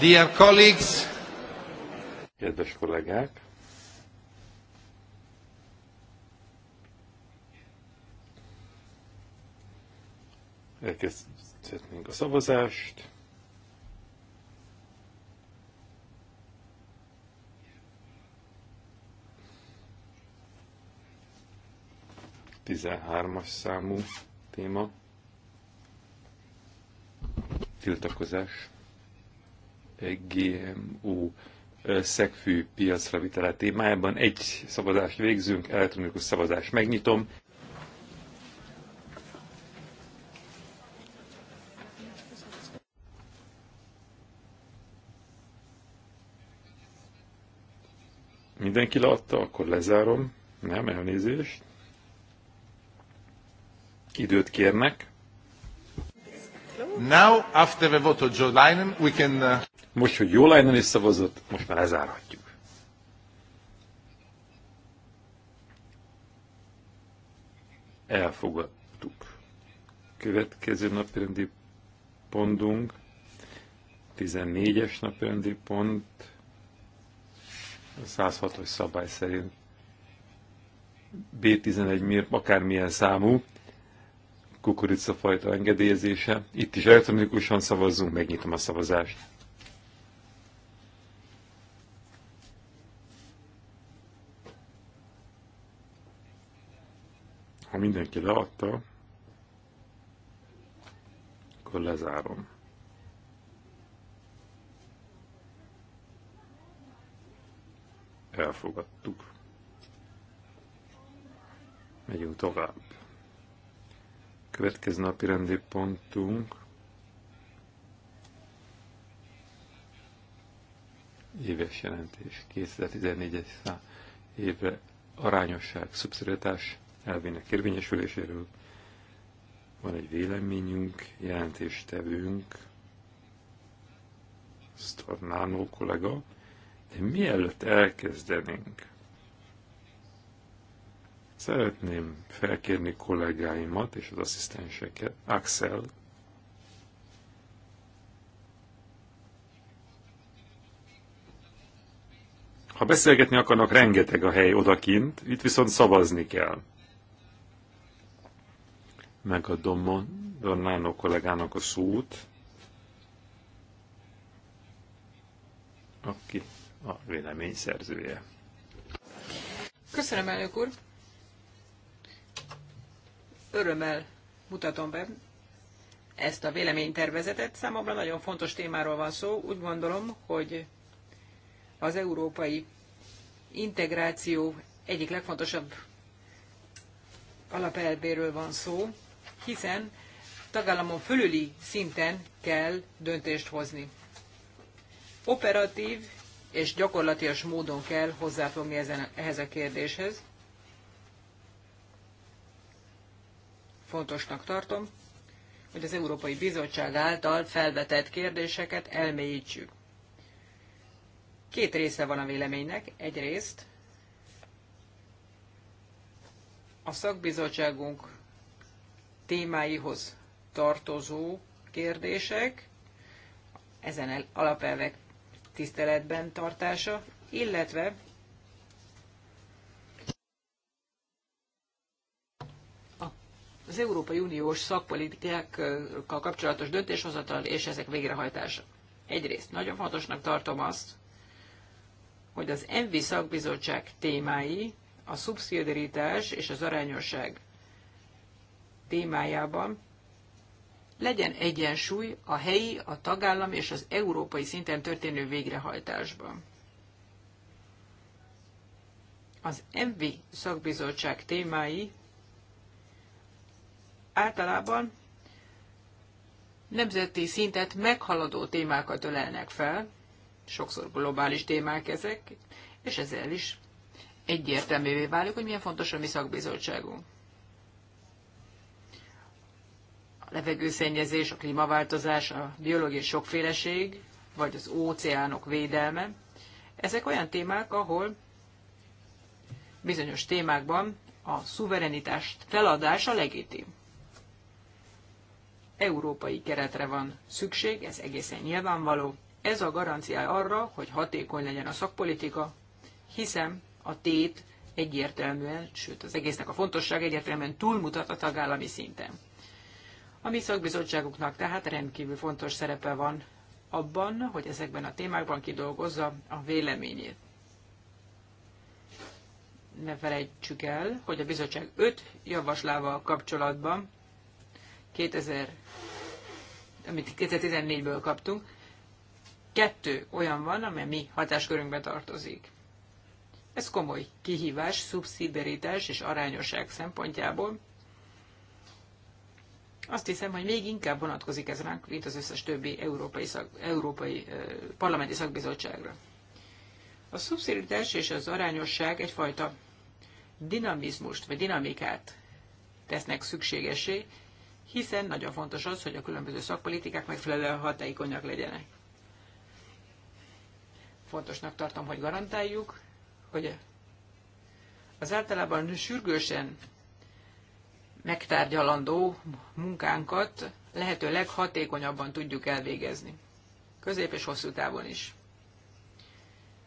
Dear colleagues. Kedves kollégák. Elkezdhetnénk a szavazást. Tizenhármas számú téma. Tiltakozás. GMO szegfű piacra vitele témájában. Egy szavazást végzünk, elektronikus szavazást megnyitom. Mindenki látta, akkor lezárom. Nem, elnézést. Időt kérnek. Now, after the vote of Joe Linen, we can... Uh... Most, hogy jó lejnen is szavazott, most már lezárhatjuk. Elfogadtuk. Következő napirendi pontunk, 14-es napirendi pont, 106-os szabály szerint B11 akármilyen számú kukoricafajta engedélyezése. Itt is elektronikusan szavazzunk, megnyitom a szavazást. Ha mindenki leadta, akkor lezárom. Elfogadtuk. Megyünk tovább. Következő napi rendi pontunk éves jelentés 2014-es évre arányosság, szubszidiatás elvének érvényesüléséről. Van egy véleményünk, jelentéstevünk, Sztornánó kollega, de mielőtt elkezdenénk, szeretném felkérni kollégáimat és az asszisztenseket, Axel, Ha beszélgetni akarnak, rengeteg a hely odakint, itt viszont szavazni kell megadom Donnánó kollégának a szót, aki a vélemény szerzője. Köszönöm, elnök úr! Örömmel mutatom be ezt a véleménytervezetet. Számomra nagyon fontos témáról van szó. Úgy gondolom, hogy az európai integráció egyik legfontosabb alapelvéről van szó, hiszen tagállamon fölüli szinten kell döntést hozni. Operatív és gyakorlatias módon kell hozzáfogni ezen, ehhez a kérdéshez. Fontosnak tartom, hogy az Európai Bizottság által felvetett kérdéseket elmélyítsük. Két része van a véleménynek. Egyrészt a szakbizottságunk témáihoz tartozó kérdések, ezen alapelvek tiszteletben tartása, illetve az Európai Uniós szakpolitikákkal kapcsolatos döntéshozatal és ezek végrehajtása. Egyrészt nagyon fontosnak tartom azt, hogy az ENVI szakbizottság témái a szubszidiaritás és az arányosság témájában legyen egyensúly a helyi, a tagállam és az európai szinten történő végrehajtásban. Az MV szakbizottság témái általában nemzeti szintet meghaladó témákat ölelnek fel, sokszor globális témák ezek, és ezzel is egyértelművé válik, hogy milyen fontos a mi szakbizottságunk. a levegőszennyezés, a klímaváltozás, a biológiai sokféleség, vagy az óceánok védelme. Ezek olyan témák, ahol bizonyos témákban a szuverenitás feladása legitim. Európai keretre van szükség, ez egészen nyilvánvaló. Ez a garancia arra, hogy hatékony legyen a szakpolitika, hiszen a tét egyértelműen, sőt az egésznek a fontosság egyértelműen túlmutat a tagállami szinten. A mi szakbizottságunknak tehát rendkívül fontos szerepe van abban, hogy ezekben a témákban kidolgozza a véleményét. Ne felejtsük el, hogy a bizottság 5 javaslával kapcsolatban 2000, amit 2014-ből kaptunk, kettő olyan van, amely mi hatáskörünkbe tartozik. Ez komoly kihívás, szubszidiaritás és arányosság szempontjából, azt hiszem, hogy még inkább vonatkozik ez ránk, mint az összes többi európai, szak, európai eh, parlamenti szakbizottságra. A szubszidiaritás és az arányosság egyfajta dinamizmust vagy dinamikát tesznek szükségesé, hiszen nagyon fontos az, hogy a különböző szakpolitikák megfelelően hatékonyak legyenek. Fontosnak tartom, hogy garantáljuk, hogy az általában sürgősen megtárgyalandó munkánkat lehető leghatékonyabban tudjuk elvégezni. Közép és hosszú távon is.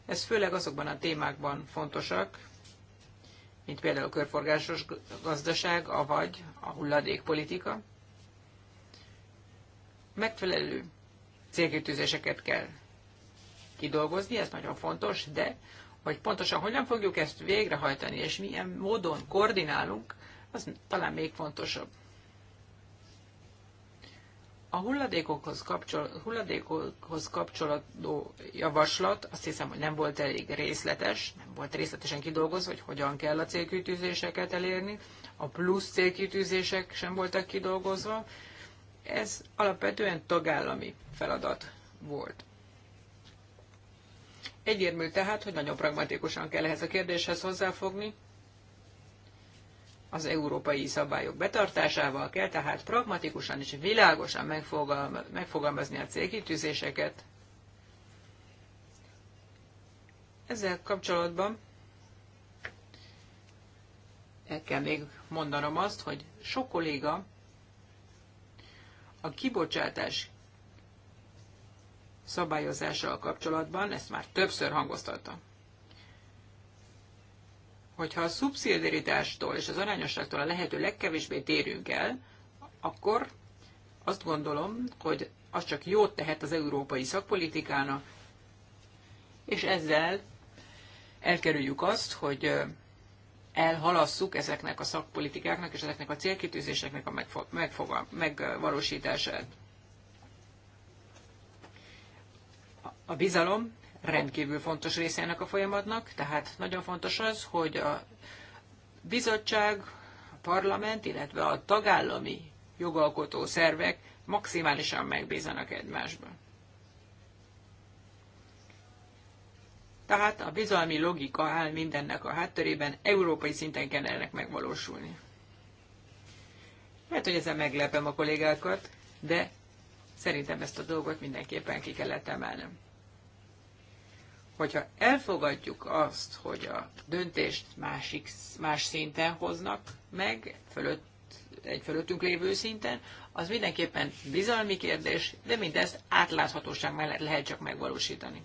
Ez főleg azokban a témákban fontosak, mint például a körforgásos gazdaság, avagy a hulladékpolitika. Megfelelő célkitűzéseket kell kidolgozni, ez nagyon fontos, de hogy pontosan hogyan fogjuk ezt végrehajtani, és milyen módon koordinálunk, az talán még fontosabb. A hulladékokhoz, kapcsol, hulladékokhoz kapcsolódó javaslat azt hiszem, hogy nem volt elég részletes, nem volt részletesen kidolgozva, hogy hogyan kell a célkitűzéseket elérni, a plusz célkitűzések sem voltak kidolgozva. Ez alapvetően tagállami feladat volt. Egyértelmű tehát, hogy nagyon pragmatikusan kell ehhez a kérdéshez hozzáfogni, az európai szabályok betartásával kell, tehát pragmatikusan és világosan megfogalmazni a célkitűzéseket. Ezzel kapcsolatban el kell még mondanom azt, hogy sok kolléga a kibocsátás szabályozással kapcsolatban ezt már többször hangoztatta hogyha a szubszidiaritástól és az arányosságtól a lehető legkevésbé térünk el, akkor azt gondolom, hogy az csak jót tehet az európai szakpolitikának, és ezzel elkerüljük azt, hogy elhalasszuk ezeknek a szakpolitikáknak és ezeknek a célkitűzéseknek a megvalósítását. A bizalom rendkívül fontos része ennek a folyamatnak, tehát nagyon fontos az, hogy a bizottság, a parlament, illetve a tagállami jogalkotó szervek maximálisan megbízanak egymásban. Tehát a bizalmi logika áll mindennek a hátterében, európai szinten kell ennek megvalósulni. Lehet, hogy ezzel meglepem a kollégákat, de szerintem ezt a dolgot mindenképpen ki kellett emelnem. Hogyha elfogadjuk azt, hogy a döntést másik, más szinten hoznak meg, fölött, egy fölöttünk lévő szinten, az mindenképpen bizalmi kérdés, de mindezt átláthatóság mellett lehet csak megvalósítani.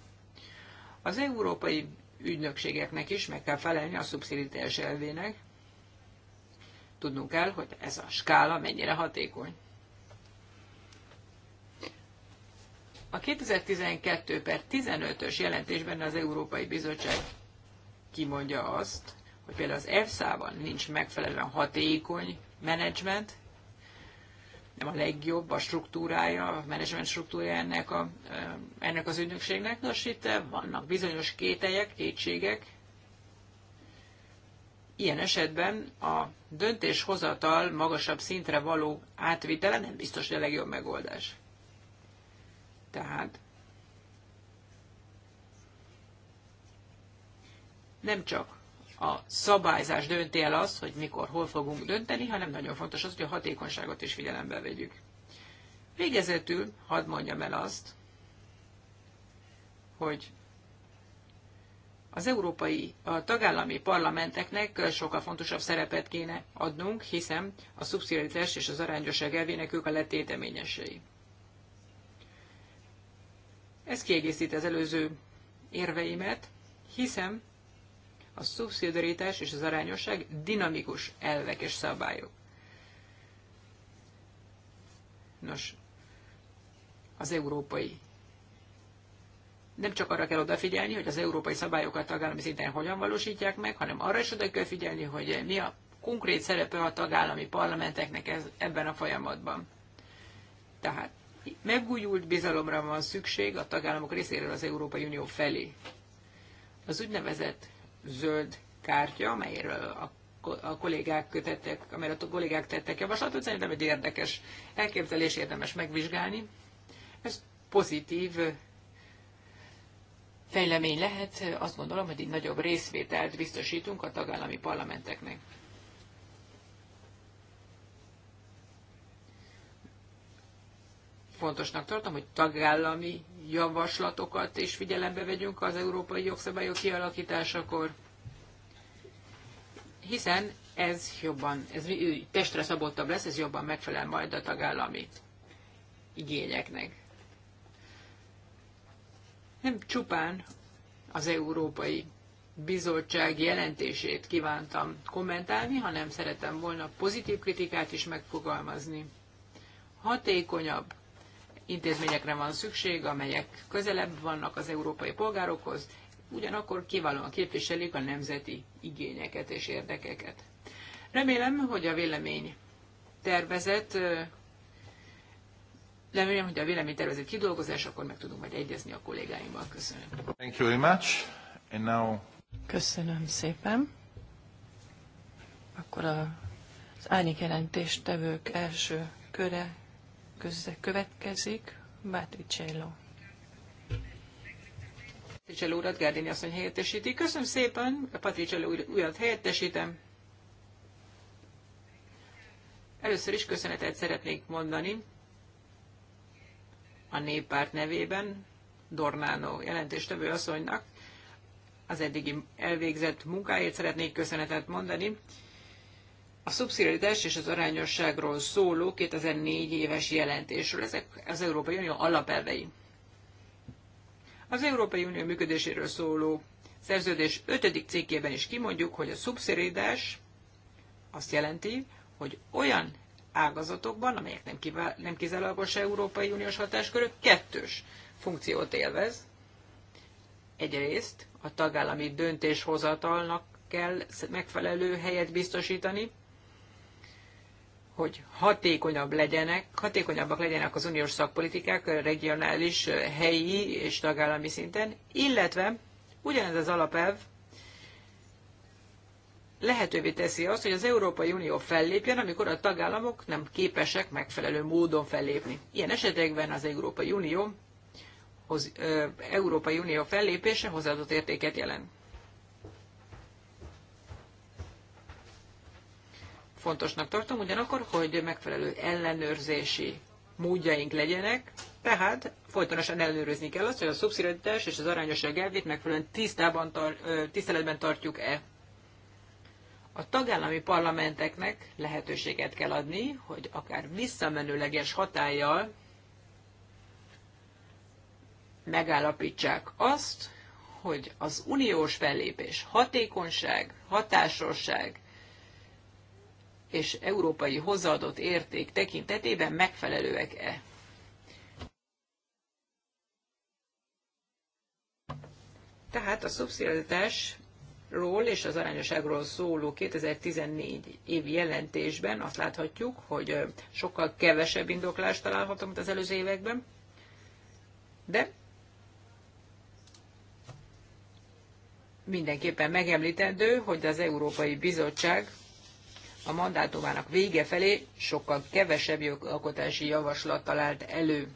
Az európai ügynökségeknek is meg kell felelni a szubszidítás elvének. Tudnunk kell, hogy ez a skála mennyire hatékony. A 2012 per 15-ös jelentésben az Európai Bizottság kimondja azt, hogy például az EFSA-ban nincs megfelelően hatékony menedzsment, nem a legjobb a struktúrája, a menedzsment struktúrája ennek, a, eh, ennek az ügynökségnek. Nos, itt eh, vannak bizonyos kételjek, kétségek. Ilyen esetben a döntéshozatal magasabb szintre való átvitele nem biztos, hogy a legjobb megoldás. Tehát nem csak a szabályzás dönti el azt, hogy mikor, hol fogunk dönteni, hanem nagyon fontos az, hogy a hatékonyságot is figyelembe vegyük. Végezetül hadd mondjam el azt, hogy az európai, a tagállami parlamenteknek sokkal fontosabb szerepet kéne adnunk, hiszen a szubszidiaritás és az arányosság elvének ők a letéteményesei. Ez kiegészíti az előző érveimet, hiszen a szubszidaritás és az arányosság dinamikus elvek és szabályok. Nos, az európai. Nem csak arra kell odafigyelni, hogy az európai szabályokat tagállami szinten hogyan valósítják meg, hanem arra is oda kell figyelni, hogy mi a konkrét szerepe a tagállami parlamenteknek ez, ebben a folyamatban. Tehát megújult bizalomra van szükség a tagállamok részéről az Európai Unió felé. Az úgynevezett zöld kártya, amelyről a kollégák tettek, amelyre a kollégák tettek javaslatot, szerintem egy érdekes elképzelés, érdemes megvizsgálni. Ez pozitív fejlemény lehet, azt gondolom, hogy egy nagyobb részvételt biztosítunk a tagállami parlamenteknek. fontosnak tartom, hogy tagállami javaslatokat is figyelembe vegyünk az európai jogszabályok kialakításakor, hiszen ez jobban, ez testre szabottabb lesz, ez jobban megfelel majd a tagállami igényeknek. Nem csupán az Európai Bizottság jelentését kívántam kommentálni, hanem szeretem volna pozitív kritikát is megfogalmazni. Hatékonyabb intézményekre van szükség, amelyek közelebb vannak az európai polgárokhoz, ugyanakkor kiválóan képviselik a nemzeti igényeket és érdekeket. Remélem, hogy a vélemény tervezet Remélem, hogy a véleménytervezet kidolgozás, akkor meg tudunk majd egyezni a kollégáimmal. Köszönöm. Thank you very much. And now... Köszönöm szépen. Akkor a, az árnyék tevők első köre köze következik Bátricello. Patricello urat Gárdini asszony helyettesíti. Köszönöm szépen, Patricello urat helyettesítem. Először is köszönetet szeretnék mondani a néppárt nevében Dornánó jelentéstevő asszonynak. Az eddigi elvégzett munkáért szeretnék köszönetet mondani a szubszidiaritás és az arányosságról szóló 2004 éves jelentésről. Ezek az Európai Unió alapelvei. Az Európai Unió működéséről szóló szerződés 5. cikkében is kimondjuk, hogy a szubszidiaritás azt jelenti, hogy olyan ágazatokban, amelyek nem, kivál, nem kizárólagos Európai Uniós hatáskörök, kettős funkciót élvez. Egyrészt a tagállami döntéshozatalnak kell megfelelő helyet biztosítani, hogy hatékonyabb legyenek, hatékonyabbak legyenek az uniós szakpolitikák regionális, helyi és tagállami szinten, illetve ugyanez az alapelv lehetővé teszi azt, hogy az Európai Unió fellépjen, amikor a tagállamok nem képesek megfelelő módon fellépni. Ilyen esetekben az Európai Unió, az Európai Unió fellépése hozzáadott értéket jelent. fontosnak tartom, ugyanakkor, hogy megfelelő ellenőrzési módjaink legyenek, tehát folytonosan ellenőrizni kell azt, hogy a szubszidiaritás és az arányosság elvét megfelelően tisztában tar- tiszteletben tartjuk-e. A tagállami parlamenteknek lehetőséget kell adni, hogy akár visszamenőleges hatállyal megállapítsák azt, hogy az uniós fellépés hatékonyság, hatásosság és európai hozzáadott érték tekintetében megfelelőek-e. Tehát a szubszidiaritásról és az arányosságról szóló 2014 évi jelentésben azt láthatjuk, hogy sokkal kevesebb indoklást találhatunk, mint az előző években, de mindenképpen megemlítendő, hogy az Európai Bizottság a mandátumának vége felé sokkal kevesebb jogalkotási javaslat talált elő.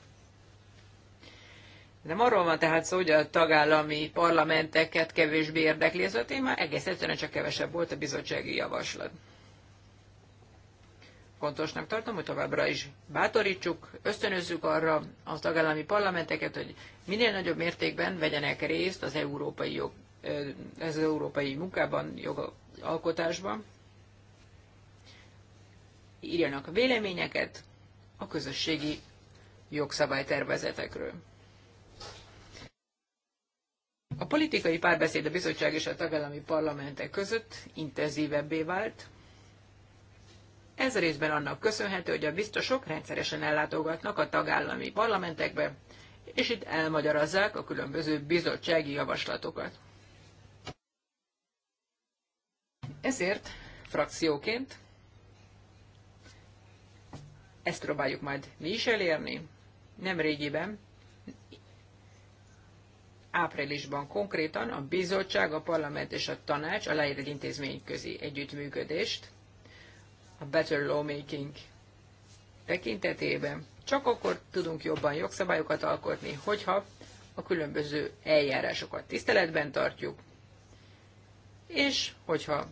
Nem arról van tehát szó, hogy a tagállami parlamenteket kevésbé érdekli ez a téma, egész egyszerűen csak kevesebb volt a bizottsági javaslat. Fontosnak tartom, hogy továbbra is bátorítsuk, ösztönözzük arra a tagállami parlamenteket, hogy minél nagyobb mértékben vegyenek részt az európai, jog, az európai munkában, jogalkotásban írjanak véleményeket a közösségi jogszabálytervezetekről. A politikai párbeszéd a bizottság és a tagállami parlamentek között intenzívebbé vált. Ez részben annak köszönhető, hogy a biztosok rendszeresen ellátogatnak a tagállami parlamentekbe, és itt elmagyarázzák a különböző bizottsági javaslatokat. Ezért frakcióként ezt próbáljuk majd mi is elérni. Nem régiben, áprilisban konkrétan a bizottság, a parlament és a tanács aláír egy közi együttműködést a Better Lawmaking tekintetében. Csak akkor tudunk jobban jogszabályokat alkotni, hogyha a különböző eljárásokat tiszteletben tartjuk, és hogyha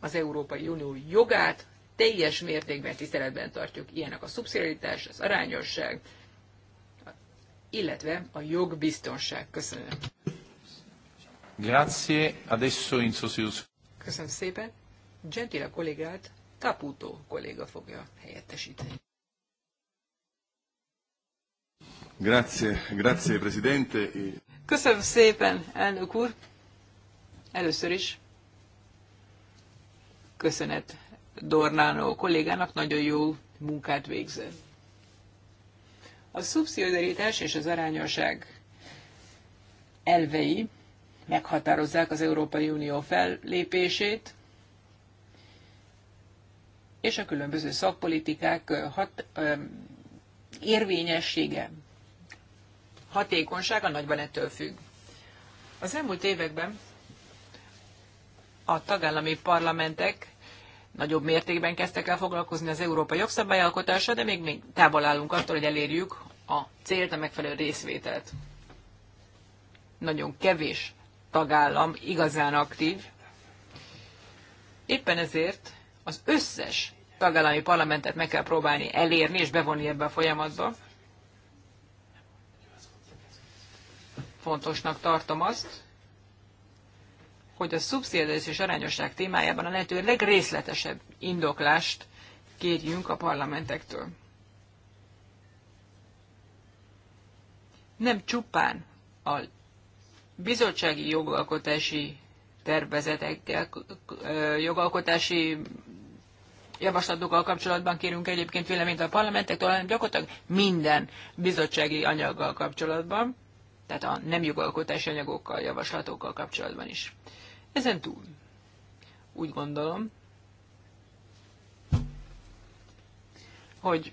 az Európai Unió jogát teljes mértékben tiszteletben tartjuk. Ilyenek a szubszidiaritás, az arányosság, illetve a jogbiztonság. Köszönöm. Grazie. Adesso in Köszönöm szépen. Gentile kollégát Caputo kolléga fogja helyettesíteni. Grazie, grazie Presidente. Köszönöm szépen, elnök úr. Először is köszönet Dornánó kollégának nagyon jó munkát végzett. A szubszidiaritás és az arányosság elvei meghatározzák az Európai Unió fellépését, és a különböző szakpolitikák hat, ö, érvényessége, hatékonysága nagyban ettől függ. Az elmúlt években a tagállami parlamentek nagyobb mértékben kezdtek el foglalkozni az európai jogszabályalkotással, de még, még távol állunk attól, hogy elérjük a célt, a megfelelő részvételt. Nagyon kevés tagállam igazán aktív. Éppen ezért az összes tagállami parlamentet meg kell próbálni elérni és bevonni ebbe a folyamatba. Fontosnak tartom azt, hogy a szubszidiaritás és arányosság témájában a lehető legrészletesebb indoklást kérjünk a parlamentektől. Nem csupán a bizottsági jogalkotási tervezetekkel, jogalkotási javaslatokkal kapcsolatban kérünk egyébként véleményt a parlamentektől, hanem gyakorlatilag minden bizottsági anyaggal kapcsolatban, tehát a nem jogalkotási anyagokkal, javaslatokkal kapcsolatban is. Ezen túl úgy gondolom, hogy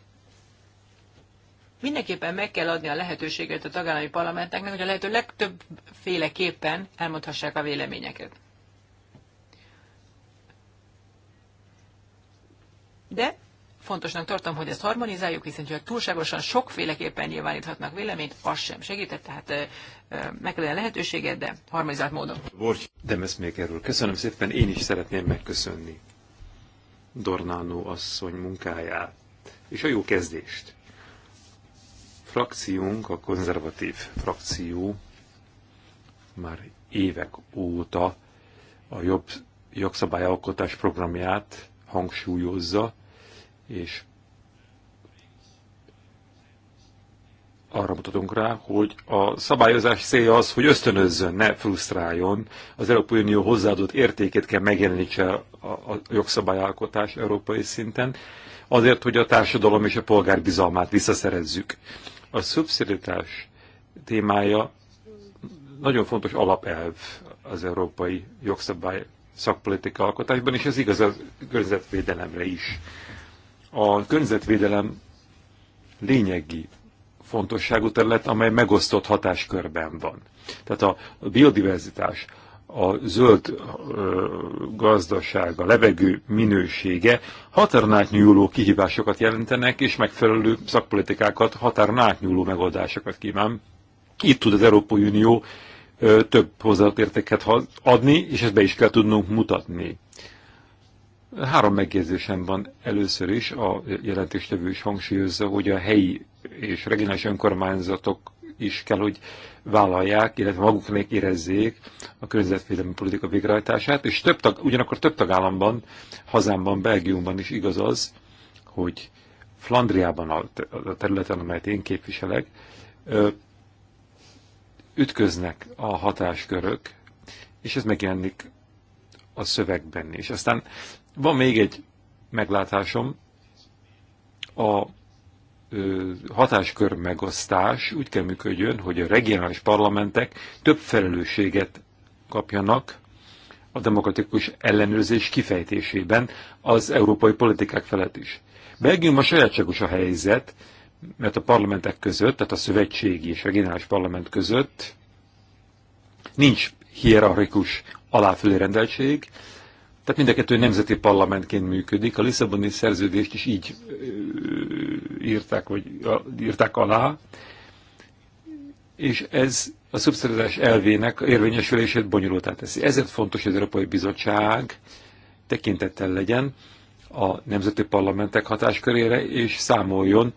mindenképpen meg kell adni a lehetőséget a tagállami parlamenteknek, hogy a lehető legtöbbféleképpen elmondhassák a véleményeket. De fontosnak tartom, hogy ezt harmonizáljuk, hiszen ha túlságosan sokféleképpen nyilváníthatnak véleményt, az sem segített, tehát meg kellene lehetőséget, de harmonizált módon. Demeszméker Demeszmékerről köszönöm szépen, én is szeretném megköszönni Dornánó asszony munkáját és a jó kezdést. Frakciónk, a konzervatív frakció már évek óta a jobb jogszabályalkotás programját hangsúlyozza, és arra mutatunk rá, hogy a szabályozás célja az, hogy ösztönözzön, ne frusztráljon. Az Európai Unió hozzáadott értékét kell megjelenítse a, a jogszabályalkotás európai szinten, azért, hogy a társadalom és a polgár bizalmát visszaszerezzük. A szubszidiaritás témája nagyon fontos alapelv az európai jogszabály szakpolitika alkotásban, és ez igaz a környezetvédelemre is a környezetvédelem lényegi fontosságú terület, amely megosztott hatáskörben van. Tehát a biodiverzitás, a zöld gazdaság, a levegő minősége határon átnyúló kihívásokat jelentenek, és megfelelő szakpolitikákat, határon átnyúló megoldásokat kíván. Itt tud az Európai Unió több hozzáadott értéket adni, és ezt be is kell tudnunk mutatni. Három megjegyzésem van. Először is a jelentéstevő is hangsúlyozza, hogy a helyi és regionális önkormányzatok is kell, hogy vállalják, illetve maguknak érezzék a környezetvédelmi politika végrehajtását, és több tag, ugyanakkor több tagállamban, hazámban, Belgiumban is igaz az, hogy Flandriában a, a területen, amelyet én képviselek, ütköznek a hatáskörök, és ez megjelenik a szövegben is. Aztán van még egy meglátásom, a hatáskör megosztás úgy kell működjön, hogy a regionális parlamentek több felelősséget kapjanak a demokratikus ellenőrzés kifejtésében az európai politikák felett is. Belgium a sajátságos a helyzet, mert a parlamentek között, tehát a szövetségi és regionális parlament között nincs hierarchikus aláfölé rendeltség, tehát mind a kettő nemzeti parlamentként működik. A Lisszaboni szerződést is így írták, vagy írták alá, és ez a szubszidizás elvének érvényesülését bonyolultá teszi. Ezért fontos, hogy az Európai Bizottság tekintettel legyen a nemzeti parlamentek hatáskörére, és számoljon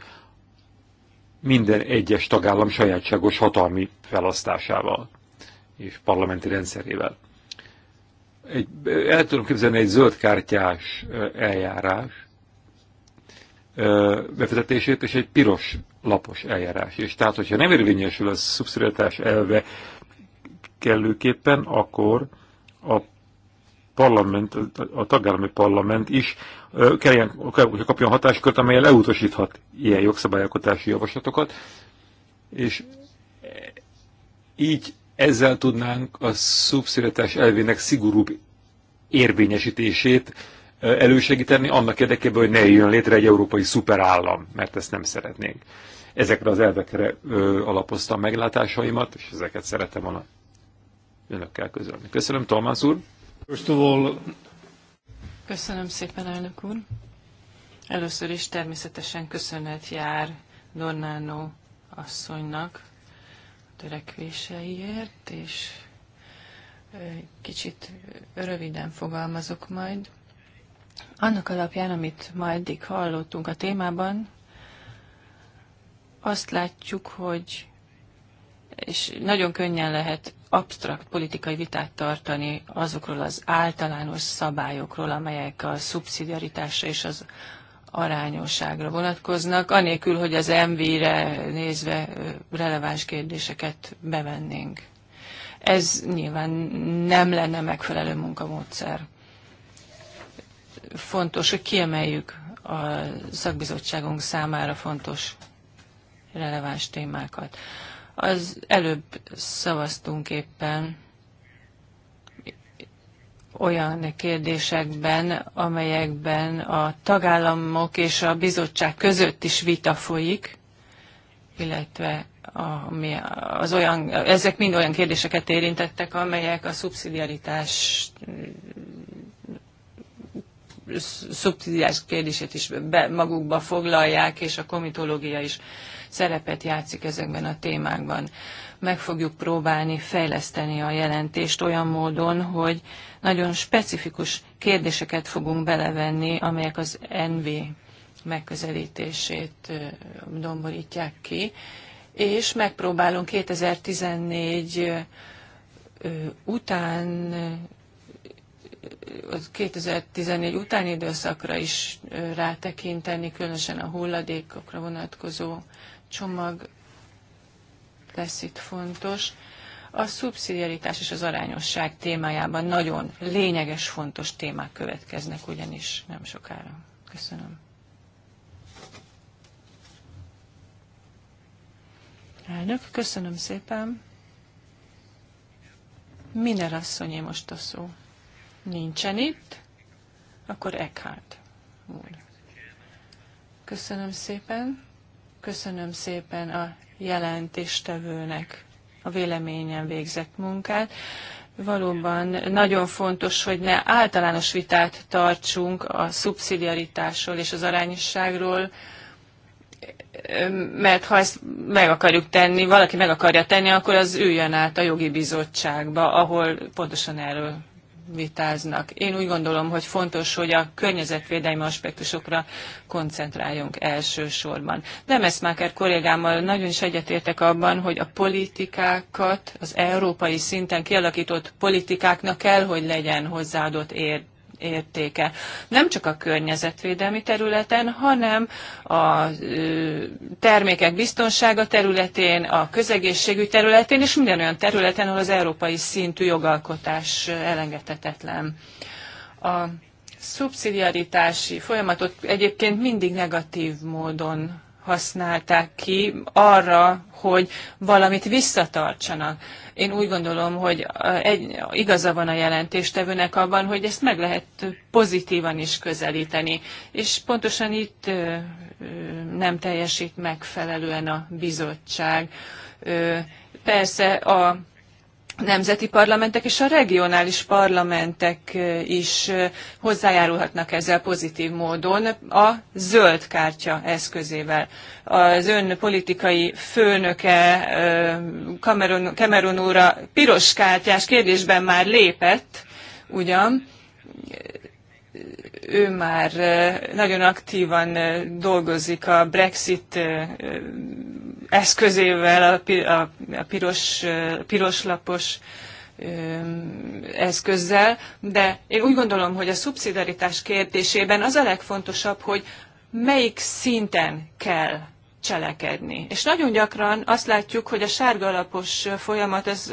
minden egyes tagállam sajátságos hatalmi felasztásával és parlamenti rendszerével egy, el tudom képzelni egy zöldkártyás eljárás befizetését, és egy piros lapos eljárás. És tehát, hogyha nem érvényesül a szubszidiaritás elve kellőképpen, akkor a parlament, a tagállami parlament is kelljen, kapjon hatáskört, amelyel elutasíthat ilyen jogszabályalkotási javaslatokat, és így ezzel tudnánk a szubszidiaritás elvének szigorúbb érvényesítését elősegíteni, annak érdekében, hogy ne jön létre egy európai szuperállam, mert ezt nem szeretnénk. Ezekre az elvekre ö, alapoztam meglátásaimat, és ezeket szeretem volna önökkel közölni. Köszönöm, Tomás úr! Köszönöm szépen, elnök úr! Először is természetesen köszönet jár Dornánó asszonynak törekvéseiért, és kicsit röviden fogalmazok majd. Annak alapján, amit ma eddig hallottunk a témában, azt látjuk, hogy és nagyon könnyen lehet absztrakt politikai vitát tartani azokról az általános szabályokról, amelyek a szubszidiaritásra és az arányosságra vonatkoznak, anélkül, hogy az MV-re nézve releváns kérdéseket bevennénk. Ez nyilván nem lenne megfelelő munkamódszer. Fontos, hogy kiemeljük a szakbizottságunk számára fontos releváns témákat. Az előbb szavaztunk éppen olyan kérdésekben, amelyekben a tagállamok és a bizottság között is vita folyik, illetve ami az olyan, ezek mind olyan kérdéseket érintettek, amelyek a szubszidiaritás szubszidiás kérdését is be, magukba foglalják, és a komitológia is szerepet játszik ezekben a témákban meg fogjuk próbálni fejleszteni a jelentést olyan módon, hogy nagyon specifikus kérdéseket fogunk belevenni, amelyek az NV megközelítését domborítják ki, és megpróbálunk 2014 után 2014 utáni időszakra is rátekinteni, különösen a hulladékokra vonatkozó csomag lesz itt fontos. A szubszidiaritás és az arányosság témájában nagyon lényeges, fontos témák következnek, ugyanis nem sokára. Köszönöm. Elnök, köszönöm szépen. Miner asszonyé most a szó. Nincsen itt, akkor Eckhart úr. Köszönöm szépen. Köszönöm szépen a jelentéstevőnek a véleményen végzett munkát. Valóban nagyon fontos, hogy ne általános vitát tartsunk a szubszidiaritásról és az arányosságról, mert ha ezt meg akarjuk tenni, valaki meg akarja tenni, akkor az üljön át a jogi bizottságba, ahol pontosan erről vitáznak. Én úgy gondolom, hogy fontos, hogy a környezetvédelmi aspektusokra koncentráljunk elsősorban. már kollégámmal nagyon is egyetértek abban, hogy a politikákat, az európai szinten kialakított politikáknak kell, hogy legyen hozzáadott ért értéke. Nem csak a környezetvédelmi területen, hanem a termékek biztonsága területén, a közegészségügy területén, és minden olyan területen, ahol az európai szintű jogalkotás elengedhetetlen. A szubszidiaritási folyamatot egyébként mindig negatív módon használták ki arra, hogy valamit visszatartsanak. Én úgy gondolom, hogy egy, igaza van a jelentéstevőnek abban, hogy ezt meg lehet pozitívan is közelíteni. És pontosan itt nem teljesít megfelelően a bizottság. Persze a nemzeti parlamentek és a regionális parlamentek is hozzájárulhatnak ezzel pozitív módon a zöld kártya eszközével. Az ön politikai főnöke Cameron, Cameron úra piros kártyás kérdésben már lépett, ugyan, ő már nagyon aktívan dolgozik a Brexit eszközével, a, a, a piros, piroslapos eszközzel, de én úgy gondolom, hogy a szubszidaritás kérdésében az a legfontosabb, hogy melyik szinten kell cselekedni. És nagyon gyakran azt látjuk, hogy a sárga alapos folyamat az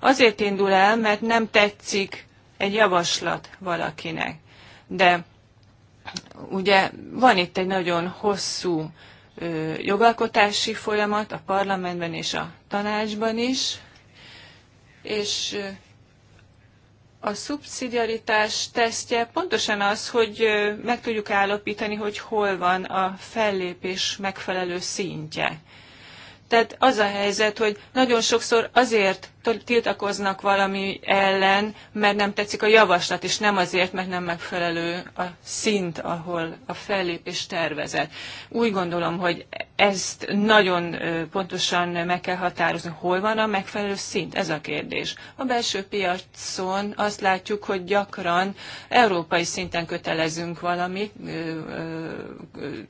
azért indul el, mert nem tetszik egy javaslat valakinek. De ugye van itt egy nagyon hosszú jogalkotási folyamat a parlamentben és a tanácsban is, és a szubszidiaritás tesztje pontosan az, hogy meg tudjuk állapítani, hogy hol van a fellépés megfelelő szintje. Tehát az a helyzet, hogy nagyon sokszor azért tiltakoznak valami ellen, mert nem tetszik a javaslat, és nem azért, mert nem megfelelő a szint, ahol a fellépés tervezett. Úgy gondolom, hogy ezt nagyon pontosan meg kell határozni, hol van a megfelelő szint, ez a kérdés. A belső piacon azt látjuk, hogy gyakran európai szinten kötelezünk valami,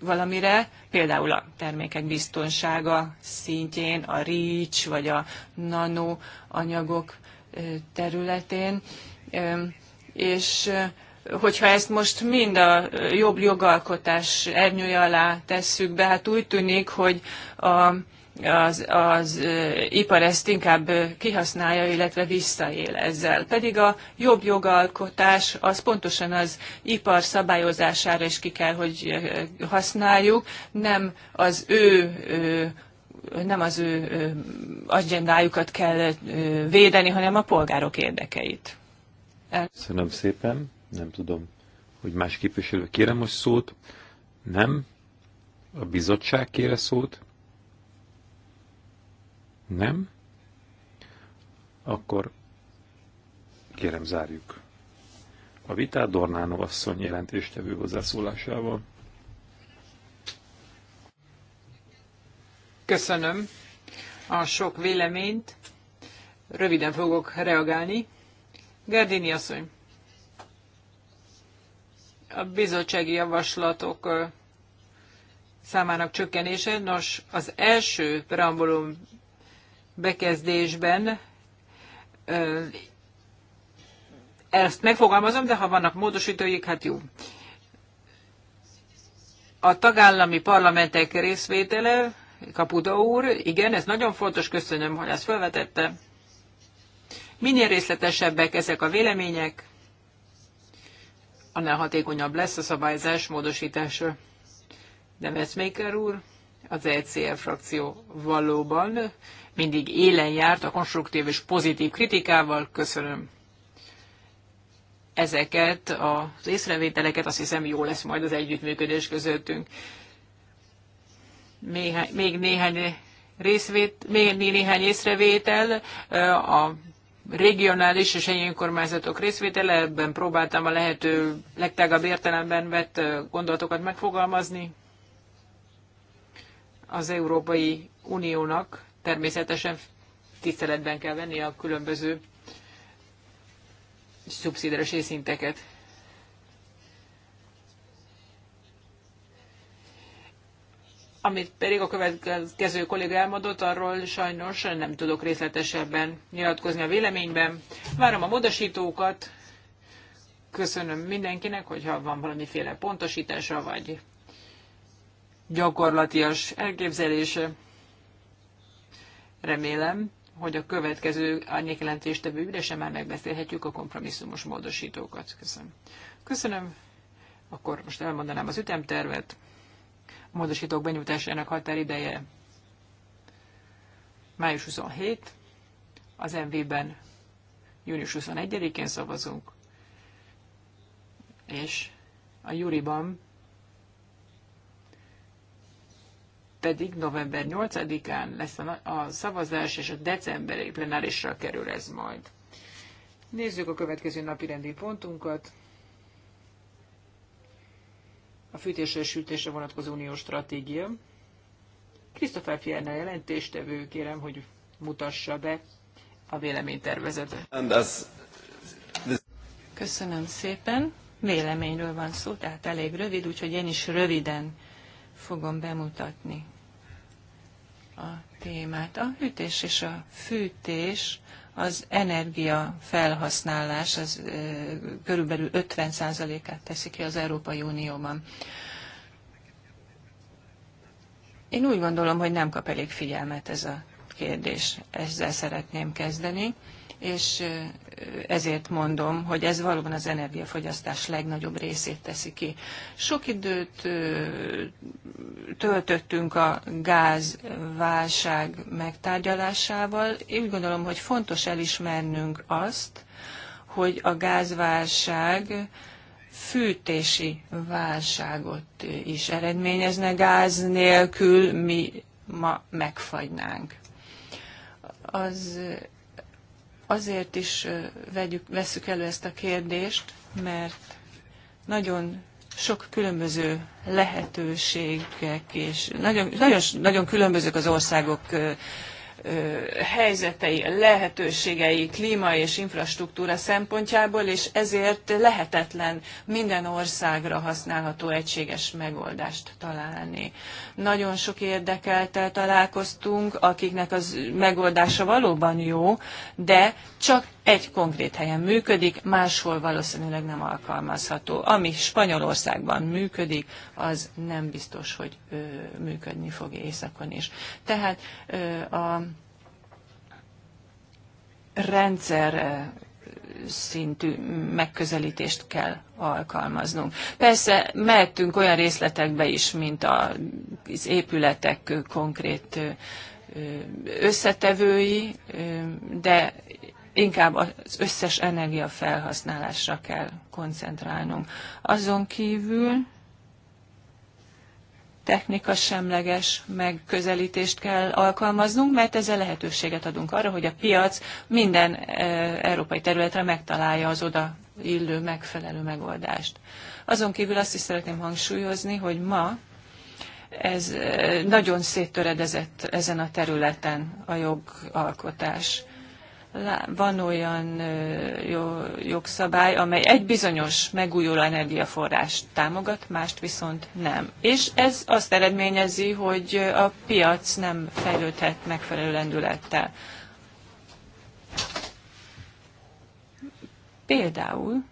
valamire, például a termékek biztonsága szintjén, a REACH vagy a nano anyagok területén. És hogyha ezt most mind a jobb jogalkotás ernyője alá tesszük be, hát úgy tűnik, hogy a, az, az ipar ezt inkább kihasználja, illetve visszaél ezzel. Pedig a jobb jogalkotás az pontosan az ipar szabályozására is ki kell, hogy használjuk, nem az ő, ő nem az ő agendájukat kell védeni, hanem a polgárok érdekeit. El... Köszönöm szépen. Nem tudom, hogy más képviselő kérem most szót. Nem. A bizottság kére szót. Nem. Akkor kérem zárjuk. A vitát Dornánó asszony jelentéstevő hozzászólásával. Köszönöm a sok véleményt. Röviden fogok reagálni. Gerdini asszony, a bizottsági javaslatok számának csökkenése. Nos, az első preambulum bekezdésben ezt megfogalmazom, de ha vannak módosítóik, hát jó. A tagállami parlamentek részvétele Kapuda úr, igen, ez nagyon fontos, köszönöm, hogy ezt felvetette. Minél részletesebbek ezek a vélemények, annál hatékonyabb lesz a szabályzás módosítása. De Metzmaker úr, az ECL frakció valóban mindig élen járt a konstruktív és pozitív kritikával. Köszönöm ezeket az észrevételeket, azt hiszem jó lesz majd az együttműködés közöttünk néhány, még néhány részvét, még néhány észrevétel a regionális és helyi önkormányzatok részvétele, ebben próbáltam a lehető legtágabb értelemben vett gondolatokat megfogalmazni. Az Európai Uniónak természetesen tiszteletben kell venni a különböző szubszidres észinteket. Amit pedig a következő kolléga elmondott, arról sajnos nem tudok részletesebben nyilatkozni a véleményben. Várom a módosítókat, köszönöm mindenkinek, hogyha van valamiféle pontosítása, vagy gyakorlatias elképzelése. Remélem, hogy a következő árnyékjelentéstevő ülésen már megbeszélhetjük a kompromisszumos módosítókat. Köszönöm. Köszönöm. Akkor most elmondanám az ütemtervet módosítók benyújtásának határideje május 27, az MV-ben június 21-én szavazunk, és a júriban pedig november 8-án lesz a, a szavazás, és a decemberi plenárisra kerül ez majd. Nézzük a következő napi rendi pontunkat a fűtésre és sütésre vonatkozó uniós stratégia. Christopher Fierner jelentéstevő, kérem, hogy mutassa be a véleménytervezetet. Köszönöm szépen. Véleményről van szó, tehát elég rövid, úgyhogy én is röviden fogom bemutatni a témát. A hűtés és a fűtés az energia felhasználás az körülbelül 50%-át teszi ki az Európai Unióban. Én úgy gondolom, hogy nem kap elég figyelmet ez a kérdés. Ezzel szeretném kezdeni és ezért mondom, hogy ez valóban az energiafogyasztás legnagyobb részét teszi ki. Sok időt töltöttünk a gázválság megtárgyalásával. Én úgy gondolom, hogy fontos elismernünk azt, hogy a gázválság fűtési válságot is eredményezne. Gáz nélkül mi ma megfagynánk. Az Azért is vegyük, vesszük elő ezt a kérdést, mert nagyon sok különböző lehetőségek, és nagyon, nagyon, nagyon különbözők az országok helyzetei, lehetőségei klíma és infrastruktúra szempontjából, és ezért lehetetlen minden országra használható egységes megoldást találni. Nagyon sok érdekeltel találkoztunk, akiknek az megoldása valóban jó, de csak egy konkrét helyen működik, máshol valószínűleg nem alkalmazható. Ami Spanyolországban működik, az nem biztos, hogy ö, működni fog északon is. Tehát ö, a rendszer szintű megközelítést kell alkalmaznunk. Persze mehetünk olyan részletekbe is, mint az épületek konkrét összetevői, de inkább az összes energiafelhasználásra kell koncentrálnunk. Azon kívül semleges megközelítést kell alkalmaznunk, mert ezzel lehetőséget adunk arra, hogy a piac minden e, európai területre megtalálja az oda illő megfelelő megoldást. Azon kívül azt is szeretném hangsúlyozni, hogy ma ez e, nagyon széttöredezett ezen a területen a jogalkotás van olyan jogszabály, amely egy bizonyos megújuló energiaforrást támogat, mást viszont nem. És ez azt eredményezi, hogy a piac nem fejlődhet megfelelő lendülettel. Például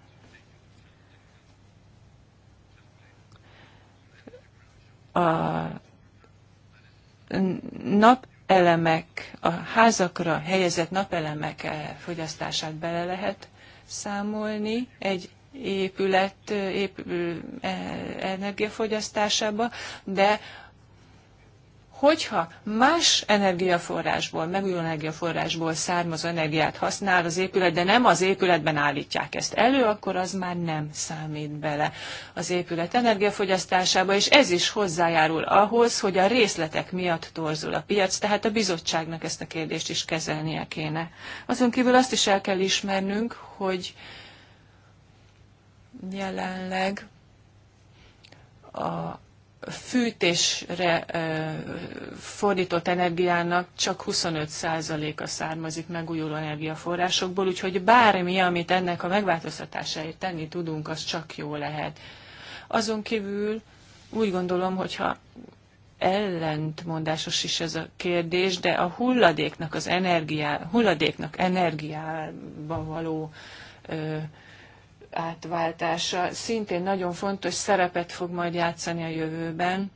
a nap elemek, a házakra helyezett napelemek eh, fogyasztását bele lehet számolni egy épület eh, épül, eh, energiafogyasztásába, de hogyha más energiaforrásból, megújuló energiaforrásból származó energiát használ az épület, de nem az épületben állítják ezt elő, akkor az már nem számít bele az épület energiafogyasztásába, és ez is hozzájárul ahhoz, hogy a részletek miatt torzul a piac, tehát a bizottságnak ezt a kérdést is kezelnie kéne. Azon kívül azt is el kell ismernünk, hogy jelenleg a fűtésre fordított energiának csak 25%-a származik megújuló energiaforrásokból, úgyhogy bármi, amit ennek a megváltoztatásáért tenni tudunk, az csak jó lehet. Azon kívül úgy gondolom, hogyha ellentmondásos is ez a kérdés, de a hulladéknak az energiá, hulladéknak energiába való ö, átváltása szintén nagyon fontos szerepet fog majd játszani a jövőben.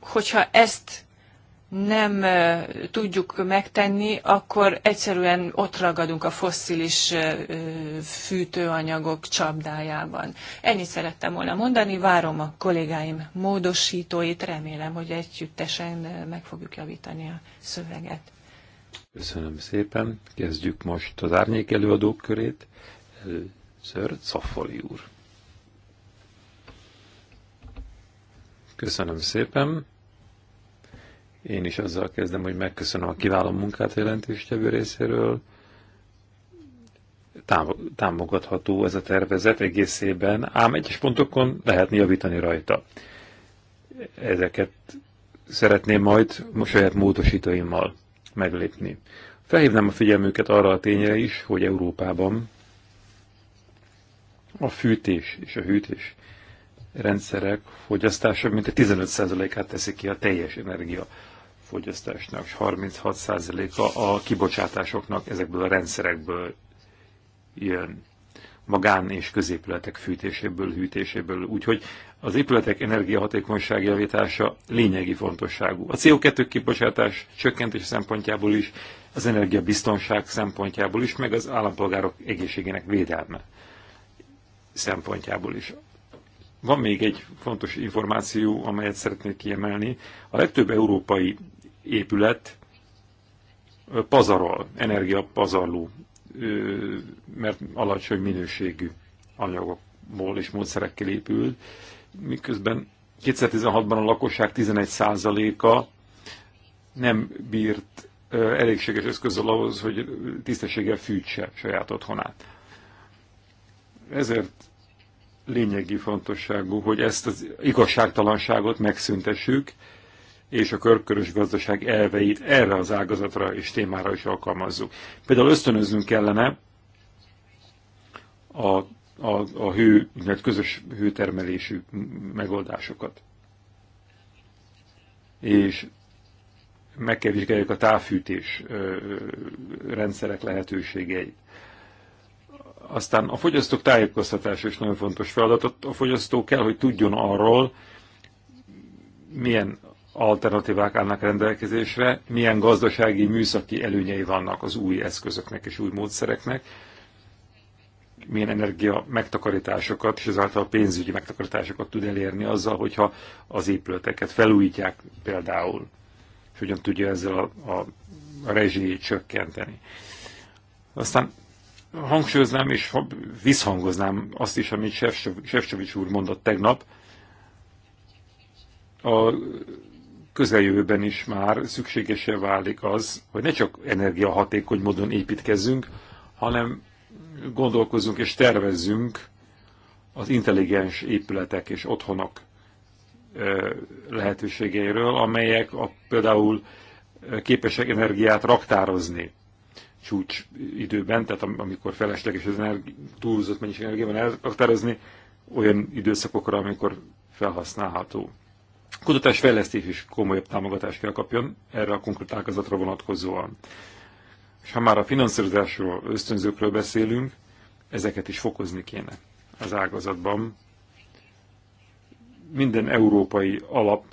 Hogyha ezt nem tudjuk megtenni, akkor egyszerűen ott ragadunk a fosszilis fűtőanyagok csapdájában. Ennyit szerettem volna mondani, várom a kollégáim módosítóit, remélem, hogy együttesen meg fogjuk javítani a szöveget. Köszönöm szépen. Kezdjük most az árnyék előadók körét. Először Caffoli úr. Köszönöm szépen. Én is azzal kezdem, hogy megköszönöm a kiváló munkát jelentéstevő részéről. Támogatható ez a tervezet egészében, ám egyes pontokon lehet javítani rajta. Ezeket szeretném majd most saját módosítóimmal meglépni. Felhívnám a figyelmüket arra a tényre is, hogy Európában a fűtés és a hűtés rendszerek fogyasztása mintegy 15%-át teszik ki a teljes energia fogyasztásnak, és 36%-a a kibocsátásoknak ezekből a rendszerekből jön magán és középületek fűtéséből, hűtéséből. Úgyhogy az épületek energiahatékonyság javítása lényegi fontosságú. A CO2 kibocsátás csökkentés szempontjából is, az energiabiztonság szempontjából is, meg az állampolgárok egészségének védelme szempontjából is. Van még egy fontos információ, amelyet szeretnék kiemelni. A legtöbb európai épület pazarol, energiapazarló mert alacsony minőségű anyagokból és módszerekkel épült, miközben 2016-ban a lakosság 11%-a nem bírt elégséges eszközzel ahhoz, hogy tisztességgel fűtse saját otthonát. Ezért lényegi fontosságú, hogy ezt az igazságtalanságot megszüntessük, és a körkörös gazdaság elveit erre az ágazatra és témára is alkalmazzuk. Például ösztönöznünk kellene a, a, a hő, mert közös hőtermelésű megoldásokat. És meg kell vizsgáljuk a távfűtés rendszerek lehetőségeit. Aztán a fogyasztók tájékoztatása is nagyon fontos feladat. A fogyasztó kell, hogy tudjon arról, milyen alternatívák állnak rendelkezésre, milyen gazdasági, műszaki előnyei vannak az új eszközöknek és új módszereknek, milyen energia megtakarításokat és ezáltal pénzügyi megtakarításokat tud elérni azzal, hogyha az épületeket felújítják például, és hogyan tudja ezzel a, a rezsijét csökkenteni. Aztán hangsúlyoznám és visszhangoznám azt is, amit Sefcsovics úr mondott tegnap, a közeljövőben is már szükségesen válik az, hogy ne csak energiahatékony módon építkezzünk, hanem gondolkozunk és tervezzünk az intelligens épületek és otthonok lehetőségeiről, amelyek a, például képesek energiát raktározni csúcs időben, tehát amikor felesleges az energi, túlzott mennyiség energiában elraktározni, olyan időszakokra, amikor felhasználható kutatásfejlesztés is komolyabb támogatást kell kapjon erre a konkrét ágazatra vonatkozóan. És ha már a finanszírozásról, ösztönzőkről beszélünk, ezeket is fokozni kéne az ágazatban. Minden európai alap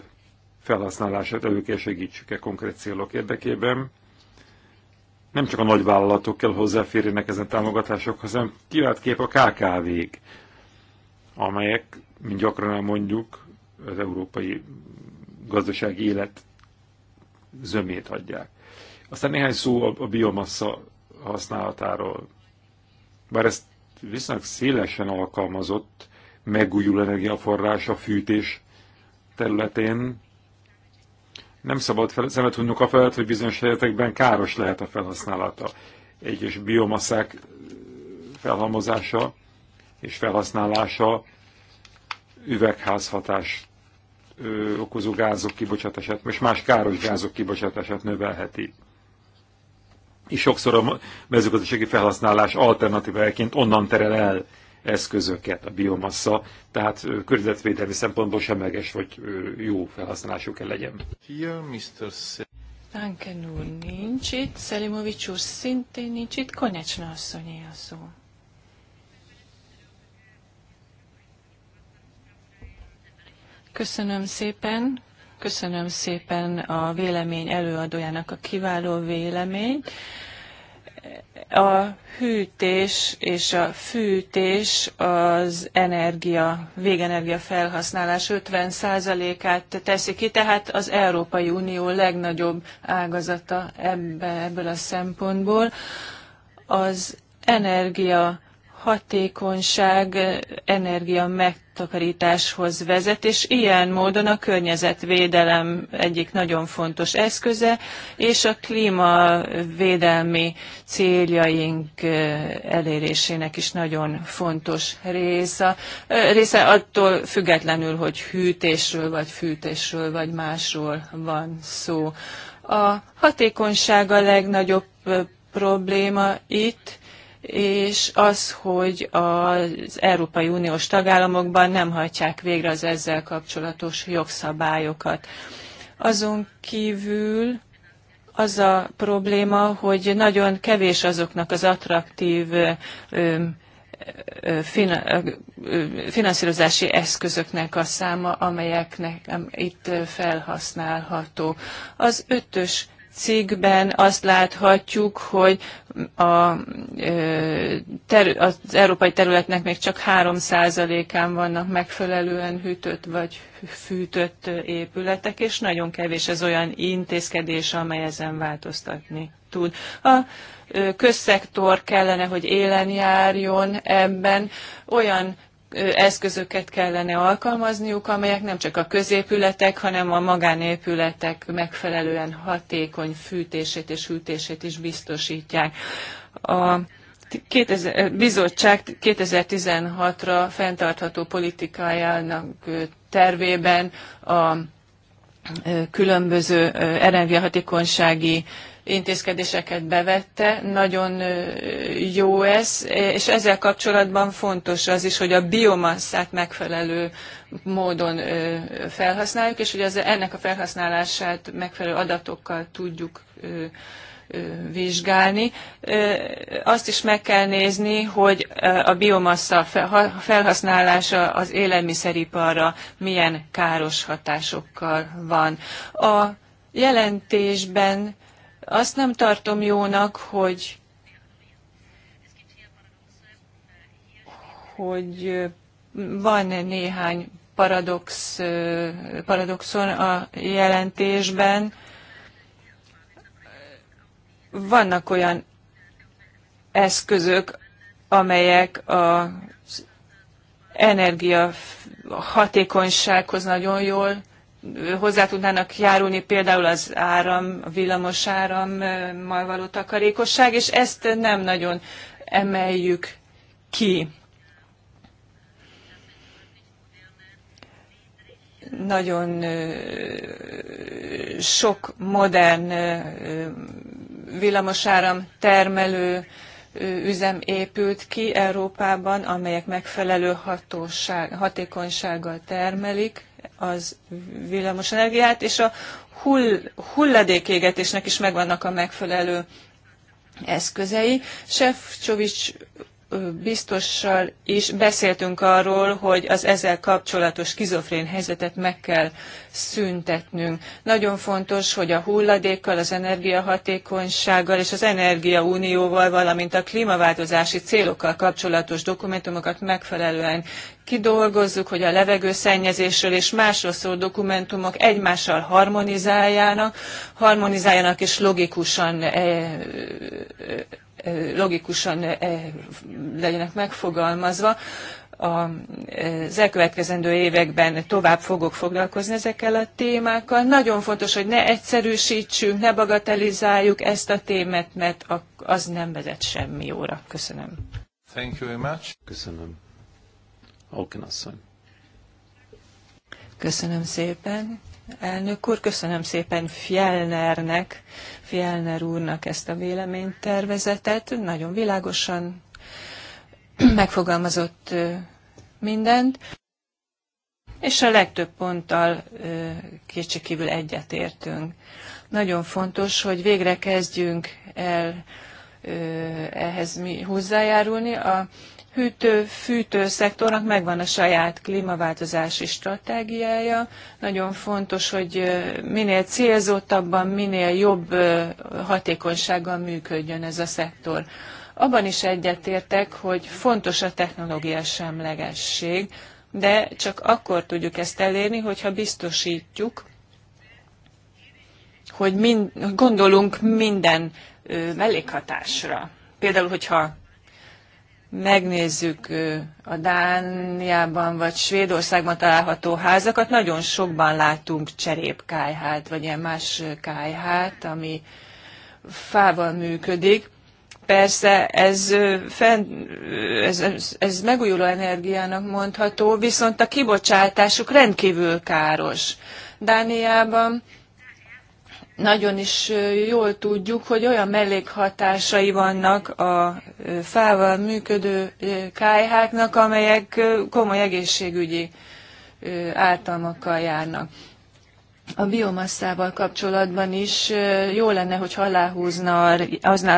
felhasználását elő kell segítsük e konkrét célok érdekében. Nem csak a nagyvállalatok kell hozzáférjenek ezen támogatásokhoz, hanem kép a KKV-k, amelyek, mint gyakran elmondjuk, az európai gazdasági élet zömét adják. Aztán néhány szó a, biomassa használatáról. Bár ezt viszonylag szélesen alkalmazott megújuló energiaforrás a fűtés területén, nem szabad fel, szemet hunnunk a felett, hogy bizonyos helyzetekben káros lehet a felhasználata. Egyes biomaszák felhalmozása és felhasználása üvegházhatás ö, okozó gázok kibocsátását, és más káros gázok kibocsátását növelheti. És sokszor a mezőgazdasági felhasználás alternatívájaként onnan terel el eszközöket a biomassa, tehát környezetvédelmi szempontból semleges vagy jó felhasználású kell legyen. Duncan úr nincs itt, Szelimovics úr szintén nincs itt, Konecsna asszonyé a szó. Köszönöm szépen. Köszönöm szépen a vélemény előadójának a kiváló vélemény. a hűtés és a fűtés az energia, végenergia felhasználás 50%-át teszi ki, tehát az Európai Unió legnagyobb ágazata ebbe, ebből a szempontból. Az energia hatékonyság energia megtakarításhoz vezet, és ilyen módon a környezetvédelem egyik nagyon fontos eszköze, és a klímavédelmi céljaink elérésének is nagyon fontos része. Része attól függetlenül, hogy hűtésről, vagy fűtésről, vagy másról van szó. A hatékonyság a legnagyobb probléma itt, és az, hogy az Európai Uniós tagállamokban nem hajtják végre az ezzel kapcsolatos jogszabályokat. Azon kívül az a probléma, hogy nagyon kevés azoknak az attraktív finanszírozási eszközöknek a száma, amelyeknek itt felhasználható. Az ötös cikkben azt láthatjuk, hogy a, az európai területnek még csak 3%-án vannak megfelelően hűtött vagy fűtött épületek, és nagyon kevés az olyan intézkedés, amely ezen változtatni tud. A közszektor kellene, hogy élen járjon ebben, olyan eszközöket kellene alkalmazniuk, amelyek nem csak a középületek, hanem a magánépületek megfelelően hatékony fűtését és hűtését is biztosítják. A 2000, bizottság 2016-ra fenntartható politikájának tervében a különböző energiahatékonysági intézkedéseket bevette. Nagyon jó ez, és ezzel kapcsolatban fontos az is, hogy a biomasszát megfelelő módon felhasználjuk, és hogy az, ennek a felhasználását megfelelő adatokkal tudjuk vizsgálni. Azt is meg kell nézni, hogy a biomassa felhasználása az élelmiszeriparra milyen káros hatásokkal van. A jelentésben azt nem tartom jónak, hogy hogy van néhány paradox, paradoxon a jelentésben. Vannak olyan eszközök, amelyek az energia hatékonysághoz nagyon jól hozzá tudnának járulni például az áram, a villamos árammal való takarékosság, és ezt nem nagyon emeljük ki. Nagyon sok modern villamosáram termelő üzem épült ki Európában, amelyek megfelelő hatóság, hatékonysággal termelik az energiát és a hull, hulladékégetésnek is megvannak a megfelelő eszközei. Sefcsovics biztossal is beszéltünk arról, hogy az ezzel kapcsolatos kizofrén helyzetet meg kell szüntetnünk. Nagyon fontos, hogy a hulladékkal, az energiahatékonysággal és az energiaunióval, valamint a klímaváltozási célokkal kapcsolatos dokumentumokat megfelelően kidolgozzuk, hogy a levegőszennyezésről és másról szóló dokumentumok egymással harmonizáljanak, harmonizáljanak és logikusan eh, logikusan legyenek megfogalmazva. Az elkövetkezendő években tovább fogok foglalkozni ezekkel a témákkal. Nagyon fontos, hogy ne egyszerűsítsünk, ne bagatelizáljuk ezt a témát, mert az nem vezet semmi óra. Köszönöm. Thank you very much. Köszönöm. Alken asszony. Köszönöm szépen, elnök úr, köszönöm szépen Fjellnernek Fjellner úrnak ezt a véleménytervezetet. Nagyon világosan megfogalmazott mindent, és a legtöbb ponttal kétségkívül egyetértünk. Nagyon fontos, hogy végre kezdjünk el ehhez mi hozzájárulni. A hűtő-fűtőszektornak megvan a saját klímaváltozási stratégiája. Nagyon fontos, hogy minél célzottabban, minél jobb hatékonysággal működjön ez a szektor. Abban is egyetértek, hogy fontos a technológia semlegesség, de csak akkor tudjuk ezt elérni, hogyha biztosítjuk, hogy mind, gondolunk minden mellékhatásra. Például, hogyha megnézzük a Dániában vagy Svédországban található házakat, nagyon sokban látunk cserépkájhát, vagy ilyen más kájhát, ami fával működik. Persze ez, fenn, ez, ez, ez megújuló energiának mondható, viszont a kibocsátásuk rendkívül káros. Dániában nagyon is jól tudjuk, hogy olyan mellékhatásai vannak a fával működő kájháknak, amelyek komoly egészségügyi ártalmakkal járnak. A biomasszával kapcsolatban is jó lenne, hogy aláhúzna,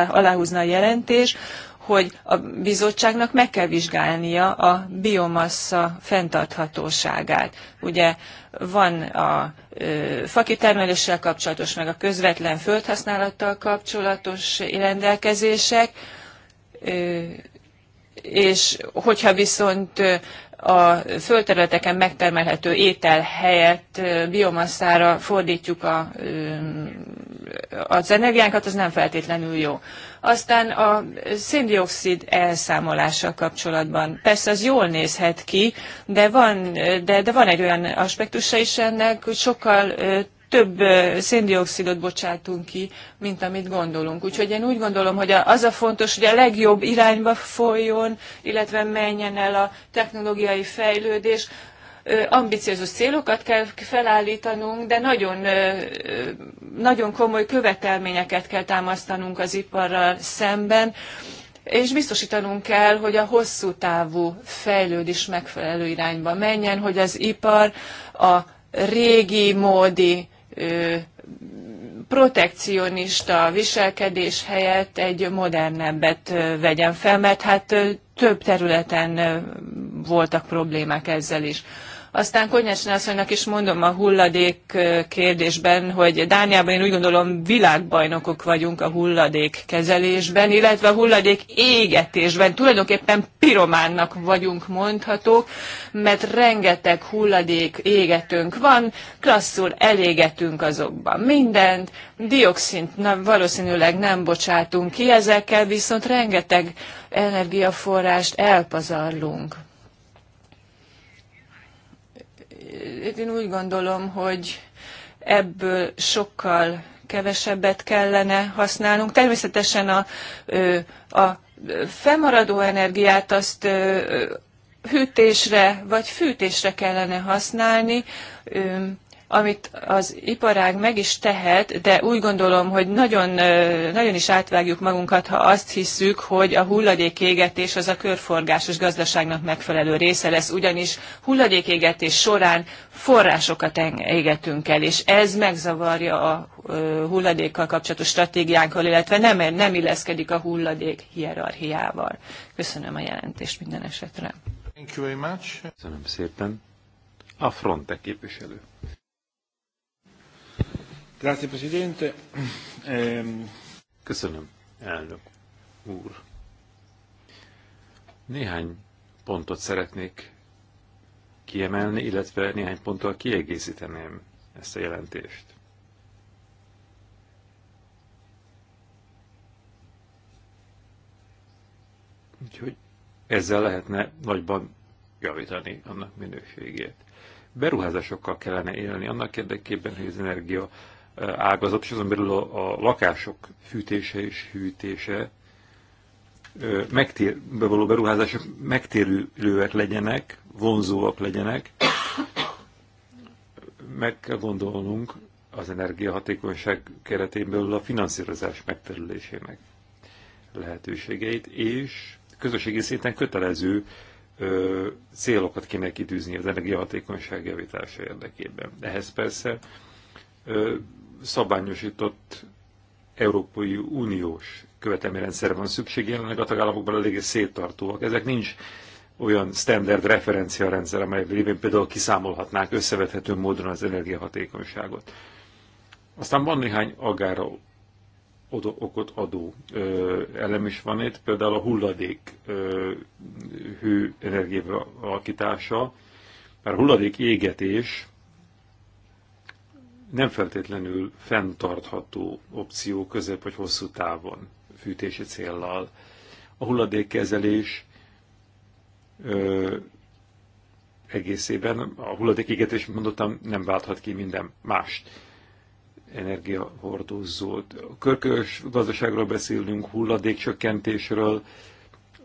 aláhúzna a jelentés, hogy a bizottságnak meg kell vizsgálnia a biomassa fenntarthatóságát. Ugye van a fakitermeléssel kapcsolatos, meg a közvetlen földhasználattal kapcsolatos rendelkezések, és hogyha viszont a földterületeken megtermelhető étel helyett biomasszára fordítjuk a, az energiánkat, az nem feltétlenül jó. Aztán a széndiokszid elszámolással kapcsolatban. Persze az jól nézhet ki, de van, de, de van egy olyan aspektusa is ennek, hogy sokkal több széndiokszidot bocsátunk ki, mint amit gondolunk. Úgyhogy én úgy gondolom, hogy az a fontos, hogy a legjobb irányba folyjon, illetve menjen el a technológiai fejlődés, ambiciózus célokat kell felállítanunk, de nagyon, nagyon komoly követelményeket kell támasztanunk az iparral szemben, és biztosítanunk kell, hogy a hosszú távú fejlődés megfelelő irányba menjen, hogy az ipar a régi módi protekcionista viselkedés helyett egy modernebbet vegyen fel, mert hát több területen voltak problémák ezzel is. Aztán Konyesne asszonynak is mondom a hulladék kérdésben, hogy Dániában én úgy gondolom világbajnokok vagyunk a hulladék kezelésben, illetve a hulladék égetésben. Tulajdonképpen pirománnak vagyunk mondhatók, mert rengeteg hulladék égetünk van, klasszul elégetünk azokban mindent, dioxint na, valószínűleg nem bocsátunk ki, ezekkel viszont rengeteg energiaforrást elpazarlunk én úgy gondolom, hogy ebből sokkal kevesebbet kellene használnunk. Természetesen a, a fennmaradó energiát azt hűtésre vagy fűtésre kellene használni, amit az iparág meg is tehet, de úgy gondolom, hogy nagyon, nagyon is átvágjuk magunkat, ha azt hiszük, hogy a hulladékégetés az a körforgásos gazdaságnak megfelelő része lesz, ugyanis hulladékégetés során forrásokat égetünk el, és ez megzavarja a hulladékkal kapcsolatos stratégiánkkal, illetve nem, nem illeszkedik a hulladék hierarchiával. Köszönöm a jelentést minden esetre. Thank you very much. Köszönöm szépen. A Fronte képviselő. Ehm, Köszönöm, elnök úr. Néhány pontot szeretnék kiemelni, illetve néhány ponttal kiegészíteném ezt a jelentést. Úgyhogy ezzel lehetne nagyban javítani annak minőségét. Beruházásokkal kellene élni annak érdekében, hogy az energia ágazat, és azon belül a, a lakások fűtése és hűtése megtérbe való beruházások megtérülőek legyenek, vonzóak legyenek. Meg kell gondolnunk az energiahatékonyság keretén belül a finanszírozás megterülésének lehetőségeit, és közösségi szinten kötelező ö, célokat kéne kitűzni az energiahatékonyság javítása érdekében. Ehhez persze ö, szabványosított Európai Uniós követelményrendszerre van szükség, jelenleg a tagállamokban eléggé széttartóak. Ezek nincs olyan standard referencia rendszer, amely lévén például kiszámolhatnák összevethető módon az energiahatékonyságot. Aztán van néhány agára okot adó ö, elem is van itt, például a hulladék ö, hő energiával alakítása, mert a hulladék égetés nem feltétlenül fenntartható opció közép vagy hosszú távon fűtési céllal. A hulladékkezelés ö, egészében, a hulladékégetés, mondottam, nem válthat ki minden mást energiahordozót. Körkörös gazdaságról beszélünk, hulladékcsökkentésről,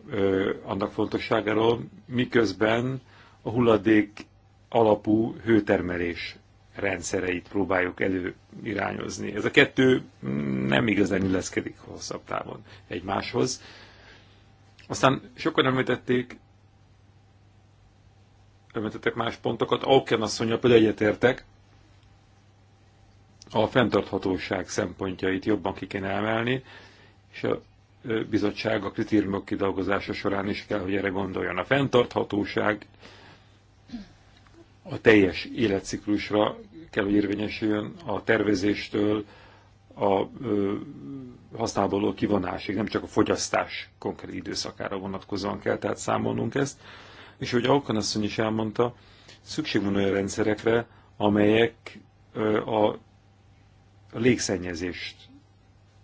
ö, annak fontosságáról, miközben a hulladék alapú hőtermelés rendszereit próbáljuk előirányozni. Ez a kettő nem igazán illeszkedik hosszabb távon egymáshoz. Aztán sokan említették, említettek más pontokat, Auken asszonya például egyetértek, a fenntarthatóság szempontjait jobban ki kéne emelni, és a bizottság a kritériumok kidolgozása során is kell, hogy erre gondoljon. A fenntarthatóság a teljes életciklusra kell, hogy érvényesüljön a tervezéstől a ö, használból kivonásig, nem csak a fogyasztás konkrét időszakára vonatkozóan kell tehát számolnunk ezt. És ahogy Alkan asszony is elmondta, szükség van olyan rendszerekre, amelyek a, a légszennyezést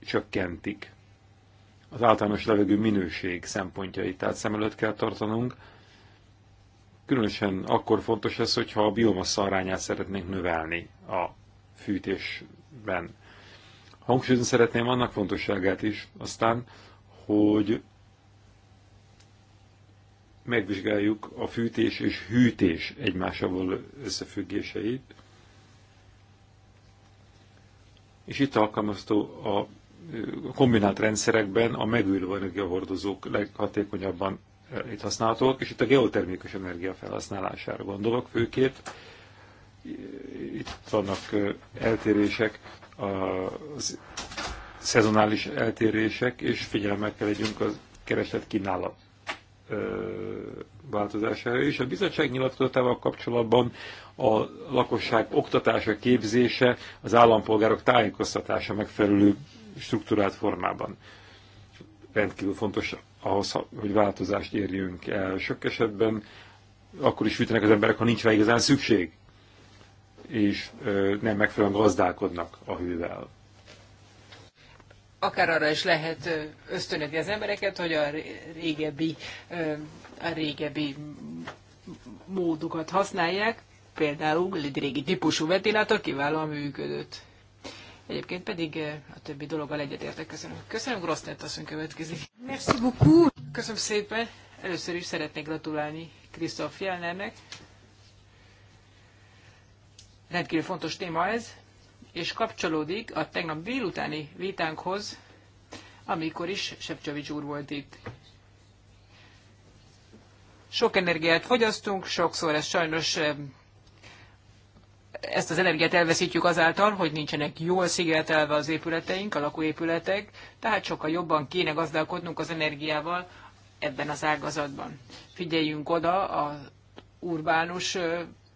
csökkentik. Az általános levegő minőség szempontjait tehát szem előtt kell tartanunk, Különösen akkor fontos ez, hogyha a biomassa arányát szeretnénk növelni a fűtésben. Hangsúlyozni szeretném annak fontosságát is aztán, hogy megvizsgáljuk a fűtés és hűtés egymásával összefüggéseit. És itt alkalmazható a kombinált rendszerekben a megújuló energiahordozók leghatékonyabban Eh, itt használhatók, és itt a geotermikus energia felhasználására gondolok főként. Itt vannak eh, eltérések, a szezonális eltérések, és figyelemmel kell legyünk a kereslet kínálat eh, változására is. A bizottság nyilatkozatával kapcsolatban a lakosság oktatása, képzése, az állampolgárok tájékoztatása megfelelő struktúrált formában rendkívül fontos ahhoz, hogy változást érjünk el. Sok esetben akkor is fűtenek az emberek, ha nincs rá igazán szükség, és nem megfelelően gazdálkodnak a hővel. Akár arra is lehet ösztönözni az embereket, hogy a régebbi, a régebbi módokat használják, például egy régi típusú vetélátor kiválóan működött. Egyébként pedig eh, a többi dologgal egyetértek. Köszönöm. Köszönöm, Grosztett asszony következik. Merci beaucoup. Köszönöm szépen. Először is szeretnék gratulálni Krisztóf Jelnernek. Rendkívül fontos téma ez, és kapcsolódik a tegnap délutáni vitánkhoz, amikor is Sepcsovics úr volt itt. Sok energiát fogyasztunk, sokszor ez sajnos eh, ezt az energiát elveszítjük azáltal, hogy nincsenek jól szigetelve az épületeink, a lakóépületek, tehát sokkal jobban kéne gazdálkodnunk az energiával ebben az ágazatban. Figyeljünk oda a urbánus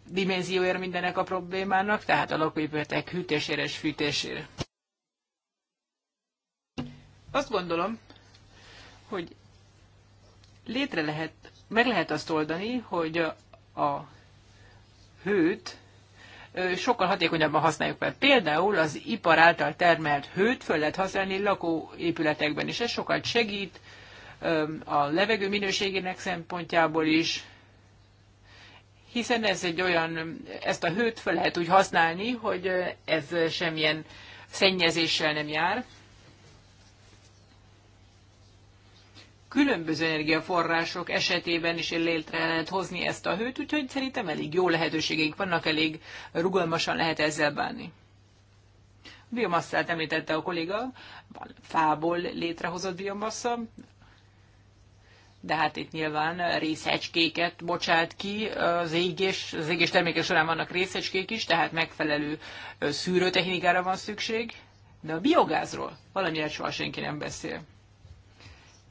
dimenzióért mindenek a problémának, tehát a lakóépületek hűtésére és fűtésére. Azt gondolom, hogy létre lehet, meg lehet azt oldani, hogy a a hőt sokkal hatékonyabban használjuk fel. Például az ipar által termelt hőt föl lehet használni lakóépületekben is. Ez sokat segít a levegő minőségének szempontjából is, hiszen ez egy olyan, ezt a hőt fel lehet úgy használni, hogy ez semmilyen szennyezéssel nem jár. különböző energiaforrások esetében is létre lehet hozni ezt a hőt, úgyhogy szerintem elég jó lehetőségeink vannak, elég rugalmasan lehet ezzel bánni. A biomasszát említette a kolléga, fából létrehozott biomassa, de hát itt nyilván részecskéket bocsát ki, az égés, az égés termékek során vannak részecskék is, tehát megfelelő szűrőtechnikára van szükség, de a biogázról valamiért soha senki nem beszél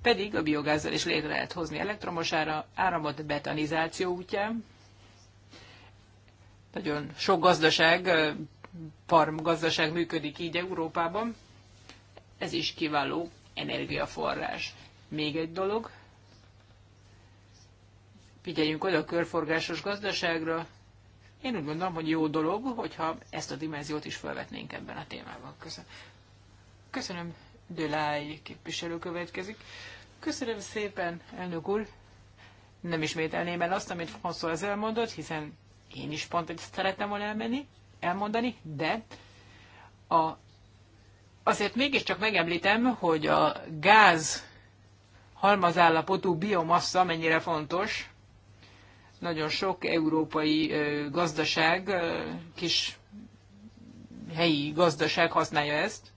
pedig a biogázzal is létre lehet hozni elektromos ára, áramot betanizáció útján. Nagyon sok gazdaság, farm gazdaság működik így Európában. Ez is kiváló energiaforrás. Még egy dolog, figyeljünk oda a körforgásos gazdaságra. Én úgy gondolom, hogy jó dolog, hogyha ezt a dimenziót is felvetnénk ebben a témában. Köszönöm. Köszönöm. Döláj képviselő következik. Köszönöm szépen, elnök úr. Nem ismételném el azt, amit François az elmondott, hiszen én is pont egy szeretem volna elmenni, elmondani, de a, azért mégiscsak megemlítem, hogy a gáz halmazállapotú biomassa mennyire fontos. Nagyon sok európai gazdaság, kis helyi gazdaság használja ezt.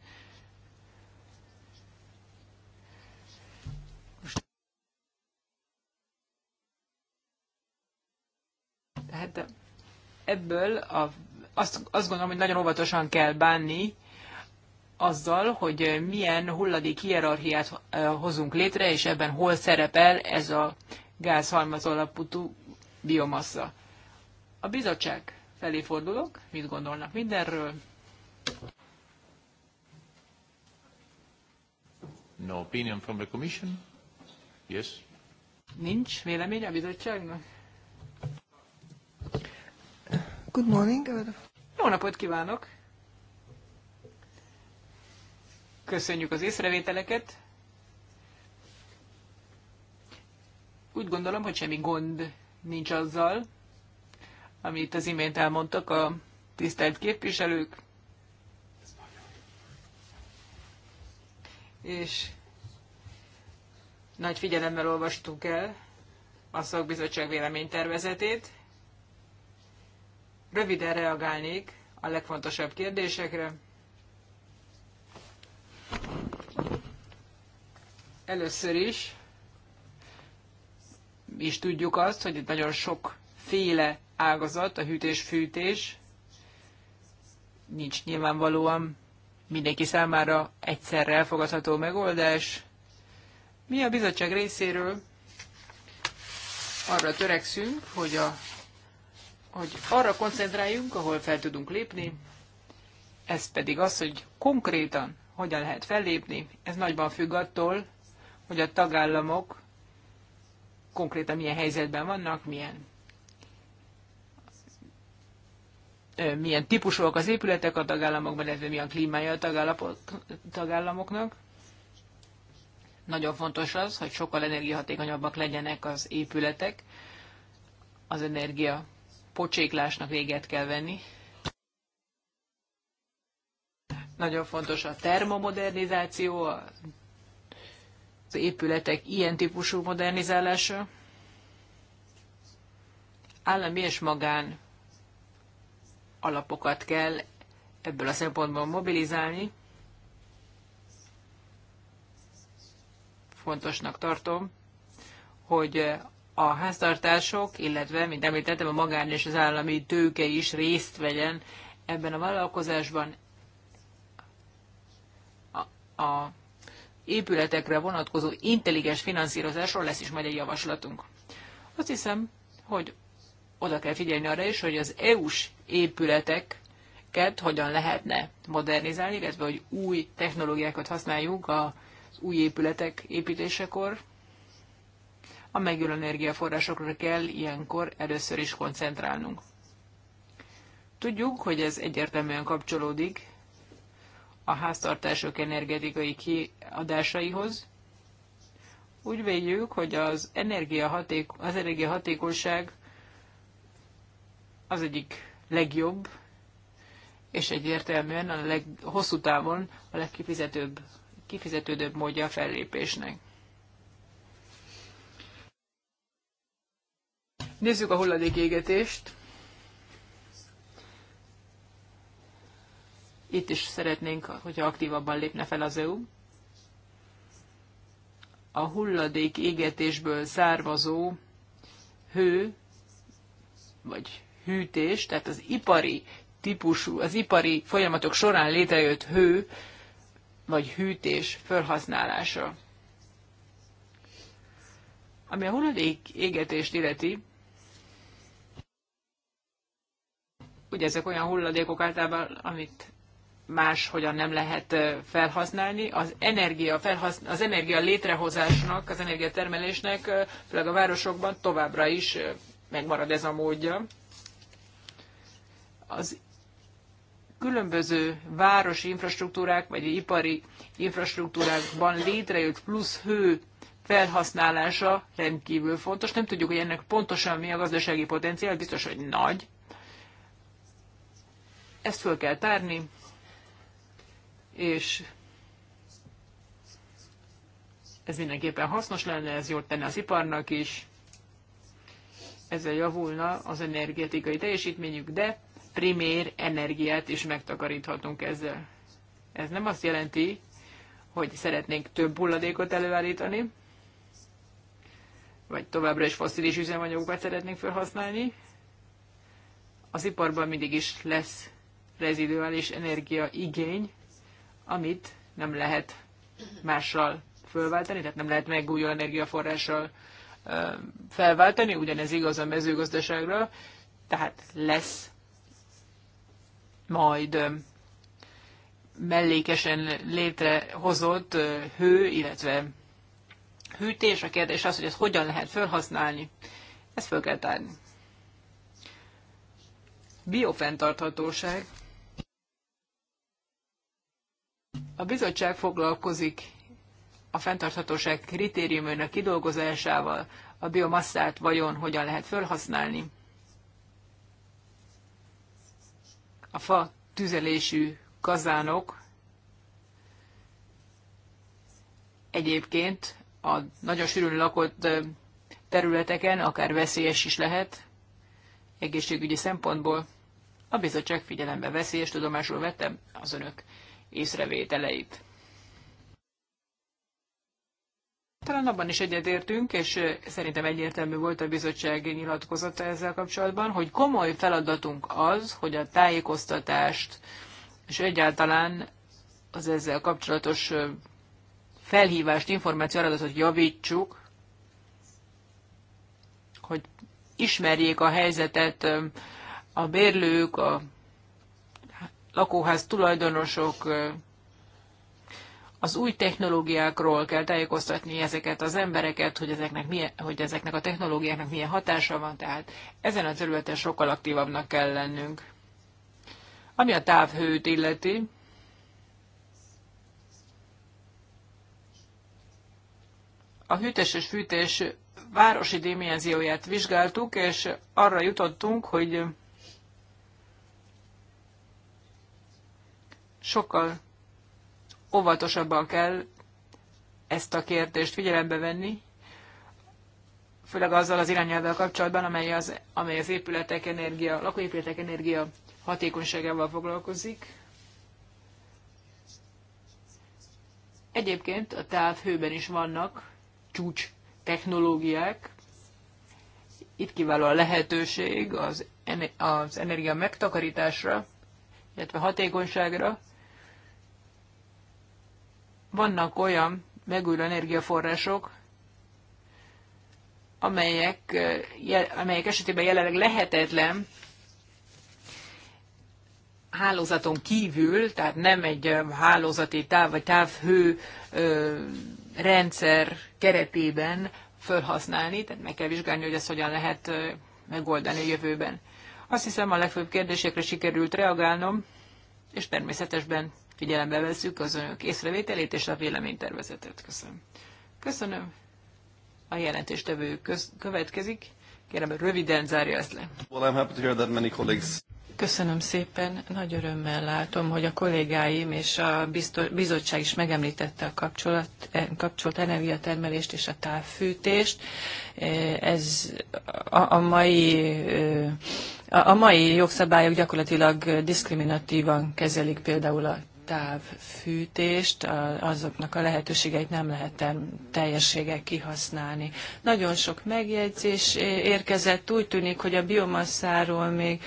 Tehát ebből a, azt, azt gondolom, hogy nagyon óvatosan kell bánni azzal, hogy milyen hulladék hierarchiát hozunk létre, és ebben hol szerepel ez a gázhalmaz alapú biomassa. A bizottság felé fordulok, mit gondolnak mindenről? No opinion from the commission? Yes. Nincs vélemény a bizottságnak? Good morning. Jó napot kívánok! Köszönjük az észrevételeket. Úgy gondolom, hogy semmi gond nincs azzal, amit az imént elmondtak a tisztelt képviselők. És nagy figyelemmel olvastuk el a szakbizottság véleménytervezetét, Röviden reagálnék a legfontosabb kérdésekre. Először is mi is tudjuk azt, hogy itt nagyon féle ágazat, a hűtés-fűtés, nincs nyilvánvalóan mindenki számára egyszerre elfogadható megoldás. Mi a bizottság részéről arra törekszünk, hogy a hogy arra koncentráljunk, ahol fel tudunk lépni, ez pedig az, hogy konkrétan hogyan lehet fellépni, ez nagyban függ attól, hogy a tagállamok konkrétan milyen helyzetben vannak, milyen milyen típusúak az épületek a tagállamokban, illetve milyen klímája a tagállamoknak. Nagyon fontos az, hogy sokkal energiahatékonyabbak legyenek az épületek, az energia pocséklásnak véget kell venni. Nagyon fontos a termomodernizáció, az épületek ilyen típusú modernizálása. Állami és magán alapokat kell ebből a szempontból mobilizálni. Fontosnak tartom, hogy a háztartások, illetve, mint említettem, a magán és az állami tőke is részt vegyen ebben a vállalkozásban. A, a épületekre vonatkozó intelligens finanszírozásról lesz is majd egy javaslatunk. Azt hiszem, hogy oda kell figyelni arra is, hogy az EU-s épületeket hogyan lehetne modernizálni, illetve hogy új technológiákat használjuk az új épületek építésekor, a megülő energiaforrásokra kell ilyenkor először is koncentrálnunk. Tudjuk, hogy ez egyértelműen kapcsolódik a háztartások energetikai kiadásaihoz. Úgy véljük, hogy az, energiahaték, az energiahatékonyság az egyik legjobb, és egyértelműen a leg, hosszú távon a legkifizetőbb kifizetődőbb módja a fellépésnek. Nézzük a hulladékégetést. Itt is szeretnénk, hogyha aktívabban lépne fel az EU. A hulladék égetésből származó hő, vagy hűtés, tehát az ipari típusú, az ipari folyamatok során létrejött hő, vagy hűtés felhasználása. Ami a hulladék égetést illeti, Ugye ezek olyan hulladékok általában, amit máshogyan nem lehet felhasználni. Az energia, felhasznál, az energia létrehozásnak, az energiatermelésnek, főleg a városokban továbbra is megmarad ez a módja. Az különböző városi infrastruktúrák, vagy ipari infrastruktúrákban létrejött plusz hő felhasználása rendkívül fontos. Nem tudjuk, hogy ennek pontosan mi a gazdasági potenciál, biztos, hogy nagy, ezt föl kell tárni, és ez mindenképpen hasznos lenne, ez jót tenne az iparnak is, ezzel javulna az energetikai teljesítményük, de primér energiát is megtakaríthatunk ezzel. Ez nem azt jelenti, hogy szeretnénk több hulladékot előállítani, vagy továbbra is fosszilis üzemanyagokat szeretnénk felhasználni. Az iparban mindig is lesz reziduális energia igény, amit nem lehet mással fölváltani, tehát nem lehet megújuló energiaforrással felváltani, ugyanez igaz a mezőgazdaságra, tehát lesz majd mellékesen létrehozott hő, illetve hűtés. A kérdés az, hogy ezt hogyan lehet felhasználni. Ezt fel kell tárni. Biofenntarthatóság. A bizottság foglalkozik a fenntarthatóság kritériumainak kidolgozásával, a biomasszát vajon hogyan lehet felhasználni. A fa tüzelésű kazánok egyébként a nagyon sűrűn lakott területeken akár veszélyes is lehet egészségügyi szempontból. A bizottság figyelembe veszi, és tudomásul vettem az önök észrevételeit. Talán abban is egyetértünk, és szerintem egyértelmű volt a bizottság nyilatkozata ezzel kapcsolatban, hogy komoly feladatunk az, hogy a tájékoztatást és egyáltalán az ezzel kapcsolatos felhívást, információ adatot javítsuk, hogy ismerjék a helyzetet a bérlők, a lakóház tulajdonosok, az új technológiákról kell tájékoztatni ezeket az embereket, hogy ezeknek, milyen, hogy ezeknek a technológiáknak milyen hatása van, tehát ezen a területen sokkal aktívabbnak kell lennünk. Ami a távhőt illeti, a hűtés és fűtés városi dimenzióját vizsgáltuk, és arra jutottunk, hogy sokkal óvatosabban kell ezt a kérdést figyelembe venni, főleg azzal az irányelvvel kapcsolatban, amely az, amely az épületek energia, lakóépületek energia hatékonyságával foglalkozik. Egyébként a távhőben is vannak csúcs technológiák. Itt kiváló a lehetőség az, az energia megtakarításra, illetve hatékonyságra vannak olyan megújuló energiaforrások, amelyek, amelyek esetében jelenleg lehetetlen hálózaton kívül, tehát nem egy hálózati táv vagy távhő rendszer keretében felhasználni, tehát meg kell vizsgálni, hogy ezt hogyan lehet megoldani a jövőben. Azt hiszem a legfőbb kérdésekre sikerült reagálnom, és természetesen Figyelembe veszük az önök észrevételét és a véleménytervezetet. Köszönöm. Köszönöm. A jelentéstevő köz- következik. Kérem, röviden zárja ezt le. Well, Köszönöm szépen. Nagy örömmel látom, hogy a kollégáim és a bizottság is megemlítette a kapcsolat, e, kapcsolat energiatermelést és a távfűtést. E, ez a, a mai e, a mai jogszabályok gyakorlatilag diszkriminatívan kezelik például a távfűtést, azoknak a lehetőségeit nem lehet teljességgel kihasználni. Nagyon sok megjegyzés érkezett, úgy tűnik, hogy a biomasszáról még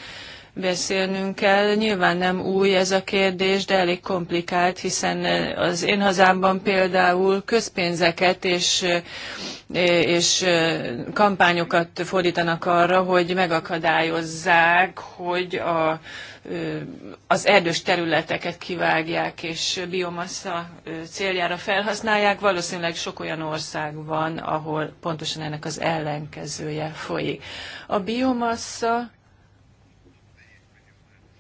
beszélnünk kell. Nyilván nem új ez a kérdés, de elég komplikált, hiszen eh, az én hazámban például közpénzeket és, eh, és eh, kampányokat fordítanak arra, hogy megakadályozzák, hogy a, az erdős területeket kivágják és biomassa céljára felhasználják. Valószínűleg sok olyan ország van, ahol pontosan ennek az ellenkezője folyik. A biomassa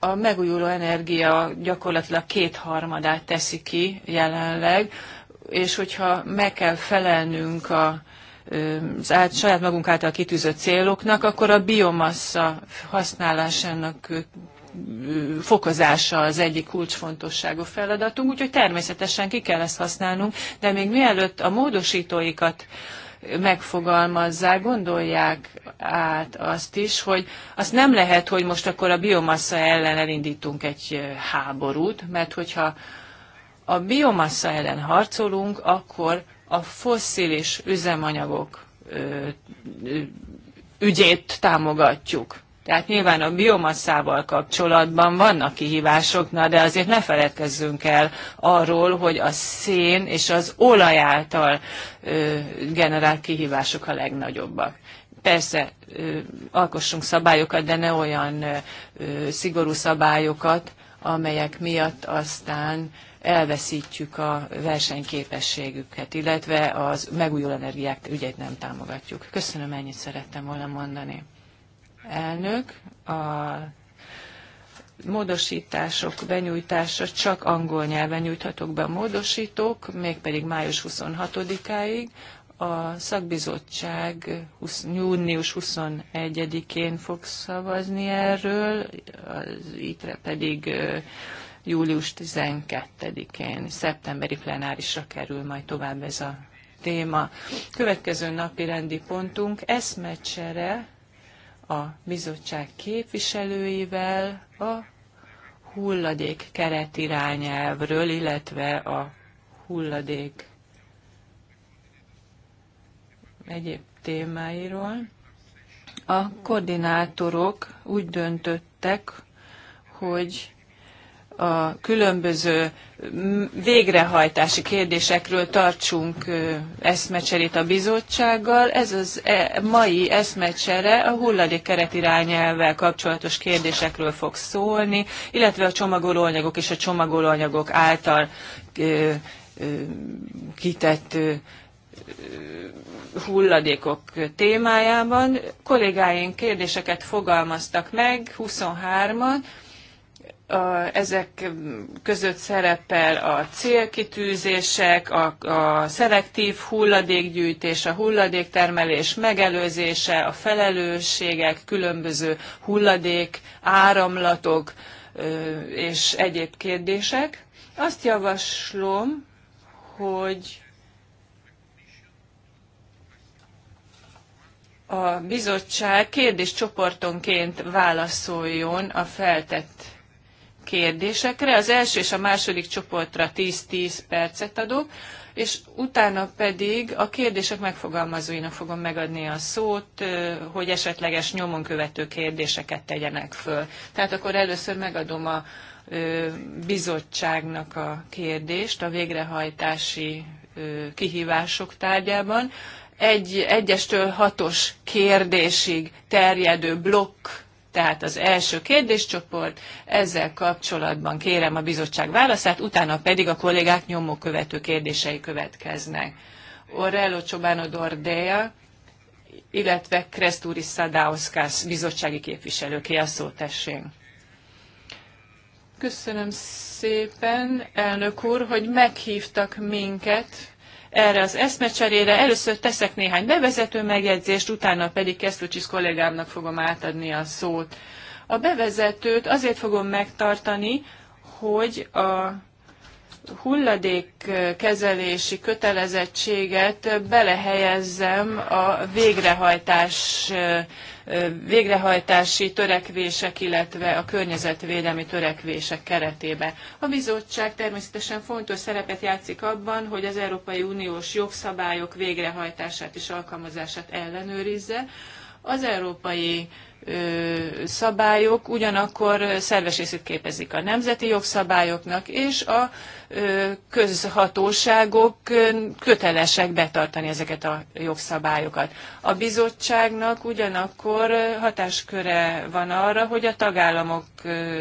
a megújuló energia gyakorlatilag kétharmadát teszi ki jelenleg, és hogyha meg kell felelnünk a, az át, saját magunk által kitűzött céloknak, akkor a biomassa használásának fokozása az egyik kulcsfontosságú feladatunk, úgyhogy természetesen ki kell ezt használnunk, de még mielőtt a módosítóikat megfogalmazzák, gondolják át azt is, hogy azt nem lehet, hogy most akkor a biomassa ellen elindítunk egy háborút, mert hogyha a biomassa ellen harcolunk, akkor a fosszilis üzemanyagok ügyét támogatjuk. Tehát nyilván a biomasszával kapcsolatban vannak kihívások, na de azért ne feledkezzünk el arról, hogy a szén és az olaj által ö, generált kihívások a legnagyobbak persze alkossunk szabályokat, de ne olyan szigorú szabályokat, amelyek miatt aztán elveszítjük a versenyképességüket, illetve az megújuló energiák ügyet nem támogatjuk. Köszönöm, ennyit szerettem volna mondani elnök. A módosítások benyújtása csak angol nyelven nyújthatók be a módosítók, mégpedig május 26-áig. A szakbizottság 20, június 21-én fog szavazni erről, az ITRE pedig július 12-én, szeptemberi plenárisra kerül majd tovább ez a téma. Következő napi rendi pontunk eszmecsere a bizottság képviselőivel a hulladék keretirányelvről, illetve a hulladék egyéb témáiról. A koordinátorok úgy döntöttek, hogy a különböző mm, végrehajtási kérdésekről tartsunk eszmecserét a bizottsággal. Ez az e, mai eszmecsere a hulladék keretirányelvvel kapcsolatos kérdésekről fog szólni, illetve a csomagolóanyagok és a csomagolóanyagok által kitett hulladékok témájában. Kollégáink kérdéseket fogalmaztak meg, 23-an, a, ezek között szerepel a célkitűzések, a, a szelektív hulladékgyűjtés, a hulladéktermelés megelőzése, a felelősségek, különböző hulladék, áramlatok ö, és egyéb kérdések. Azt javaslom, hogy a bizottság kérdéscsoportonként válaszoljon a feltett kérdésekre. Az első és a második csoportra 10-10 percet adok, és utána pedig a kérdések megfogalmazóinak fogom megadni a szót, hogy esetleges nyomon követő kérdéseket tegyenek föl. Tehát akkor először megadom a bizottságnak a kérdést a végrehajtási kihívások tárgyában. Egy, egyestől hatos kérdésig terjedő blokk tehát az első kérdéscsoport, ezzel kapcsolatban kérem a bizottság válaszát, utána pedig a kollégák nyomó követő kérdései következnek. Orrello Csobano Dordea, illetve Kresztúri Szadáoszkász bizottsági ki a szó tessén. Köszönöm szépen, elnök úr, hogy meghívtak minket erre az eszmecserére. Először teszek néhány bevezető megjegyzést, utána pedig Kesztőcsis kollégámnak fogom átadni a szót. A bevezetőt azért fogom megtartani, hogy a hulladékkezelési kötelezettséget belehelyezzem a végrehajtás, végrehajtási törekvések, illetve a környezetvédelmi törekvések keretébe. A bizottság természetesen fontos szerepet játszik abban, hogy az Európai Uniós jogszabályok végrehajtását és alkalmazását ellenőrizze. Az Európai szabályok ugyanakkor szerves részét képezik a nemzeti jogszabályoknak, és a közhatóságok kötelesek betartani ezeket a jogszabályokat. A bizottságnak ugyanakkor hatásköre van arra, hogy a tagállamok,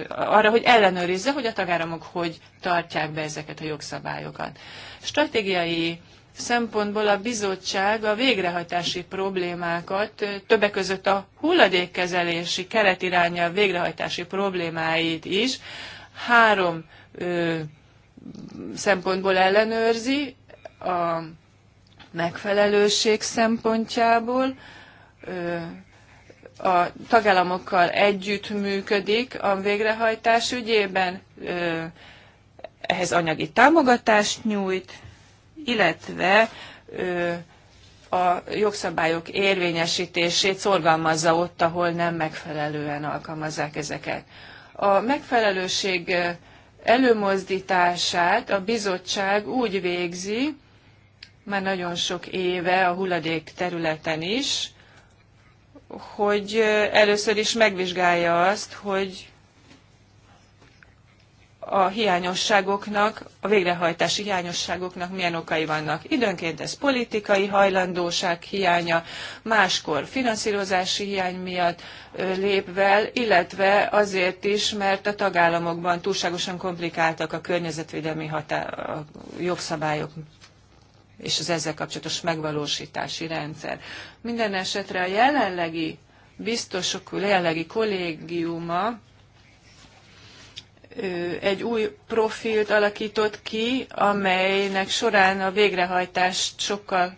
arra, hogy ellenőrizze, hogy a tagállamok hogy tartják be ezeket a jogszabályokat. Stratégiai szempontból a bizottság a végrehajtási problémákat, többek között a hulladékkezelési keretirányja végrehajtási problémáit is három ö, szempontból ellenőrzi a megfelelőség szempontjából, ö, a tagállamokkal együttműködik a végrehajtás ügyében, ö, ehhez anyagi támogatást nyújt, illetve a jogszabályok érvényesítését szorgalmazza ott, ahol nem megfelelően alkalmazzák ezeket. A megfelelőség előmozdítását a bizottság úgy végzi, már nagyon sok éve a hulladék területen is, hogy először is megvizsgálja azt, hogy a hiányosságoknak, a végrehajtási hiányosságoknak milyen okai vannak. Időnként ez politikai hajlandóság hiánya, máskor finanszírozási hiány miatt lépvel, illetve azért is, mert a tagállamokban túlságosan komplikáltak a környezetvédelmi hatá- a jogszabályok és az ezzel kapcsolatos megvalósítási rendszer. Minden esetre a jelenlegi biztosok jelenlegi kollégiuma egy új profilt alakított ki, amelynek során a végrehajtást sokkal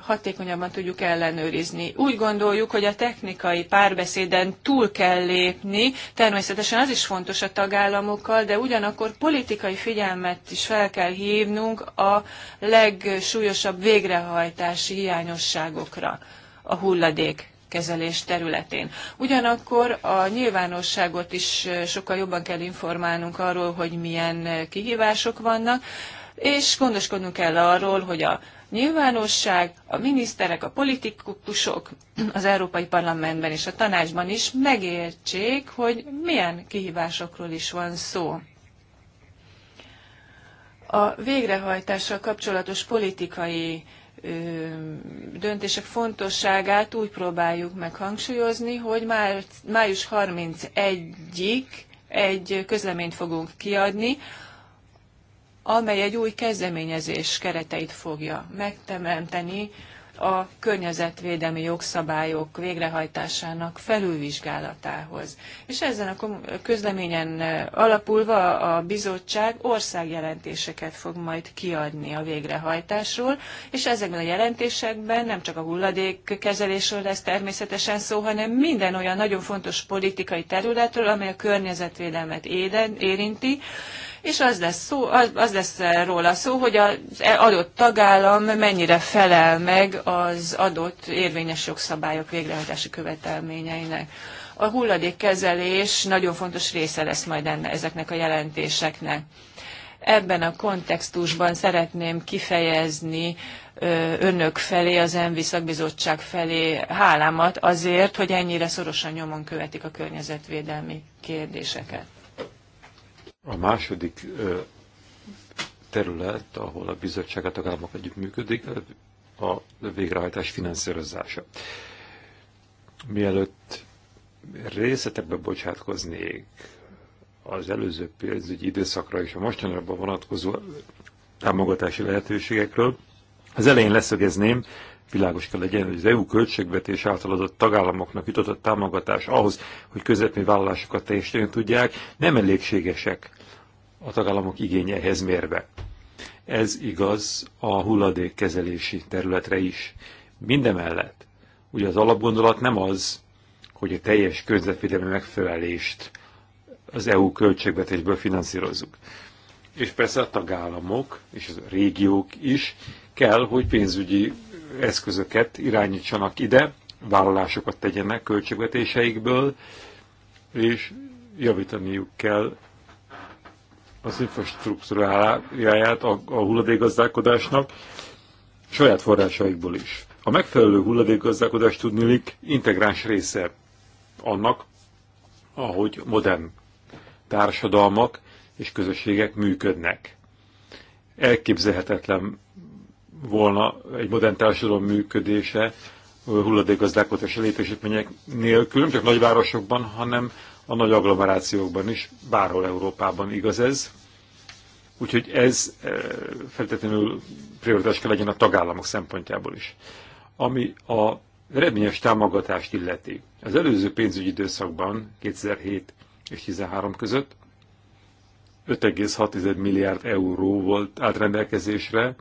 hatékonyabban tudjuk ellenőrizni. Úgy gondoljuk, hogy a technikai párbeszéden túl kell lépni, természetesen az is fontos a tagállamokkal, de ugyanakkor politikai figyelmet is fel kell hívnunk a legsúlyosabb végrehajtási hiányosságokra a hulladék kezelés területén. Ugyanakkor a nyilvánosságot is sokkal jobban kell informálnunk arról, hogy milyen kihívások vannak, és gondoskodnunk kell arról, hogy a nyilvánosság, a miniszterek, a politikusok az Európai Parlamentben és a tanácsban is megértsék, hogy milyen kihívásokról is van szó. A végrehajtással kapcsolatos politikai döntések fontosságát úgy próbáljuk meg hangsúlyozni, hogy már május 31-ig egy közleményt fogunk kiadni, amely egy új kezdeményezés kereteit fogja megteremteni a környezetvédelmi jogszabályok végrehajtásának felülvizsgálatához. És ezen a közleményen eh, alapulva a bizottság országjelentéseket fog majd kiadni a végrehajtásról, és ezekben a jelentésekben nem csak a hulladékkezelésről lesz természetesen szó, hanem minden olyan nagyon fontos politikai területről, amely a környezetvédelmet éden, érinti, és az lesz, szó, az, az lesz róla szó, hogy az e- adott tagállam mennyire felel meg az adott érvényes jogszabályok végrehajtási követelményeinek. A hulladékkezelés nagyon fontos része lesz majd enne, ezeknek a jelentéseknek. Ebben a kontextusban szeretném kifejezni önök felé, az ENVI szakbizottság felé hálámat azért, hogy ennyire szorosan nyomon követik a környezetvédelmi kérdéseket. A második terület, ahol a bizottság a tagállamok együtt működik, a végrehajtás finanszírozása. Mielőtt részletekbe bocsátkoznék az előző pénzügyi időszakra és a mostanra vonatkozó támogatási lehetőségekről, az elején leszögezném, világos kell legyen, hogy az EU költségvetés által adott tagállamoknak jutott támogatás ahhoz, hogy közvetlen vállalásokat teljesíteni tudják, nem elégségesek a tagállamok igényehez mérve. Ez igaz a hulladékkezelési területre is. Mindemellett, ugye az alapgondolat nem az, hogy a teljes környezetvédelmi megfelelést az EU költségvetésből finanszírozzuk. És persze a tagállamok és a régiók is kell, hogy pénzügyi eszközöket irányítsanak ide, vállalásokat tegyenek költségvetéseikből, és javítaniuk kell az infrastruktúráját a, a hulladékgazdálkodásnak saját forrásaikból is. A megfelelő hulladékgazdálkodás tudnilik integráns része annak, ahogy modern társadalmak és közösségek működnek. Elképzelhetetlen volna egy modern társadalom működése hulladékgazdálkodás létesítmények nélkül, nem csak nagyvárosokban, hanem a nagy agglomerációkban is, bárhol Európában igaz ez. Úgyhogy ez e, feltétlenül prioritás kell legyen a tagállamok szempontjából is. Ami a eredményes támogatást illeti. Az előző pénzügyi időszakban, 2007 és 2013 között 5,6 milliárd euró volt állt rendelkezésre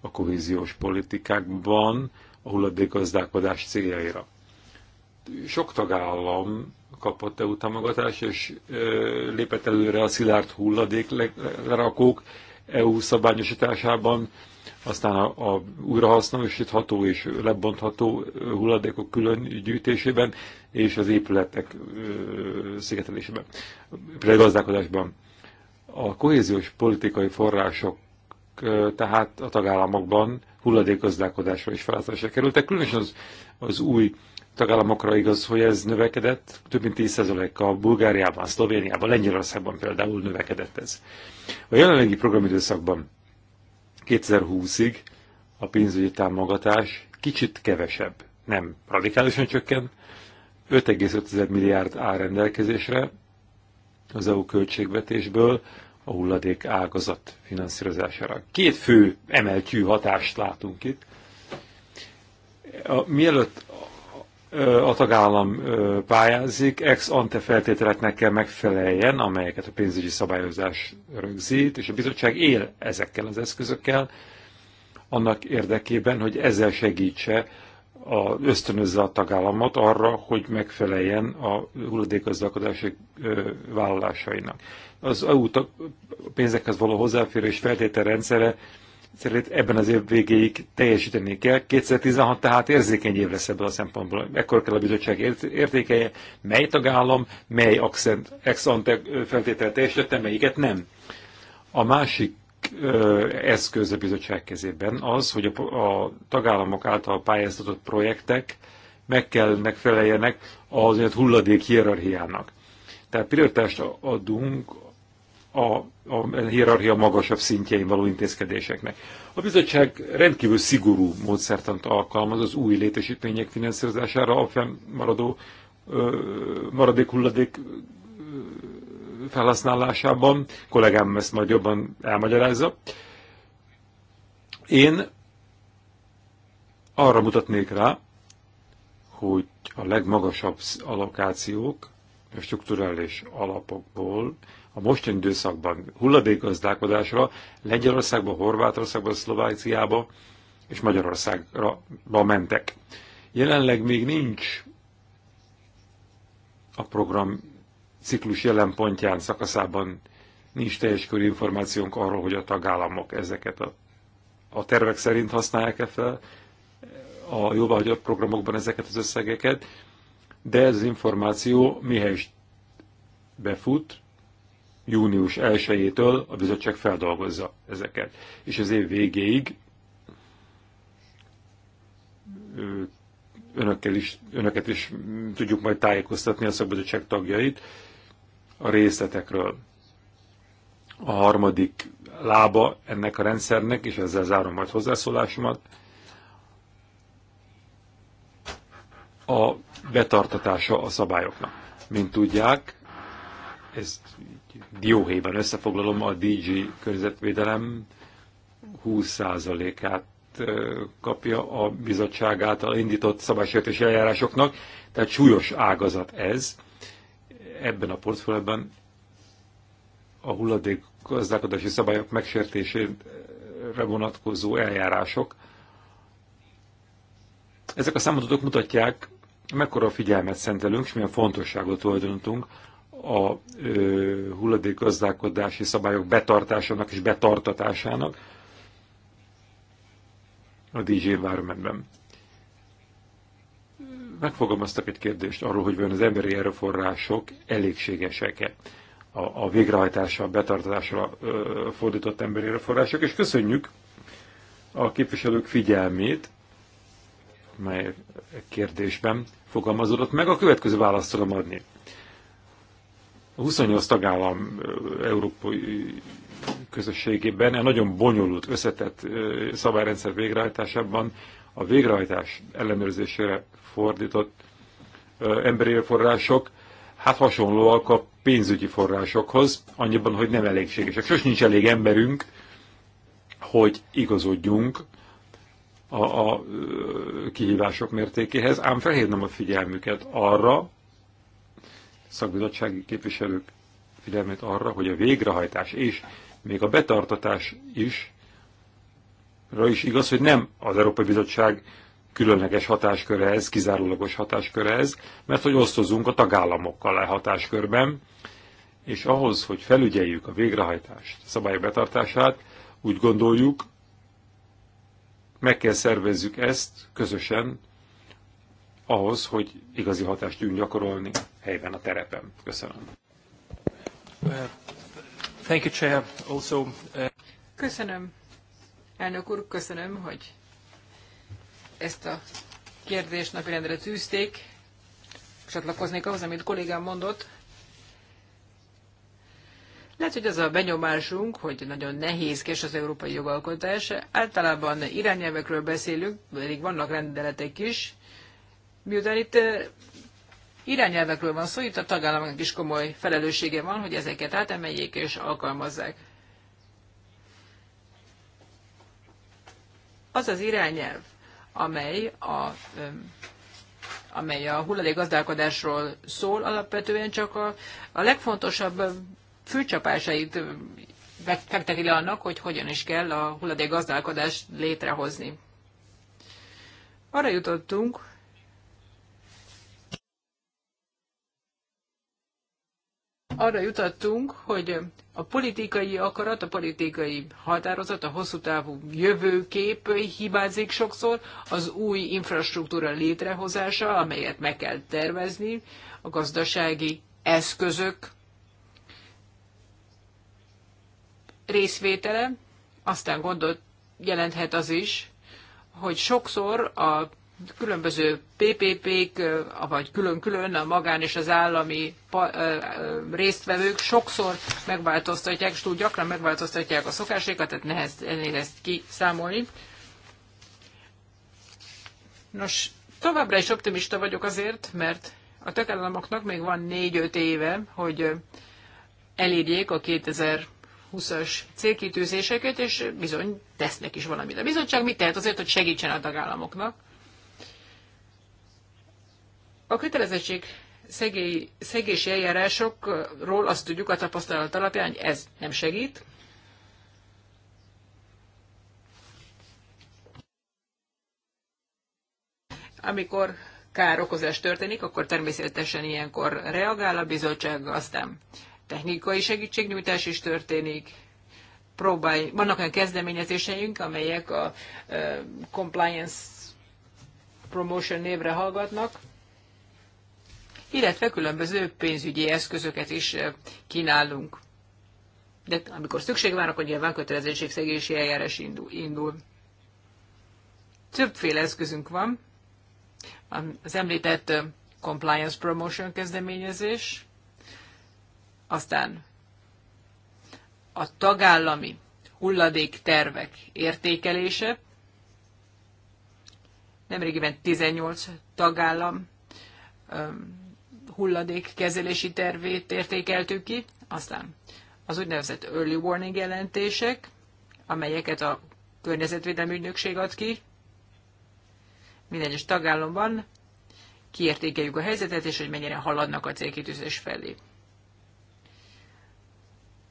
a kohéziós politikákban a hulladékgazdálkodás céljaira. Sok tagállam kapott EU támogatást, és lépett előre a szilárd hulladék lerakók EU szabályosításában, aztán a, a újrahasznosítható és lebontható hulladékok külön gyűjtésében, és az épületek szigetelésében, például gazdálkodásban. A kohéziós politikai források tehát a tagállamokban hulladékgazdálkodásra és felhasználásra kerültek, különösen az, az új tagállamokra igaz, hogy ez növekedett, több mint 10%-kal Bulgáriában, Szlovéniában, Lengyelországban például növekedett ez. A jelenlegi programidőszakban 2020-ig a pénzügyi támogatás kicsit kevesebb, nem radikálisan csökken, 5,5 milliárd áll rendelkezésre az EU költségvetésből a hulladék ágazat finanszírozására. Két fő emeltű hatást látunk itt. A, mielőtt a tagállam pályázik, ex ante feltételeknek kell megfeleljen, amelyeket a pénzügyi szabályozás rögzít, és a bizottság él ezekkel az eszközökkel, annak érdekében, hogy ezzel segítse, a, ösztönözze a tagállamot arra, hogy megfeleljen a hulladékazdalkodási vállalásainak. Az EU pénzekhez való hozzáférés feltételrendszere rendszere szerint ebben az év végéig teljesíteni kell. 2016 tehát érzékeny év lesz ebből a szempontból. Ekkor kell a bizottság értékelje, mely tagállam, mely accent, ex ante feltétel teljesítette, melyiket nem. A másik ö, eszköz a bizottság kezében az, hogy a, a tagállamok által pályáztatott projektek meg kell megfeleljenek az hulladék hierarchiának. Tehát prioritást adunk a, a hierarchia magasabb szintjein való intézkedéseknek. A bizottság rendkívül szigorú módszertant alkalmaz az új létesítmények finanszírozására, a fennmaradó maradék hulladék felhasználásában. Kollégám ezt majd jobban elmagyarázza. Én arra mutatnék rá, hogy a legmagasabb allokációk a strukturális alapokból a mostani időszakban hulladékgazdálkodásra Lengyelországba, Horvátországba, Szlovákiába és Magyarországra mentek. Jelenleg még nincs a program ciklus jelen pontján, szakaszában nincs teljes körű információnk arról, hogy a tagállamok ezeket a, a tervek szerint használják-e fel a jóváhagyott programokban ezeket az összegeket, de ez az információ mihez befut, június 1-től a bizottság feldolgozza ezeket. És az év végéig önökkel is, önöket is tudjuk majd tájékoztatni a szakbizottság tagjait a részletekről. A harmadik lába ennek a rendszernek, és ezzel zárom majd hozzászólásomat, a betartatása a szabályoknak. Mint tudják, ezt dióhéjban összefoglalom, a DG környezetvédelem 20%-át kapja a bizottság által indított szabálysértési eljárásoknak, tehát súlyos ágazat ez. Ebben a portfólióban a hulladék gazdálkodási szabályok megsértésére vonatkozó eljárások. Ezek a számadatok mutatják, mekkora figyelmet szentelünk, és milyen fontosságot tulajdonítunk a gazdálkodási szabályok betartásának és betartatásának a DJ environmentben. Megfogalmaztak egy kérdést arról, hogy vajon az emberi erőforrások elégségesek-e a, a végrehajtásra, a betartatásra ö, fordított emberi erőforrások, és köszönjük a képviselők figyelmét, mely kérdésben fogalmazódott meg, a következő választ tudom adni. A 28 tagállam európai közösségében egy nagyon bonyolult, összetett szabályrendszer végrehajtásában a végrehajtás ellenőrzésére fordított emberi források hát hasonlóak a pénzügyi forrásokhoz, annyiban, hogy nem elégségesek. Sos nincs elég emberünk, hogy igazodjunk a, a kihívások mértékéhez, ám felhívnám a figyelmüket arra, szakbizottsági képviselők figyelmét arra, hogy a végrehajtás és még a betartatás is, rá is igaz, hogy nem az Európai Bizottság különleges hatásköre ez, kizárólagos hatásköre ez, mert hogy osztozunk a tagállamokkal a e hatáskörben, és ahhoz, hogy felügyeljük a végrehajtást, a szabályok betartását, úgy gondoljuk, meg kell szervezzük ezt közösen, ahhoz, hogy igazi hatást tudjunk gyakorolni helyben, a terepen. Köszönöm. Thank you, Chair. Also, uh, Köszönöm, elnök úr, köszönöm, hogy ezt a kérdést napirendre tűzték. Csatlakoznék ahhoz, amit kollégám mondott. Lehet, hogy az a benyomásunk, hogy nagyon nehézkes az európai jogalkotás. Általában irányelvekről beszélünk, pedig vannak rendeletek is. Miután itt irányelvekről van szó, itt a tagállamoknak is komoly felelőssége van, hogy ezeket átemeljék és alkalmazzák. Az az irányelv, amely a amely a hulladékgazdálkodásról szól, alapvetően csak a, a legfontosabb fülcsapásait fekteti le annak, hogy hogyan is kell a hulladékgazdálkodást létrehozni. Arra jutottunk, arra jutottunk, hogy a politikai akarat, a politikai határozat, a hosszú távú jövőkép hibázik sokszor, az új infrastruktúra létrehozása, amelyet meg kell tervezni, a gazdasági eszközök részvétele, aztán gondot jelenthet az is, hogy sokszor a különböző PPP-k, vagy külön-külön a magán és az állami résztvevők sokszor megváltoztatják, és túl gyakran megváltoztatják a szokásékat, tehát nehéz ennél ezt kiszámolni. Nos, továbbra is optimista vagyok azért, mert a tagállamoknak még van 4-5 éve, hogy elérjék a 2020-as célkitűzéseket, és bizony tesznek is valamit. A bizottság mit tehet azért, hogy segítsen a tagállamoknak? A kötelezettség szegély, szegési eljárásokról azt tudjuk a tapasztalat alapján, hogy ez nem segít. Amikor károkozás történik, akkor természetesen ilyenkor reagál a bizottság, aztán technikai segítségnyújtás is történik, próbálj, vannak olyan kezdeményezéseink, amelyek a uh, compliance promotion névre hallgatnak, illetve különböző pénzügyi eszközöket is kínálunk. De amikor szükség van, akkor nyilván kötelezettségszegési eljárás indul. Többféle eszközünk van. Az említett Compliance Promotion kezdeményezés, aztán a tagállami hulladéktervek értékelése. Nemrégiben 18 tagállam hulladék kezelési tervét értékeltük ki, aztán az úgynevezett early warning jelentések, amelyeket a környezetvédelmi ügynökség ad ki, minden egyes tagállamban kiértékeljük a helyzetet, és hogy mennyire haladnak a célkitűzés felé.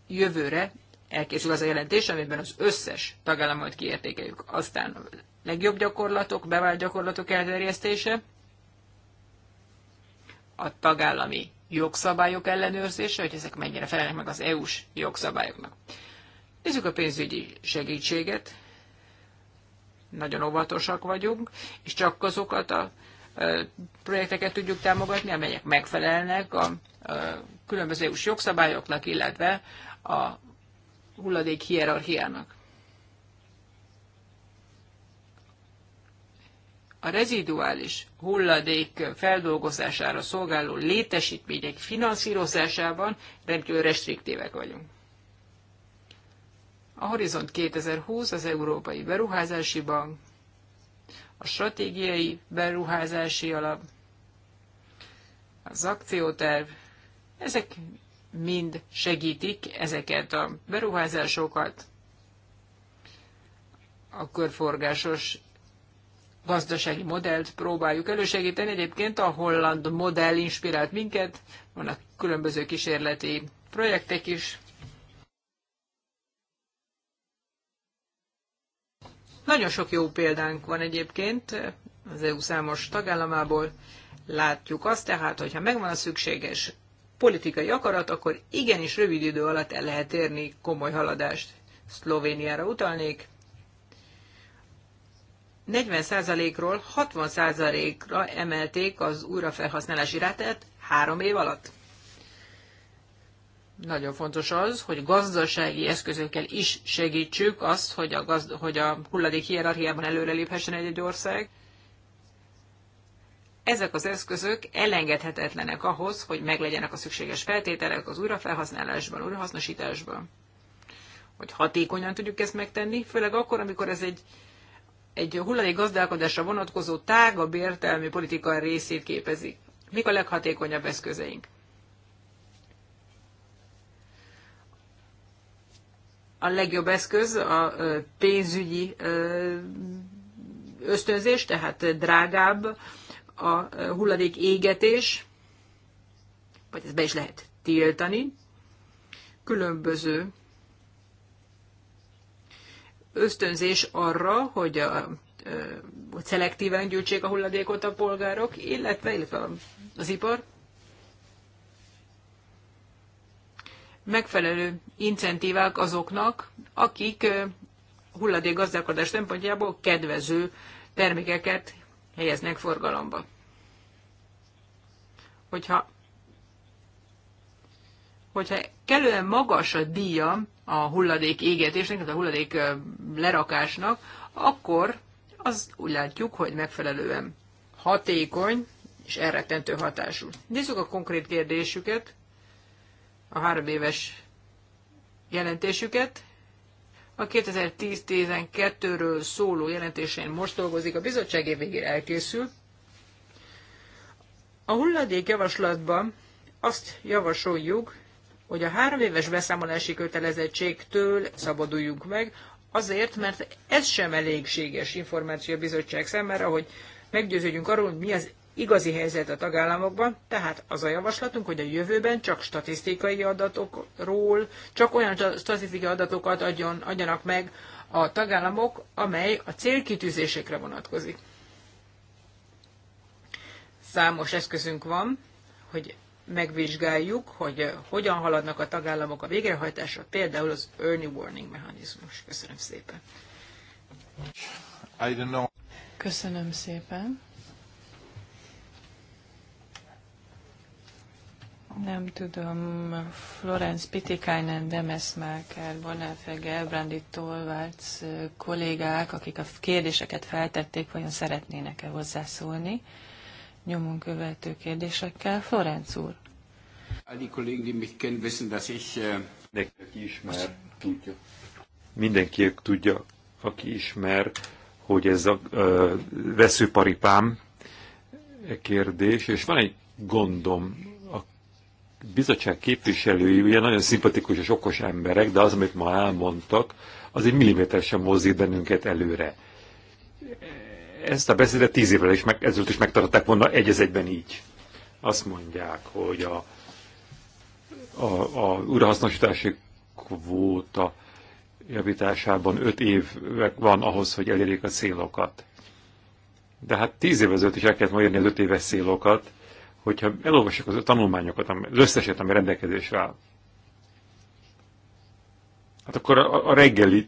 Jövőre elkészül az a jelentés, amiben az összes tagállamot kiértékeljük. Aztán a legjobb gyakorlatok, bevált gyakorlatok elterjesztése, a tagállami jogszabályok ellenőrzése, hogy ezek mennyire felelnek meg az EU-s jogszabályoknak. Nézzük a pénzügyi segítséget. Nagyon óvatosak vagyunk, és csak azokat a projekteket tudjuk támogatni, amelyek megfelelnek a, különböző EU-s jogszabályoknak, illetve a hulladék hierarchiának. a reziduális hulladék feldolgozására szolgáló létesítmények finanszírozásában rendkívül restriktívek vagyunk. A Horizont 2020 az Európai Beruházási Bank, a Stratégiai Beruházási Alap, az akcióterv, ezek mind segítik ezeket a beruházásokat, a körforgásos gazdasági modellt próbáljuk elősegíteni. Egyébként a holland modell inspirált minket, vannak különböző kísérleti projektek is. Nagyon sok jó példánk van egyébként az EU számos tagállamából. Látjuk azt tehát, hogyha megvan a szükséges politikai akarat, akkor igenis rövid idő alatt el lehet érni komoly haladást. Szlovéniára utalnék, 40%-ról 60%-ra emelték az újrafelhasználási rátát három év alatt. Nagyon fontos az, hogy gazdasági eszközökkel is segítsük azt, hogy a, gazd- hogy a hulladék hierarchiában előreléphessen egy-egy ország. Ezek az eszközök elengedhetetlenek ahhoz, hogy meglegyenek a szükséges feltételek az újrafelhasználásban, újrahasznosításban. Hogy hatékonyan tudjuk ezt megtenni, főleg akkor, amikor ez egy egy hulladék gazdálkodásra vonatkozó tágabb értelmi politika részét képezik. Mik a leghatékonyabb eszközeink? A legjobb eszköz a pénzügyi ösztönzés, tehát drágább a hulladék égetés, vagy ezt be is lehet tiltani. Különböző ösztönzés arra, hogy a hogy szelektíven gyűjtsék a hulladékot a polgárok, illetve, illetve az ipar. Megfelelő incentívák azoknak, akik gazdálkodás szempontjából kedvező termékeket helyeznek forgalomba. Hogyha, hogyha kellően magas a díja a hulladék égetésnek, a hulladék lerakásnak, akkor az úgy látjuk, hogy megfelelően hatékony és elrettentő hatású. Nézzük a konkrét kérdésüket, a három éves jelentésüket. A 2010-12-ről szóló jelentésén most dolgozik, a bizottság év végére elkészül. A hulladék javaslatban azt javasoljuk, hogy a három éves beszámolási kötelezettségtől szabaduljunk meg, azért, mert ez sem elégséges információ a bizottság szemmel, hogy meggyőződjünk arról, hogy mi az igazi helyzet a tagállamokban, tehát az a javaslatunk, hogy a jövőben csak statisztikai adatokról, csak olyan statisztikai adatokat adjon, adjanak meg a tagállamok, amely a célkitűzésekre vonatkozik. Számos eszközünk van, hogy megvizsgáljuk, hogy eh, hogyan haladnak a tagállamok a végrehajtásra, például az early warning mechanizmus. Köszönöm szépen. I don't know. Köszönöm szépen. Nem tudom, Florence Pitikainen, Márker, Bonelfe, Gelbrandi, Tolvárc eh, kollégák, akik a kérdéseket feltették, vajon szeretnének-e hozzászólni nyomon követő kérdésekkel. Florenc úr. Äh, Mindenki ismer, tudja. tudja, aki ismer, hogy ez a veszőparipám e kérdés, és van egy gondom, a bizottság képviselői ugye nagyon szimpatikus és okos emberek, de az, amit ma elmondtak, az egy milliméter sem mozdít bennünket előre ezt a beszédet tíz évvel is, meg, ezelőtt is megtartották volna egy egyben így. Azt mondják, hogy a, a, a urahasznosítási kvóta javításában öt év van ahhoz, hogy elérjék a célokat. De hát tíz év ezelőtt is el kellett majd az öt éves célokat, hogyha elolvassuk az tanulmányokat, az összeset, ami rendelkezésre áll, hát akkor a, a reggeli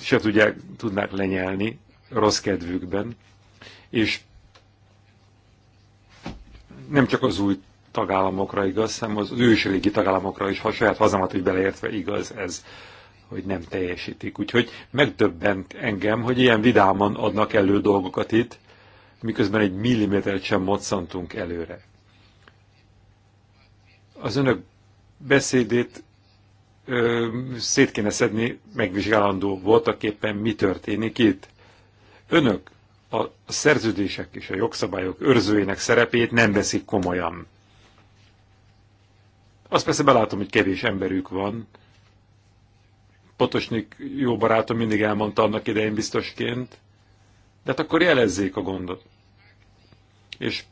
se tudják, tudnák lenyelni, rossz kedvükben, és nem csak az új tagállamokra igaz, hanem az ősrégi tagállamokra is, ha saját hazamat is beleértve igaz ez, hogy nem teljesítik. Úgyhogy megdöbbent engem, hogy ilyen vidáman adnak elő dolgokat itt, miközben egy millimétert sem moccantunk előre. Az önök beszédét ö, szét kéne szedni, megvizsgálandó voltak éppen mi történik itt. Önök a szerződések és a jogszabályok őrzőjének szerepét nem veszik komolyan. Azt persze belátom, hogy kevés emberük van. Potosnik jó barátom mindig elmondta annak idején biztosként, de hát akkor jelezzék a gondot. És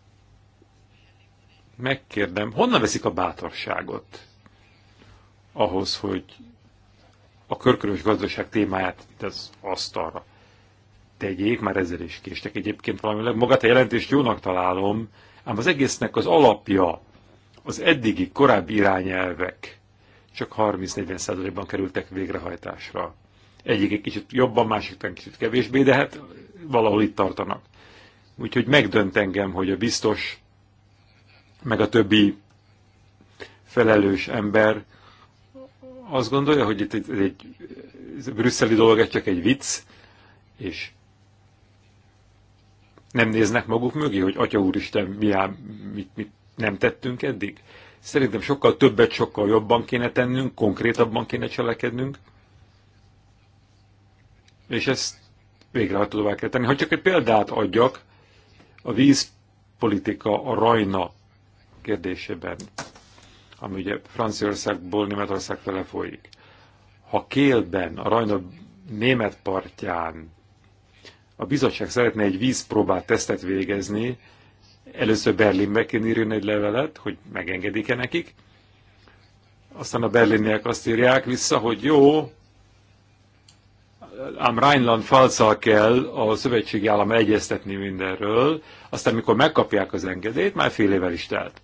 megkérdem, honnan veszik a bátorságot ahhoz, hogy a körkörös gazdaság témáját itt az asztalra tegyék, már ezzel is késtek egyébként valami, Magát a jelentést jónak találom, ám az egésznek az alapja, az eddigi korábbi irányelvek csak 30-40%-ban kerültek végrehajtásra. Egyik egy kicsit jobban, másik egy kicsit kevésbé, de hát valahol itt tartanak. Úgyhogy megdönt engem, hogy a biztos, meg a többi felelős ember azt gondolja, hogy itt egy, egy, egy brüsszeli dolog, ez csak egy vicc, és nem néznek maguk mögé, hogy Atya Úristen, mi áll, mit, mit nem tettünk eddig? Szerintem sokkal többet, sokkal jobban kéne tennünk, konkrétabban kéne cselekednünk, és ezt végrehajtóvá kell tenni. Ha csak egy példát adjak, a vízpolitika a rajna kérdésében, ami ugye Franciaországból Németország fele folyik. Ha Kélben, a rajna német partján a bizottság szeretne egy vízpróbát tesztet végezni, először Berlinbe kéne írni egy levelet, hogy megengedik-e nekik, aztán a berliniek azt írják vissza, hogy jó, ám Rheinland falszal kell a szövetségi állam egyeztetni mindenről, aztán mikor megkapják az engedélyt, már fél évvel is telt.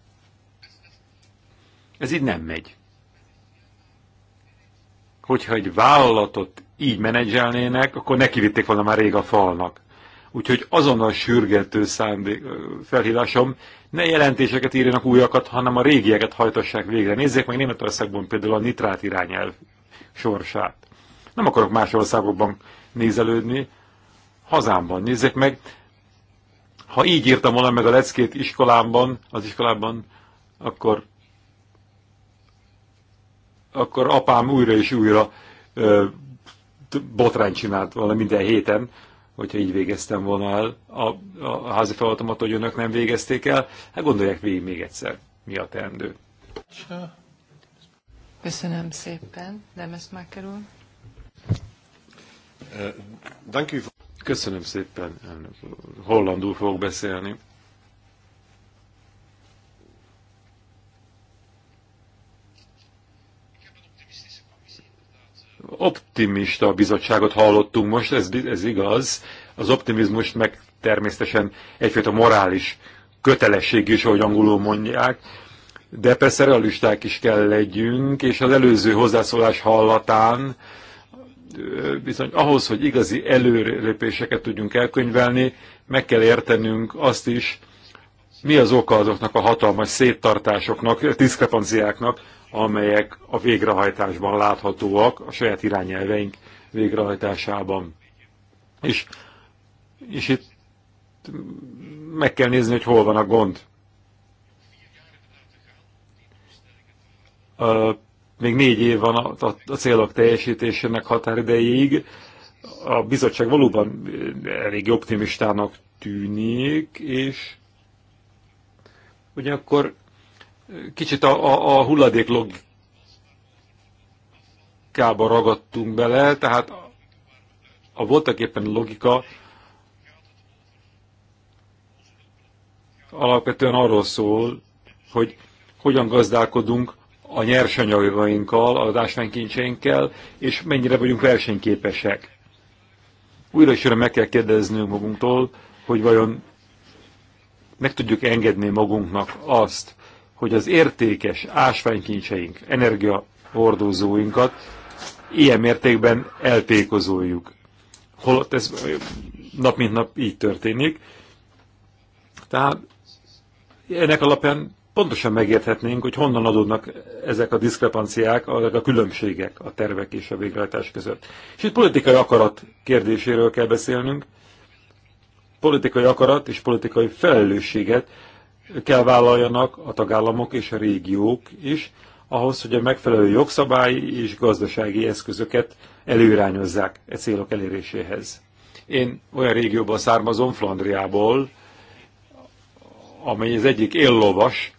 Ez így nem megy. Hogyha egy vállalatot így menedzselnének, akkor nekivitték volna már rég a falnak. Úgyhogy azonnal sürgető szándék, felhívásom, ne jelentéseket írjanak újakat, hanem a régieket hajtassák végre. Nézzék meg Németországban például a nitrát irányelv sorsát. Nem akarok más országokban nézelődni, hazámban nézzék meg. Ha így írtam volna meg a leckét iskolámban, az iskolában, akkor akkor apám újra és újra ö, botrány csinált volna minden héten, hogyha így végeztem volna el a, a házi feladatomat, hogy önök nem végezték el. Hát gondolják végig még egyszer, mi a teendő. Köszönöm szépen, Demes Mákerul. Köszönöm szépen, elnök. Hollandul fogok beszélni. optimista a bizottságot hallottunk most, ez, ez igaz. Az optimizmus meg természetesen egyfajta morális kötelesség is, ahogy angolul mondják, de persze realisták is kell legyünk, és az előző hozzászólás hallatán bizony ahhoz, hogy igazi előrépéseket tudjunk elkönyvelni, meg kell értenünk azt is, mi az oka azoknak a hatalmas széttartásoknak, diszkrepanciáknak, amelyek a végrehajtásban láthatóak, a saját irányelveink végrehajtásában. És, és itt meg kell nézni, hogy hol van a gond. A, még négy év van a, a, a célok teljesítésének határidejéig. A bizottság valóban elég optimistának tűnik, és ugyanakkor kicsit a, a, a hulladék logikába ragadtunk bele, tehát a, a voltak éppen logika alapvetően arról szól, hogy hogyan gazdálkodunk a nyersanyagainkkal, az ásványkincseinkkel, és mennyire vagyunk versenyképesek. Újra is meg kell kérdeznünk magunktól, hogy vajon meg tudjuk engedni magunknak azt, hogy az értékes ásványkincseink, energiahordozóinkat ilyen mértékben eltékozoljuk. Holott ez nap mint nap így történik. Tehát ennek alapján pontosan megérthetnénk, hogy honnan adódnak ezek a diszkrepanciák, a különbségek a tervek és a végrehajtás között. És itt politikai akarat kérdéséről kell beszélnünk, politikai akarat és politikai felelősséget kell vállaljanak a tagállamok és a régiók is, ahhoz, hogy a megfelelő jogszabályi és gazdasági eszközöket előirányozzák e célok eléréséhez. Én olyan régióban származom, Flandriából, amely az egyik éllovas,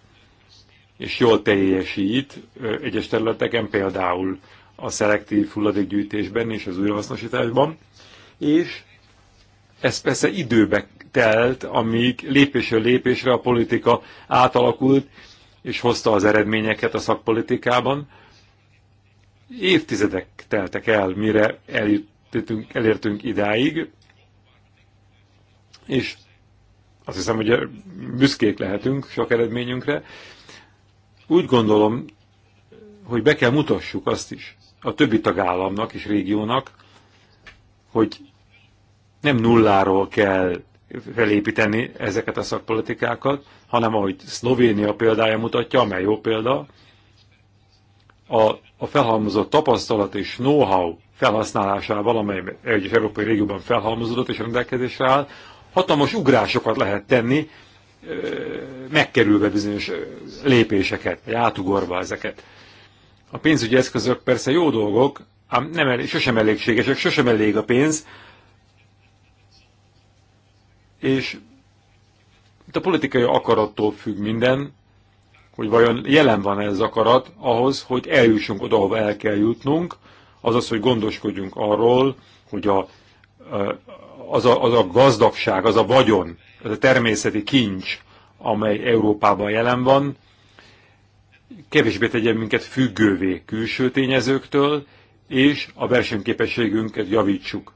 és jól teljesít egyes területeken, például a szelektív hulladékgyűjtésben és az újrahasznosításban, és ez persze időbe telt, amíg lépésről lépésre a politika átalakult, és hozta az eredményeket a szakpolitikában. Évtizedek teltek el, mire eljöttünk, elértünk idáig, és azt hiszem, hogy büszkék lehetünk sok eredményünkre. Úgy gondolom, hogy be kell mutassuk azt is a többi tagállamnak és régiónak, hogy nem nulláról kell felépíteni ezeket a szakpolitikákat, hanem ahogy Szlovénia példája mutatja, amely jó példa, a, a felhalmozott tapasztalat és know-how felhasználásával, amely egy európai régióban felhalmozódott és rendelkezésre áll, hatalmas ugrásokat lehet tenni, megkerülve bizonyos lépéseket, vagy átugorva ezeket. A pénzügyi eszközök persze jó dolgok, ám nem elég, sosem elégségesek, sosem elég a pénz, és itt a politikai akarattól függ minden, hogy vajon jelen van ez akarat ahhoz, hogy eljussunk oda, ahova el kell jutnunk, azaz, hogy gondoskodjunk arról, hogy a, az, a, az a gazdagság, az a vagyon, az a természeti kincs, amely Európában jelen van, kevésbé tegyen minket függővé külső tényezőktől, és a versenyképességünket javítsuk.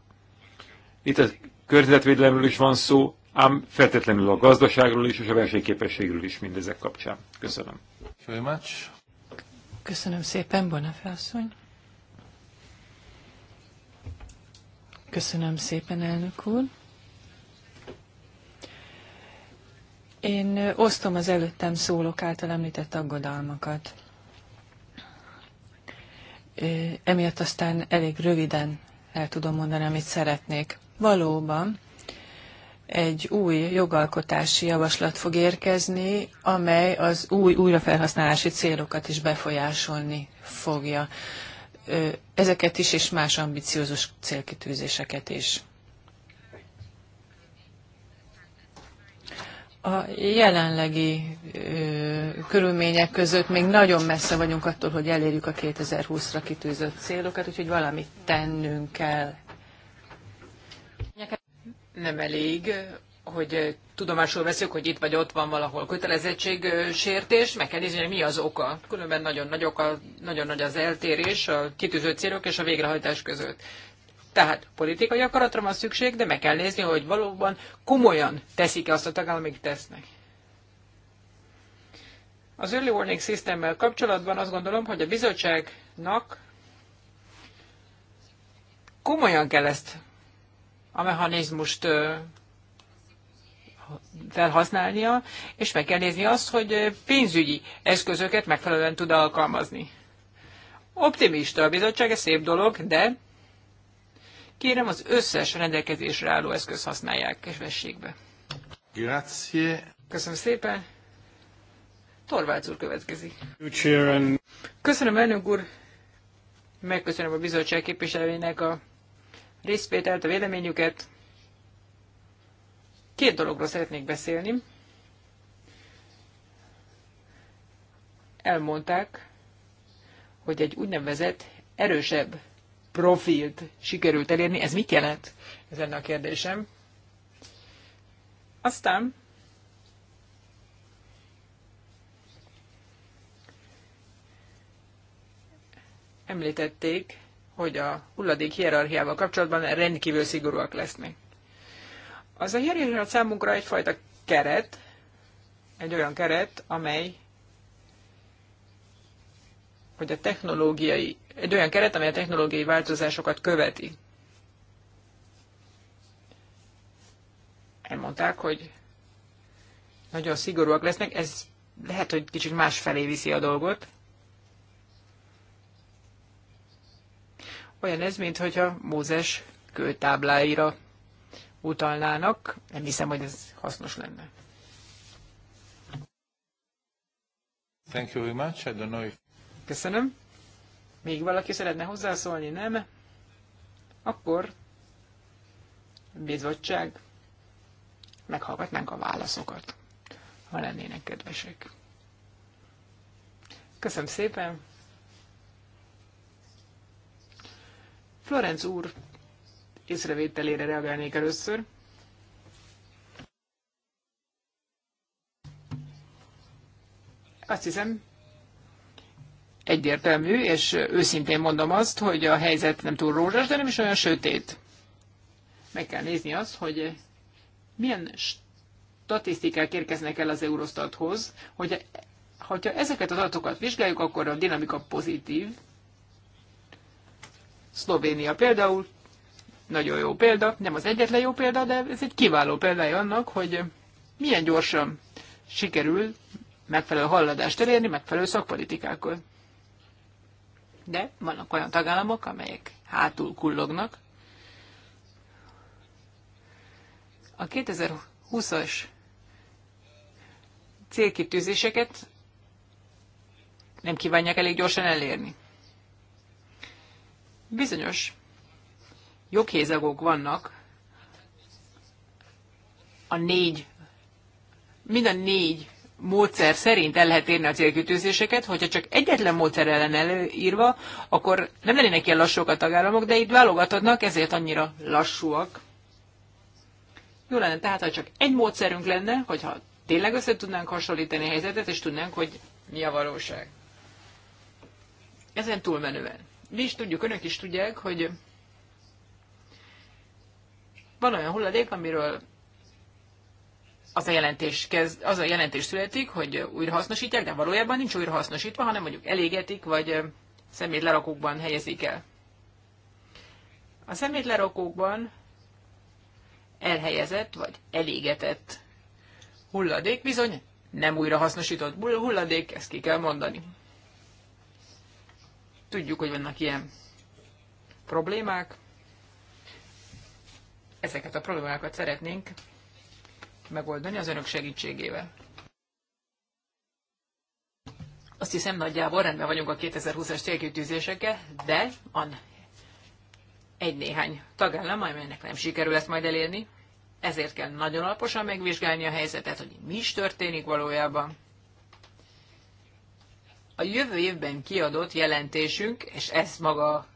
Itt a környezetvédelemről is van szó, ám feltétlenül a gazdaságról is és a versenyképességről is mindezek kapcsán. Köszönöm. Köszönöm szépen, Bonafé asszony. Köszönöm szépen, elnök úr. Én osztom az előttem szólók által említett aggodalmakat. Emiatt aztán elég röviden el tudom mondani, amit szeretnék. Valóban egy új jogalkotási javaslat fog érkezni, amely az új újrafelhasználási célokat is befolyásolni fogja. Ezeket is, és más ambiciózus célkitűzéseket is. A jelenlegi ö, körülmények között még nagyon messze vagyunk attól, hogy elérjük a 2020-ra kitűzött célokat, úgyhogy valamit tennünk kell nem elég, hogy eh, tudomásul veszük, hogy itt vagy ott van valahol kötelezettség-sértés, meg kell nézni, hogy mi az oka. Különben nagyon, nagy oka, nagyon nagy az eltérés a kitűző célok és a végrehajtás között. Tehát politikai akaratra van szükség, de meg kell nézni, hogy valóban komolyan teszik-e azt a tagállamig tesznek. Az Early Warning Systemmel kapcsolatban azt gondolom, hogy a bizottságnak komolyan kell ezt a mechanizmust felhasználnia, és meg kell nézni azt, hogy pénzügyi eszközöket megfelelően tud alkalmazni. Optimista a bizottság, ez szép dolog, de kérem az összes rendelkezésre álló eszköz használják és vessék be. Grazie. Köszönöm szépen. Torvács úr következik. Köszönöm, elnök úr. Megköszönöm a bizottság képviselőjének a részvételt, a véleményüket. Két dologról szeretnék beszélni. Elmondták, hogy egy úgynevezett erősebb profilt sikerült elérni. Ez mit jelent? Ez lenne a kérdésem. Aztán említették hogy a hulladék hierarchiával kapcsolatban rendkívül szigorúak lesznek. Az a hierarchia számunkra egyfajta keret, egy olyan keret, amely hogy a technológiai, egy olyan keret, amely a technológiai változásokat követi. Elmondták, hogy nagyon szigorúak lesznek, ez lehet, hogy kicsit más felé viszi a dolgot. Olyan ez, mintha Mózes kőtábláira utalnának. Nem hiszem, hogy ez hasznos lenne. Thank you very much. I don't know if... Köszönöm. Még valaki szeretne hozzászólni, nem? Akkor bizottság, meghallgatnánk a válaszokat, ha lennének kedvesek. Köszönöm szépen! Florenc úr észrevételére reagálnék először. Azt hiszem, egyértelmű, és őszintén mondom azt, hogy a helyzet nem túl rózsas, de nem is olyan sötét. Meg kell nézni azt, hogy milyen statisztikák érkeznek el az Eurostathoz, hogy ha ezeket az adatokat vizsgáljuk, akkor a dinamika pozitív, Szlovénia például nagyon jó példa, nem az egyetlen jó példa, de ez egy kiváló példája annak, hogy milyen gyorsan sikerül megfelelő halladást elérni, megfelelő szakpolitikákkal. De vannak olyan tagállamok, amelyek hátul kullognak. A 2020-as célkitűzéseket nem kívánják elég gyorsan elérni. Bizonyos joghézagok vannak a négy, mind a négy módszer szerint el lehet érni a célkütőzéseket, hogyha csak egyetlen módszer ellen előírva, akkor nem lennének ilyen lassúak a tagállamok, de itt válogatodnak, ezért annyira lassúak. Jó lenne tehát, ha csak egy módszerünk lenne, hogyha tényleg össze tudnánk hasonlítani a helyzetet, és tudnánk, hogy mi a valóság. Ezen túlmenően mi is tudjuk, önök is tudják, hogy van olyan hulladék, amiről az a jelentés, kezd, az a jelentés születik, hogy újrahasznosítják, de valójában nincs újrahasznosítva, hanem mondjuk elégetik, vagy szemétlerakókban helyezik el. A szemétlerakókban elhelyezett vagy elégetett hulladék bizony nem újrahasznosított hulladék, ezt ki kell mondani. Tudjuk, hogy vannak ilyen problémák. Ezeket a problémákat szeretnénk megoldani az önök segítségével. Azt hiszem, nagyjából rendben vagyunk a 2020-as célkitűzésekkel, de van egy-néhány tagállam, amelynek nem sikerül ezt majd elérni, ezért kell nagyon alaposan megvizsgálni a helyzetet, hogy mi is történik valójában. A jövő évben kiadott jelentésünk, és ez maga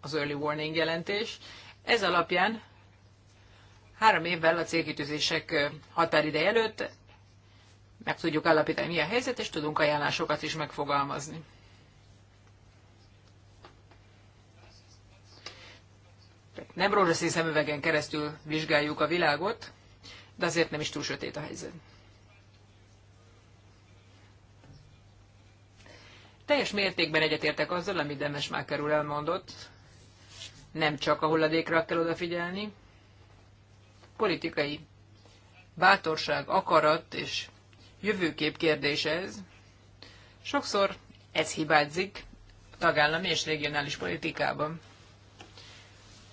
az Early Warning jelentés, ez alapján három évvel a célkitűzések határideje előtt meg tudjuk állapítani, milyen helyzet, és tudunk ajánlásokat is megfogalmazni. Nem rózsaszín szemüvegen keresztül vizsgáljuk a világot, de azért nem is túl sötét a helyzet. Teljes mértékben egyetértek azzal, amit Demes már kerül elmondott. Nem csak a hulladékra kell odafigyelni. Politikai bátorság, akarat és jövőkép kérdése ez. Sokszor ez hibázik a tagállami és regionális politikában.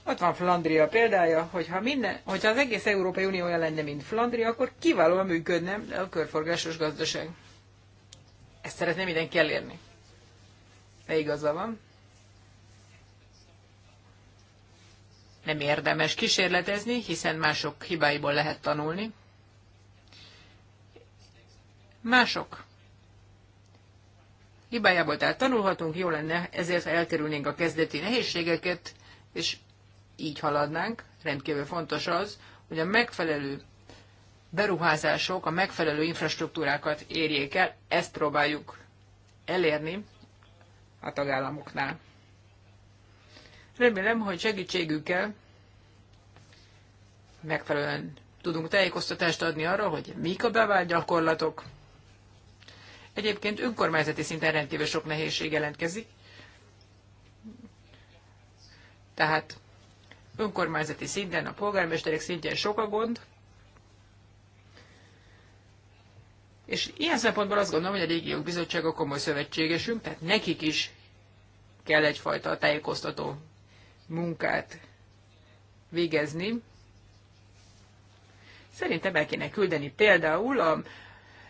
Ott van Flandria példája, hogyha, minden, hogyha az egész Európai Unió olyan lenne, mint Flandria, akkor kiválóan működne a körforgásos gazdaság. Ezt szeretne mindenki elérni. E, igaza van. Nem érdemes kísérletezni, hiszen mások hibáiból lehet tanulni. Mások hibájából tehát tanulhatunk, jó lenne, ezért ha elkerülnénk a kezdeti nehézségeket, és így haladnánk. Rendkívül fontos az, hogy a megfelelő beruházások a megfelelő infrastruktúrákat érjék el, ezt próbáljuk elérni a tagállamoknál. Remélem, hogy segítségükkel megfelelően tudunk tájékoztatást adni arra, hogy mik a bevált gyakorlatok. Egyébként önkormányzati szinten rendkívül sok nehézség jelentkezik, tehát önkormányzati szinten, a polgármesterek szintjén sok a gond, és ilyen szempontból azt gondolom, hogy a régiók bizottsága komoly szövetségesünk, tehát nekik is kell egyfajta tájékoztató munkát végezni. Szerintem el kéne küldeni például a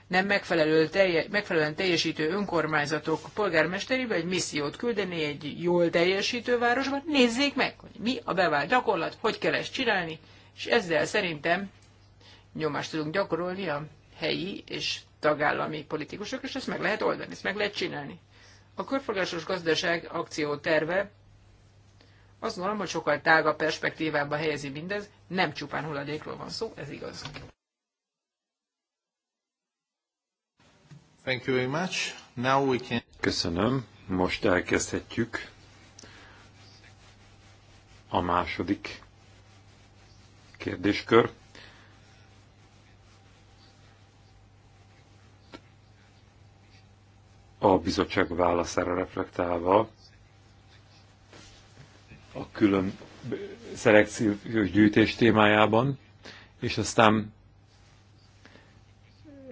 nem megfelelő telje, megfelelően teljesítő önkormányzatok polgármesterébe egy missziót küldeni egy jól teljesítő városba. Nézzék meg, hogy mi a bevált gyakorlat, hogy kell ezt csinálni, és ezzel szerintem nyomást tudunk gyakorolni a helyi és tagállami politikusok, és ezt meg lehet oldani, ezt meg lehet csinálni. A körforgásos gazdaság akcióterve azt gondolom, hogy sokkal tágabb perspektívába helyezi mindez, nem csupán hulladékról van szó, ez igaz. Thank you very much. Now we can... Köszönöm. Most elkezdhetjük a második kérdéskör. a bizottság válaszára reflektálva a külön szelekciós gyűjtés témájában, és aztán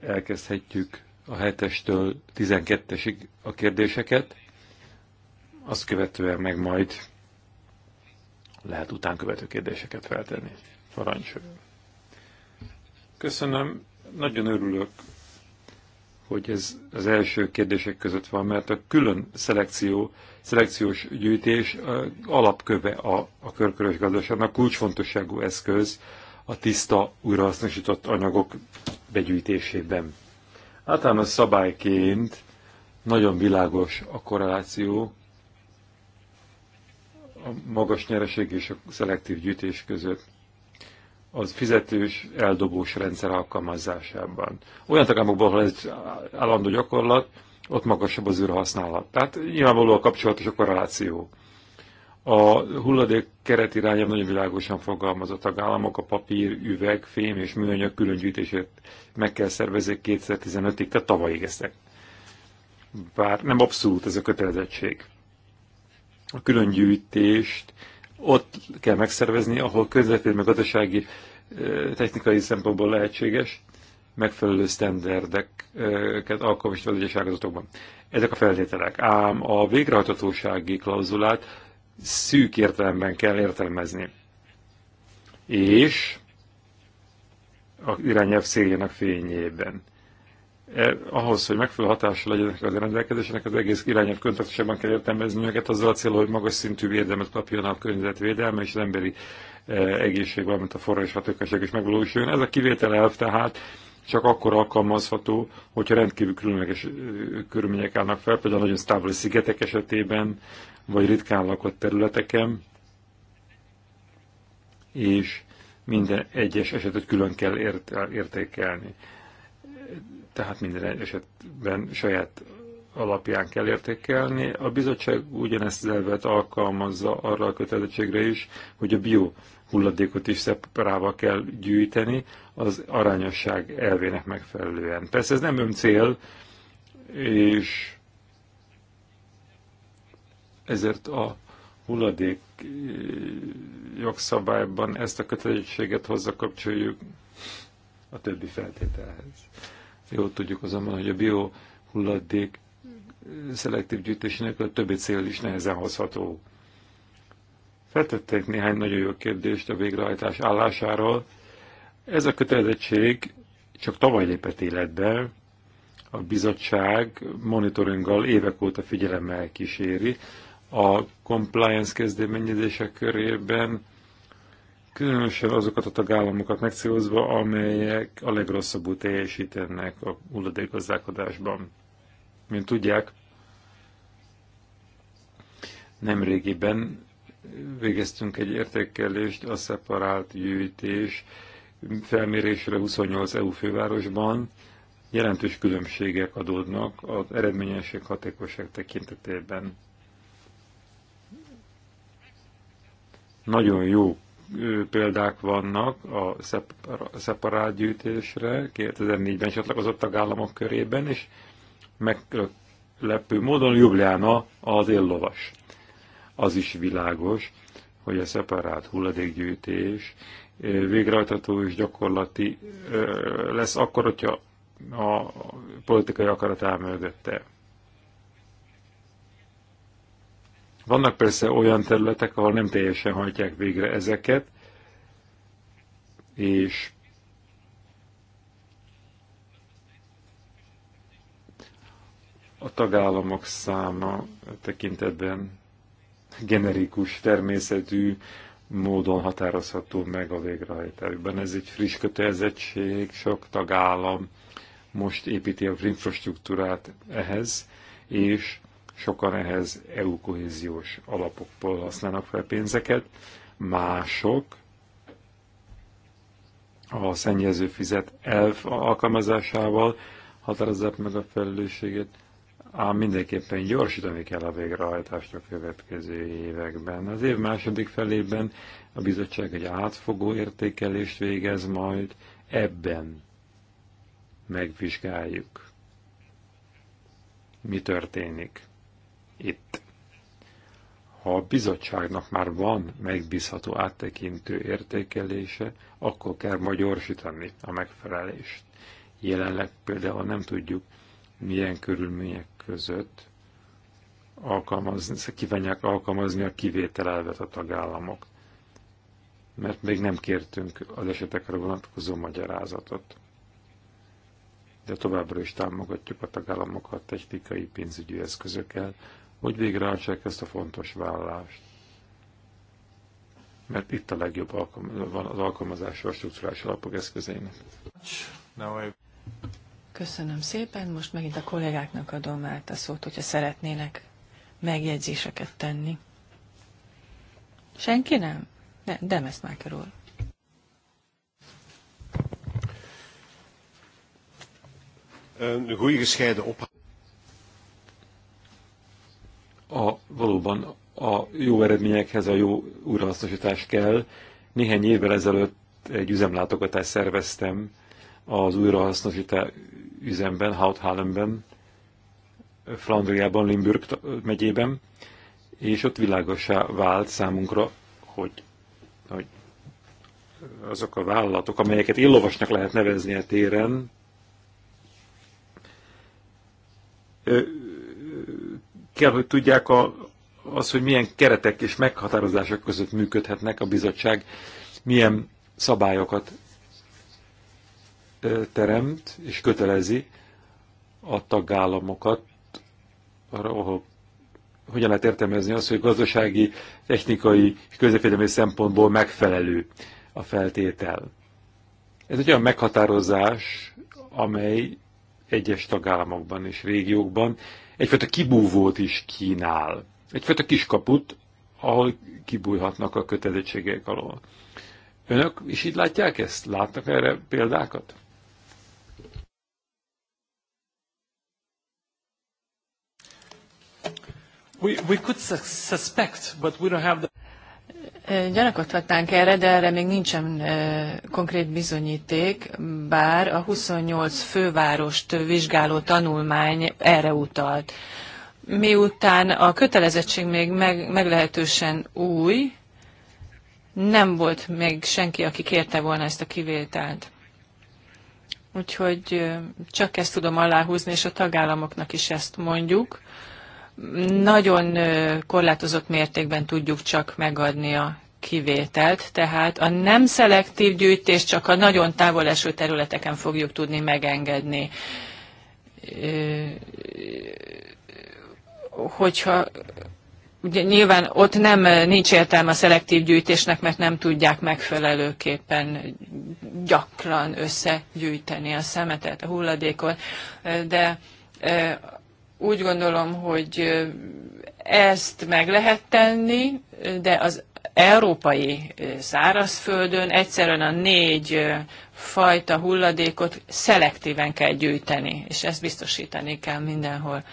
elkezdhetjük a 7-estől 12-esig a kérdéseket, azt követően meg majd lehet utánkövető kérdéseket feltenni. Parancsoljon! Köszönöm, nagyon örülök hogy ez az első kérdések között van, mert a külön szelekció, szelekciós gyűjtés alapköve a, a körkörös gazdaságnak, kulcsfontosságú eszköz a tiszta, újrahasznosított anyagok begyűjtésében. Általános szabályként nagyon világos a korreláció a magas nyereség és a szelektív gyűjtés között az fizetős eldobós rendszer alkalmazásában. Olyan tagállamokban, ahol ez állandó gyakorlat, ott magasabb az űrhasználat. Tehát kapcsolat és a korreláció. A hulladék keret irányában nagyon világosan fogalmazott tagállamok a papír, üveg, fém és műanyag különgyűjtését meg kell szervezni 2015-ig, tehát tavalyig ezt. Bár nem abszolút ez a kötelezettség. A különgyűjtést ott kell megszervezni, ahol közvetlenül gazdasági technikai szempontból lehetséges, megfelelő sztenderdeket alkalmas az egyes ágazatokban. Ezek a feltételek. Ám a végrehajtatósági klauzulát szűk értelemben kell értelmezni. És a irányelv széljenek fényében. Eh, ahhoz, hogy megfelelő hatása legyenek az rendelkezésnek, az egész irányelv kontaktusában kell értelmezni őket azzal a célra, hogy magas szintű védelmet kapjon a környezetvédelme és az emberi E, egészség, valamint a forrás hatékonyság is megvalósuljon. Ez a kivétel elv tehát csak akkor alkalmazható, hogyha rendkívül különleges e, körülmények állnak fel, például nagyon távoli szigetek esetében, vagy ritkán lakott területeken, és minden egyes esetet külön kell ért, értékelni. Tehát minden esetben saját alapján kell értékelni. A bizottság ugyanezt az elvet alkalmazza arra a kötelezettségre is, hogy a bio hulladékot is szeparával kell gyűjteni az arányosság elvének megfelelően. Persze ez nem ön cél, és ezért a hulladék eh, jogszabályban ezt a kötelezettséget kapcsoljuk a többi feltételhez. Jól tudjuk azonban, hogy a bio hulladék eh, szelektív gyűjtésének a többi cél is nehezen hozható Feltettek néhány nagyon jó kérdést a végrehajtás állásáról. Ez a kötelezettség csak tavaly lépett életbe, a bizottság monitoringgal évek óta figyelemmel kíséri. A compliance kezdeményezések körében különösen azokat a tagállamokat megcélozva, amelyek a legrosszabbul teljesítenek a hulladékgazdálkodásban. Mint tudják, nemrégiben végeztünk egy értékelést a szeparált gyűjtés felmérésre 28 EU fővárosban. Jelentős különbségek adódnak az eredményesség hatékosság tekintetében. Nagyon jó példák vannak a szeparált gyűjtésre 2004-ben csatlakozott tagállamok körében, és meglepő módon Ljubljana az éllovas az is világos, hogy a szeparált hulladékgyűjtés végrehajtható és gyakorlati lesz akkor, hogyha a politikai akarat áll mögötte. Vannak persze olyan területek, ahol nem teljesen hajtják végre ezeket, és a tagállamok száma tekintetben generikus természetű módon határozható meg a végrehajtásban. Ez egy friss kötelezettség, sok tagállam most építi az infrastruktúrát ehhez, és sokan ehhez EU kohéziós alapokból használnak fel pénzeket, mások a szennyező fizet elf alkalmazásával határozzák meg a felelősséget, ám mindenképpen gyorsítani kell a végrehajtást a következő években. Az év második felében a bizottság egy átfogó értékelést végez majd, ebben megvizsgáljuk, mi történik itt. Ha a bizottságnak már van megbízható áttekintő értékelése, akkor kell majd gyorsítani a megfelelést. Jelenleg például nem tudjuk, milyen körülmények között alkalmazni, kívánják alkalmazni a kivételelvet a tagállamok, mert még nem kértünk az esetekre vonatkozó magyarázatot. De továbbra is támogatjuk a tagállamokat technikai pénzügyi eszközökkel, hogy végrehajtsák ezt a fontos vállalást. Mert itt a legjobb alkalmazás, van az alkalmazásra a struktúrás alapok eszközeinek. Köszönöm szépen. Most megint a kollégáknak adom át a szót, hogyha szeretnének megjegyzéseket tenni. Senki nem? Ne, Demes Máker úr. Een gescheiden op. A, valóban a jó eredményekhez a jó újrahasznosítás kell. Néhány évvel ezelőtt egy üzemlátogatást szerveztem az újrahasznosítás üzemben, Hauthalemben, Flandriában, Limburg megyében, és ott világosá vált számunkra, hogy, hogy azok a vállalatok, amelyeket illovasnak lehet nevezni a e téren, kell, hogy tudják a, az, hogy milyen keretek és meghatározások között működhetnek a bizottság, milyen szabályokat teremt és kötelezi a tagállamokat arra, hogyan lehet értelmezni azt, hogy gazdasági, technikai és közvetvédelmi szempontból megfelelő a feltétel. Ez egy olyan meghatározás, amely egyes tagállamokban és régiókban egyfajta kibúvót is kínál. Egyfajta kiskaput, ahol kibújhatnak a kötelezettségek alól. Önök is így látják ezt? Látnak erre példákat? We, we could suspect, but we don't have the... Gyanakodhatnánk erre, de erre még nincsen konkrét bizonyíték, bár a 28 fővárost vizsgáló tanulmány erre utalt. Miután a kötelezettség még meg, meglehetősen új, nem volt még senki, aki kérte volna ezt a kivételt. Úgyhogy csak ezt tudom aláhúzni, és a tagállamoknak is ezt mondjuk nagyon korlátozott mértékben tudjuk csak megadni a kivételt, tehát a nem szelektív gyűjtés csak a nagyon távol eső területeken fogjuk tudni megengedni. Hogyha ugye nyilván ott nem nincs értelme a szelektív gyűjtésnek, mert nem tudják megfelelőképpen gyakran összegyűjteni a szemetet, a hulladékot, de úgy gondolom, hogy ezt meg lehet tenni, de az európai szárazföldön egyszerűen a négy fajta hulladékot szelektíven kell gyűjteni, és ezt biztosítani kell mindenhol.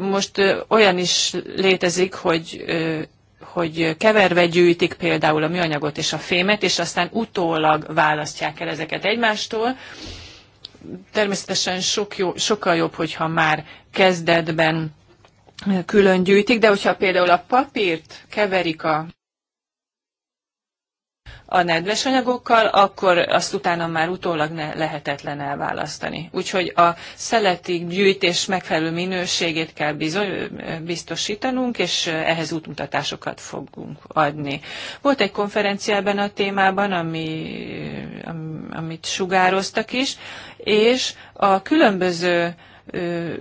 Most olyan is létezik, hogy hogy keverve gyűjtik például a műanyagot és a fémet, és aztán utólag választják el ezeket egymástól, természetesen sok jó, sokkal jobb, hogyha már kezdetben külön gyűjtik, de hogyha például a papírt keverik a a nedves anyagokkal, akkor azt utána már utólag ne lehetetlen elválasztani. Úgyhogy a szeleti gyűjtés megfelelő minőségét kell bizony, biztosítanunk, és ehhez útmutatásokat fogunk adni. Volt egy konferencia ebben a témában, ami, amit sugároztak is, és a különböző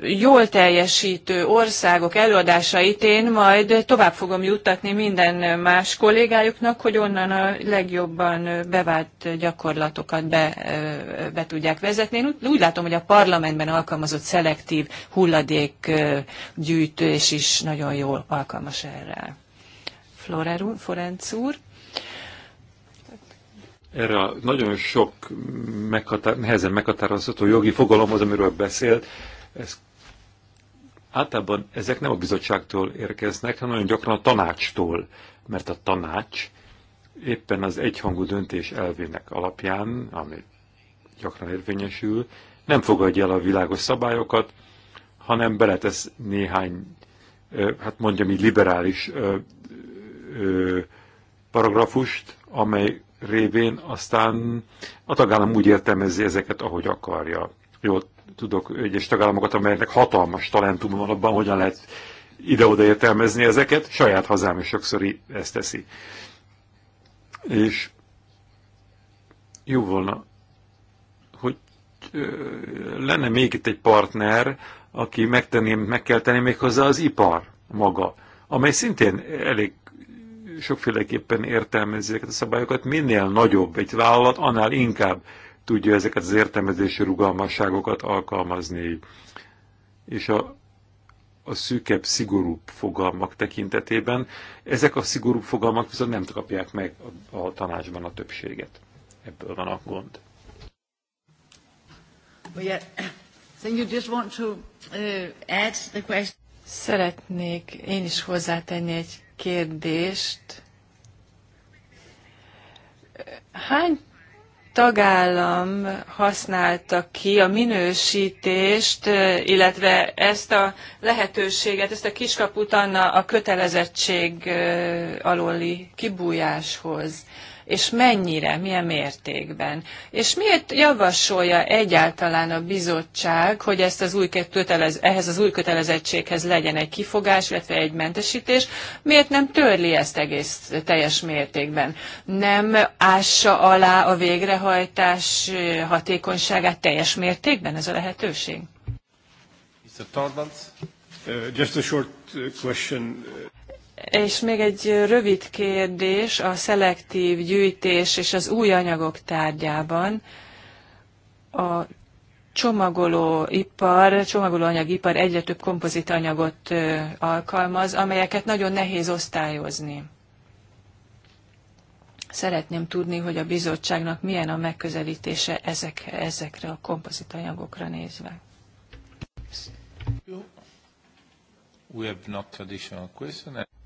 jól teljesítő országok előadásait én majd tovább fogom juttatni minden más kollégájuknak, hogy onnan a legjobban bevált gyakorlatokat be, be tudják vezetni. Én úgy látom, hogy a parlamentben alkalmazott szelektív hulladékgyűjtés is nagyon jól alkalmas erre. Florer úr, Forenc úr. Erre a nagyon sok meghatá- nehezen meghatározható jogi fogalomhoz, amiről beszélt, ez, általában ezek nem a bizottságtól érkeznek, hanem nagyon gyakran a tanácstól, mert a tanács éppen az egyhangú döntés elvének alapján, ami gyakran érvényesül, nem fogadja el a világos szabályokat, hanem beletesz néhány, hát mondjam így liberális paragrafust, amely révén aztán a tagállam úgy értelmezi ezeket, ahogy akarja. jó? tudok egyes tagállamokat, amelyeknek hatalmas talentum van abban, hogyan lehet ide-oda értelmezni ezeket, saját hazám is sokszor ezt teszi. És jó volna, hogy lenne még itt egy partner, aki megtenném, meg kell tenni még hozzá az ipar maga, amely szintén elég sokféleképpen értelmezi ezeket a szabályokat, minél nagyobb egy vállalat, annál inkább tudja ezeket az értelmezési rugalmasságokat alkalmazni. És a, a szűkebb, szigorúbb fogalmak tekintetében ezek a szigorúbb fogalmak viszont nem kapják meg a, a tanácsban a többséget. Ebből van a gond. Uh, Szeretnék én is hozzátenni egy kérdést. Hány tagállam használta ki a minősítést, illetve ezt a lehetőséget, ezt a kiskaput Anna a kötelezettség alóli kibújáshoz és mennyire, milyen mértékben. És miért javasolja egyáltalán a bizottság, hogy ezt az új kötelez, ehhez az új kötelezettséghez legyen egy kifogás, illetve egy mentesítés, miért nem törli ezt egész teljes mértékben? Nem ássa alá a végrehajtás hatékonyságát teljes mértékben ez a lehetőség? Mr. uh, just a short uh, question. És még egy rövid kérdés a szelektív gyűjtés és az új anyagok tárgyában. A csomagoló ipar csomagolóanyagipar egyre több kompozit anyagot alkalmaz, amelyeket nagyon nehéz osztályozni. Szeretném tudni, hogy a bizottságnak milyen a megközelítése ezek, ezekre a kompozit anyagokra nézve not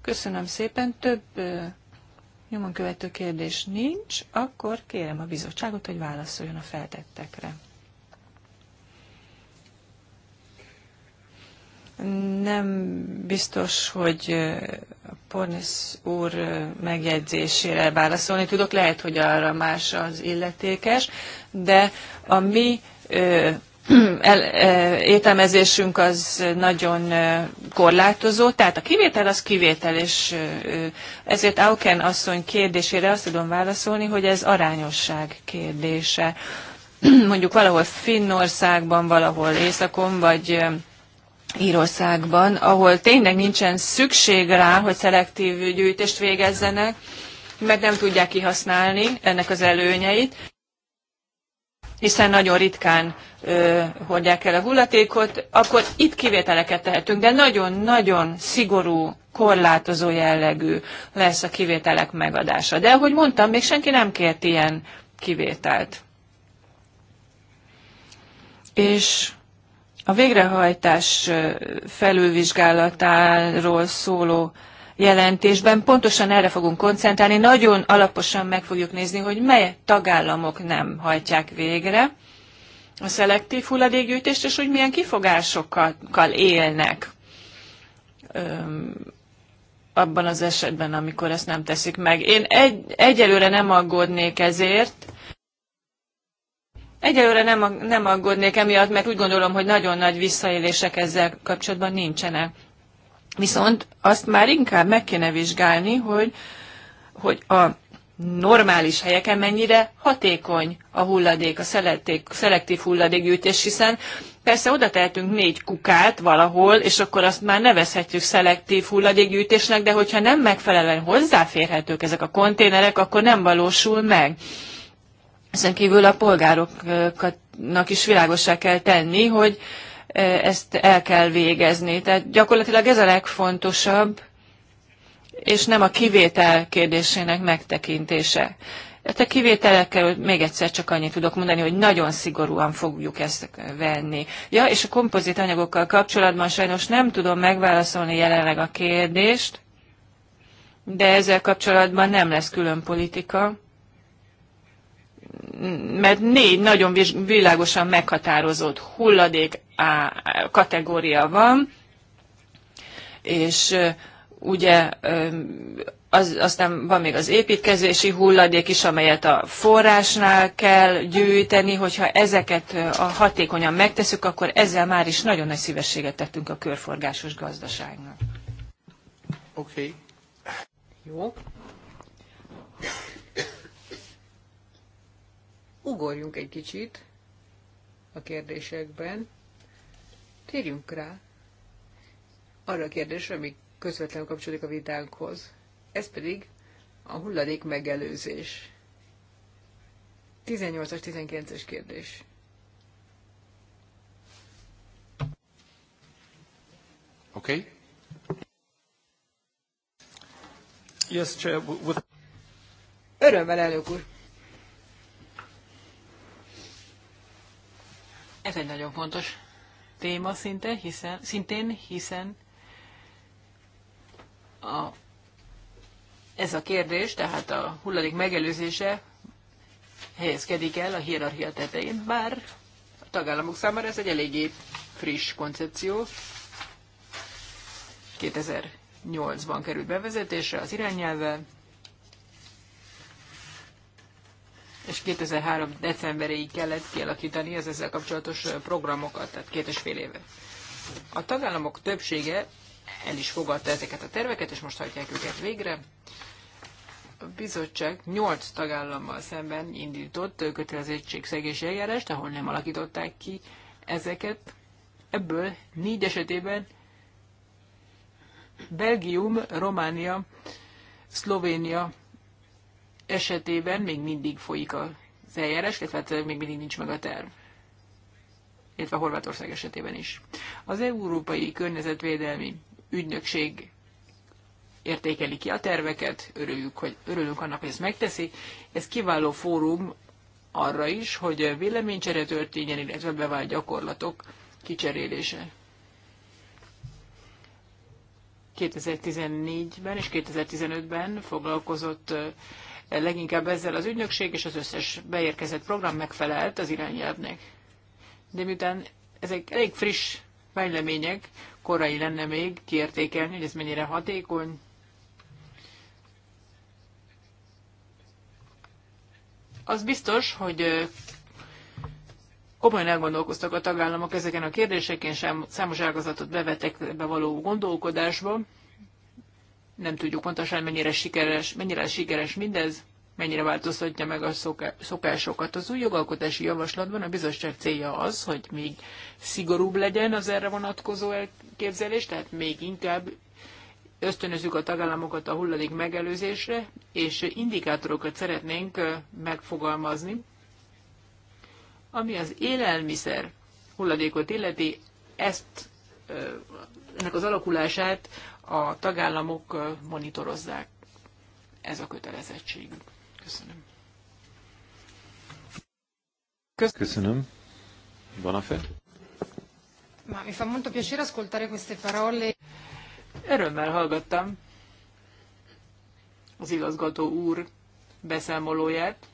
Köszönöm szépen. Több nyomon követő kérdés nincs. Akkor kérem a bizottságot, hogy válaszoljon a feltettekre. Nem biztos, hogy Pornis úr megjegyzésére válaszolni tudok, lehet, hogy arra más az illetékes, de a mi el, e, értelmezésünk az nagyon e, korlátozó, tehát a kivétel az kivétel, és e, ezért Auken asszony kérdésére azt tudom válaszolni, hogy ez arányosság kérdése. Mondjuk valahol Finnországban, valahol Északon, vagy Írországban, ahol tényleg nincsen szükség rá, hogy szelektív gyűjtést végezzenek, mert nem tudják kihasználni ennek az előnyeit hiszen nagyon ritkán ö, hordják el a hullatékot, akkor itt kivételeket tehetünk, de nagyon-nagyon szigorú, korlátozó jellegű lesz a kivételek megadása. De ahogy mondtam, még senki nem kért ilyen kivételt. És a végrehajtás felülvizsgálatáról szóló jelentésben. Pontosan erre fogunk koncentrálni, nagyon alaposan meg fogjuk nézni, hogy mely tagállamok nem hajtják végre a szelektív hulladékgyűjtést, és hogy milyen kifogásokkal élnek abban az esetben, amikor ezt nem teszik meg. Én egy, egyelőre nem aggódnék ezért, Egyelőre nem, nem aggódnék emiatt, mert úgy gondolom, hogy nagyon nagy visszaélések ezzel kapcsolatban nincsenek. Viszont azt már inkább meg kéne vizsgálni, hogy, hogy a normális helyeken mennyire hatékony a hulladék, a szelektív, szelektív hulladékgyűjtés, hiszen persze oda tehetünk négy kukát valahol, és akkor azt már nevezhetjük szelektív hulladékgyűjtésnek, de hogyha nem megfelelően hozzáférhetők ezek a konténerek, akkor nem valósul meg. Ezen kívül a polgároknak is világosá kell tenni, hogy ezt el kell végezni. Tehát gyakorlatilag ez a legfontosabb, és nem a kivétel kérdésének megtekintése. Hát a kivételekkel még egyszer csak annyit tudok mondani, hogy nagyon szigorúan fogjuk ezt venni. Ja, és a kompozit anyagokkal kapcsolatban sajnos nem tudom megválaszolni jelenleg a kérdést, de ezzel kapcsolatban nem lesz külön politika mert négy nagyon világosan meghatározott hulladék kategória van, és ugye az, aztán van még az építkezési hulladék is, amelyet a forrásnál kell gyűjteni, hogyha ezeket a hatékonyan megteszük, akkor ezzel már is nagyon nagy szívességet tettünk a körforgásos gazdaságnak. Oké. Okay. Jó. ugorjunk egy kicsit a kérdésekben, térjünk rá arra a kérdésre, ami közvetlenül kapcsolódik a vitánkhoz. Ez pedig a hulladék megelőzés. 18-as, 19-es kérdés. Oké? Okay. Yes, Örömmel, elnök úr! Ez egy nagyon fontos téma szinte, hiszen, szintén, hiszen a, ez a kérdés, tehát a hulladék megelőzése helyezkedik el a hierarchia tetején, bár a tagállamok számára ez egy eléggé friss koncepció. 2008-ban került bevezetésre az irányelve, és 2003. decemberéig kellett kialakítani az ezzel kapcsolatos programokat, tehát két és fél éve. A tagállamok többsége el is fogadta ezeket a terveket, és most hagyják őket végre. A bizottság 8 tagállammal szemben indított kötelezettségszegési eljárást, ahol nem alakították ki ezeket. Ebből négy esetében Belgium, Románia, Szlovénia esetében még mindig folyik az eljárás, illetve hát még mindig nincs meg a terv illetve Horvátország esetében is. Az Európai Környezetvédelmi Ügynökség értékeli ki a terveket, örülünk, hogy örülünk annak, hogy ezt megteszi. Ez kiváló fórum arra is, hogy véleménycsere történjen, illetve bevált gyakorlatok kicserélése. 2014-ben és 2015-ben foglalkozott leginkább ezzel az ügynökség, és az összes beérkezett program megfelelt az irányelvnek. De miután ezek elég friss fejlemények, korai lenne még kiértékelni, hogy ez mennyire hatékony, az biztos, hogy komolyan elgondolkoztak a tagállamok ezeken a kérdéseken, számos ágazatot bevettek be való gondolkodásba nem tudjuk pontosan, mennyire sikeres, mennyire sikeres mindez, mennyire változtatja meg a szokásokat. Az új jogalkotási javaslatban a bizottság célja az, hogy még szigorúbb legyen az erre vonatkozó elképzelés, tehát még inkább ösztönözzük a tagállamokat a hulladék megelőzésre, és indikátorokat szeretnénk megfogalmazni, ami az élelmiszer hulladékot illeti, ezt ennek az alakulását a tagállamok monitorozzák. Ez a kötelezettségük. Köszönöm. Köszönöm. Bonafé. Ma mi fa molto piacere ascoltare queste parole. Örömmel hallgattam az igazgató úr beszámolóját.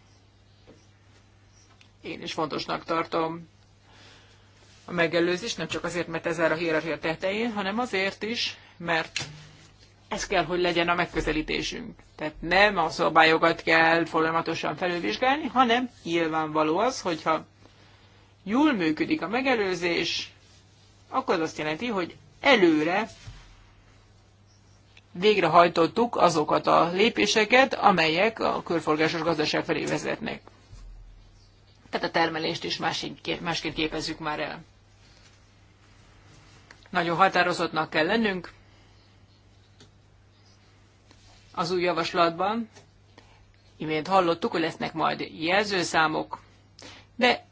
Én is fontosnak tartom a megelőzést, nem csak azért, mert ez áll a hierarchia tetején, hanem azért is, mert ez kell, hogy legyen a megközelítésünk. Tehát nem a szabályokat kell folyamatosan felülvizsgálni, hanem nyilvánvaló az, hogyha jól működik a megelőzés, akkor az azt jelenti, hogy előre végrehajtottuk azokat a lépéseket, amelyek a körforgásos gazdaság felé vezetnek. Tehát a termelést is másként képezzük már el. Nagyon határozottnak kell lennünk, az új javaslatban. Imént hallottuk, hogy lesznek majd jelzőszámok, de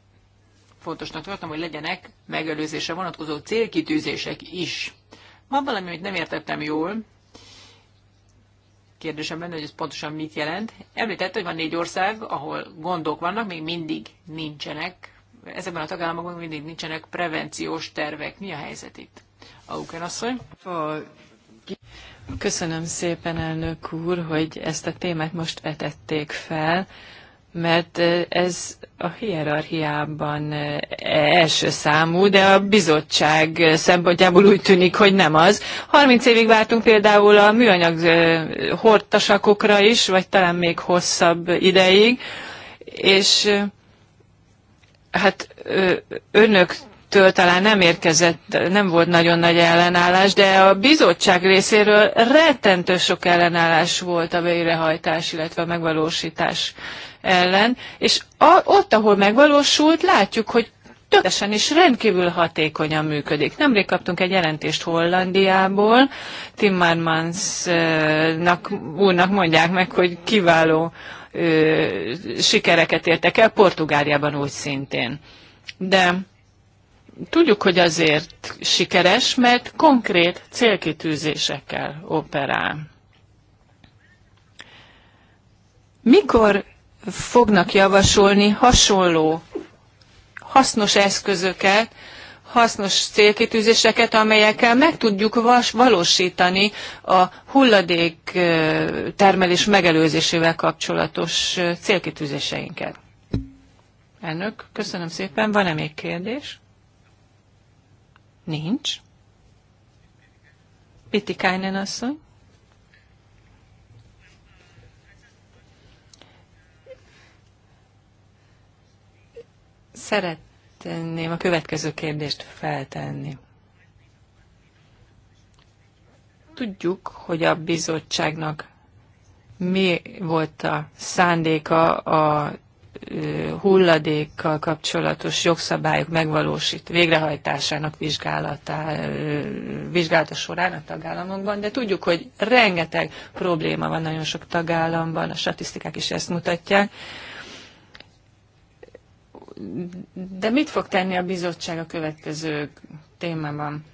fontosnak tartom, hogy legyenek megelőzésre vonatkozó célkitűzések is. Van valami, amit nem értettem jól. Kérdésem lenne, hogy ez pontosan mit jelent. Említett, hogy van négy ország, ahol gondok vannak, még mindig nincsenek. Ezekben a tagállamokban mindig nincsenek prevenciós tervek. Mi a helyzet itt? Auken asszony. Köszönöm szépen, elnök úr, hogy ezt a témát most vetették fel, mert ez a hierarchiában első számú, de a bizottság szempontjából úgy tűnik, hogy nem az. 30 évig vártunk például a műanyag hordtasakokra is, vagy talán még hosszabb ideig, és hát önök től talán nem érkezett, nem volt nagyon nagy ellenállás, de a bizottság részéről rettentő sok ellenállás volt a végrehajtás, illetve a megvalósítás ellen, és a, ott, ahol megvalósult, látjuk, hogy tökéletesen is rendkívül hatékonyan működik. Nemrég kaptunk egy jelentést Hollandiából, Timmermansnak úrnak mondják meg, hogy kiváló ö, sikereket értek el, Portugáliában úgy szintén. De tudjuk, hogy azért sikeres, mert konkrét célkitűzésekkel operál. Mikor fognak javasolni hasonló hasznos eszközöket, hasznos célkitűzéseket, amelyekkel meg tudjuk vas, valósítani a hulladék termelés megelőzésével kapcsolatos célkitűzéseinket. Elnök, köszönöm szépen. Van-e még kérdés? Nincs. Pitikájnen asszony. Szeretném a következő kérdést feltenni. Tudjuk, hogy a bizottságnak mi volt a szándéka a hulladékkal kapcsolatos jogszabályok megvalósít, végrehajtásának vizsgálata, vizsgálata során a tagállamokban, de tudjuk, hogy rengeteg probléma van nagyon sok tagállamban, a statisztikák is ezt mutatják. De mit fog tenni a bizottság a következő témában?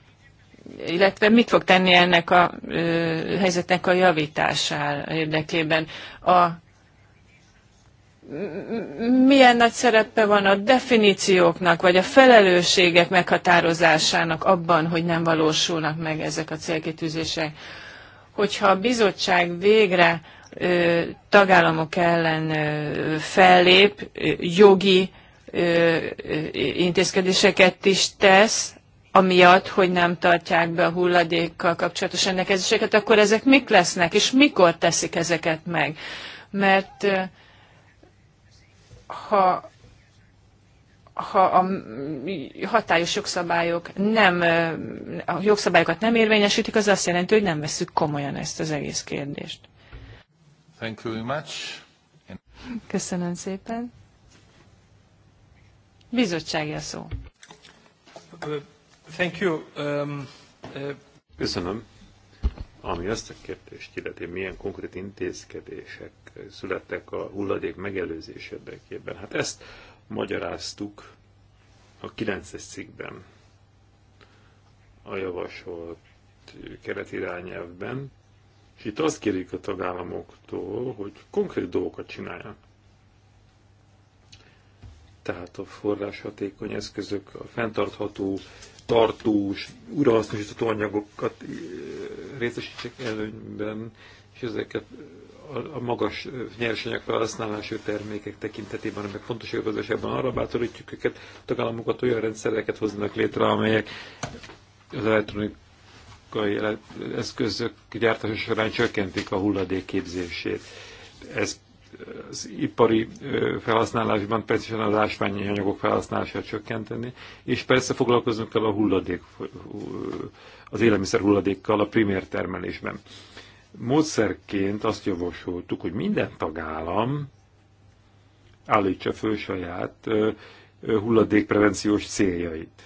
illetve mit fog tenni ennek a ö, helyzetnek a javítására érdekében. A milyen nagy szerepe van a definícióknak, vagy a felelősségek meghatározásának abban, hogy nem valósulnak meg ezek a célkitűzések. Hogyha a bizottság végre ö, tagállamok ellen ö, fellép, ö, jogi ö, intézkedéseket is tesz, amiatt, hogy nem tartják be a hulladékkal kapcsolatos rendelkezéseket, akkor ezek mik lesznek, és mikor teszik ezeket meg? Mert ö, ha ha a hatályos jogszabályok nem, a jogszabályokat nem érvényesítik, az azt jelenti, hogy nem veszük komolyan ezt az egész kérdést. Thank you very much. Köszönöm szépen. Bizottsági a szó. Uh, thank you. Um, uh... Köszönöm. Ami azt a kérdést illeti, milyen konkrét intézkedések születtek a hulladék megelőzés érdekében. Hát ezt magyaráztuk a 9-es cikkben, a javasolt keretirányelvben, és itt azt kérjük a tagállamoktól, hogy konkrét dolgokat csináljanak. Tehát a forráshatékony eszközök, a fenntartható, tartós, újrahasznosítható anyagokat eh, részesítsek előnyben, és ezeket a magas nyersanyag felhasználású termékek tekintetében, amelyek fontos gazdaságban arra bátorítjuk őket, a tagállamokat olyan rendszereket hoznak létre, amelyek az elektronikai eszközök gyártása során csökkentik a hulladék képzését. Ez az ipari felhasználásban persze az ásványi anyagok felhasználását csökkenteni, és persze foglalkozunk kell a hulladék, az élelmiszer hulladékkal a primér termelésben módszerként azt javasoltuk, hogy minden tagállam állítsa föl saját hulladékprevenciós céljait,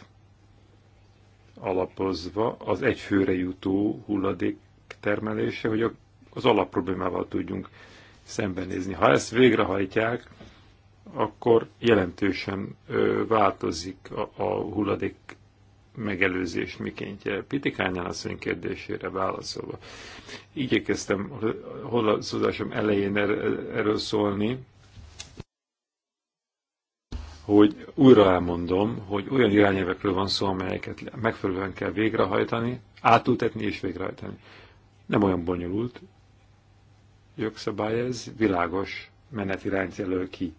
alapozva az egyfőre jutó hulladék termelése, hogy az alapproblémával tudjunk szembenézni. Ha ezt végrehajtják, akkor jelentősen változik a, a hulladék megelőzés mikéntje. Pitikányán asszony kérdésére válaszolva. Igyekeztem szózásom elején er-, erről szólni, hogy újra elmondom, hogy olyan irányelvekről van szó, amelyeket megfelelően kell végrehajtani, átültetni és végrehajtani. Nem olyan bonyolult jogszabály ez, világos menetirányt jelöl ki.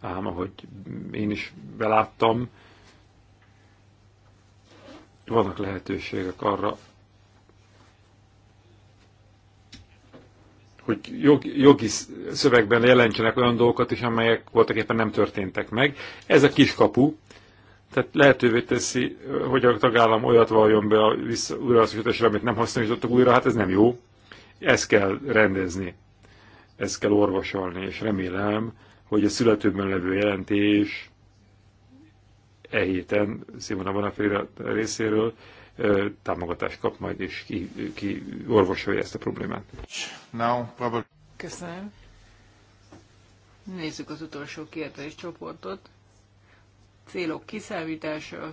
Ám ahogy én is beláttam, vannak lehetőségek arra, hogy jog, jogi szövegben jelentsenek olyan dolgokat is, amelyek voltak éppen nem történtek meg. Ez a kiskapu, tehát lehetővé teszi, hogy a tagállam olyat valljon be a újrahasznosításra, amit nem hasznosítottak újra, hát ez nem jó. Ezt kell rendezni, ezt kell orvosolni, és remélem, hogy a születőben levő jelentés e héten Simona Bonaféra részéről támogatást kap majd, és ki, ki orvosolja ezt a problémát. Köszönöm. Nézzük az utolsó kérdés csoportot. Célok kiszámítása.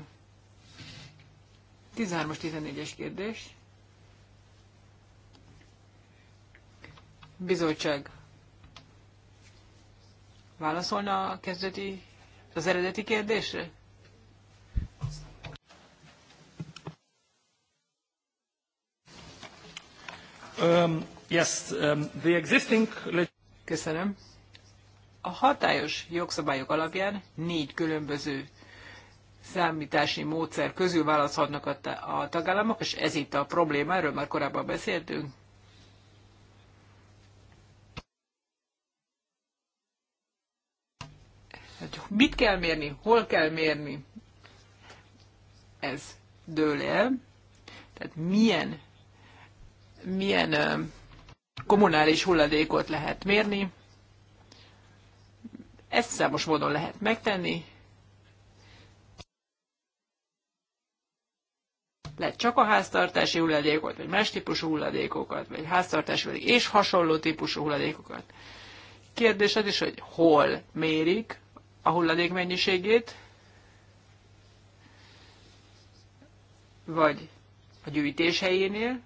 13-as, 14-es kérdés. Bizottság válaszolna a kezdeti, az eredeti kérdésre? Um, yes, um, the existing... Köszönöm. A hatályos jogszabályok alapján négy különböző számítási módszer közül választhatnak a, tagállamok, és ez itt a probléma, erről már korábban beszéltünk. Hogy hát, mit kell mérni, hol kell mérni, ez dől el. Tehát milyen milyen kommunális hulladékot lehet mérni. Ezt számos módon lehet megtenni. Lehet csak a háztartási hulladékot, vagy más típusú hulladékokat, vagy háztartási hulladék és hasonló típusú hulladékokat. Kérdés az is, hogy hol mérik a hulladék mennyiségét, vagy a gyűjtés helyénél,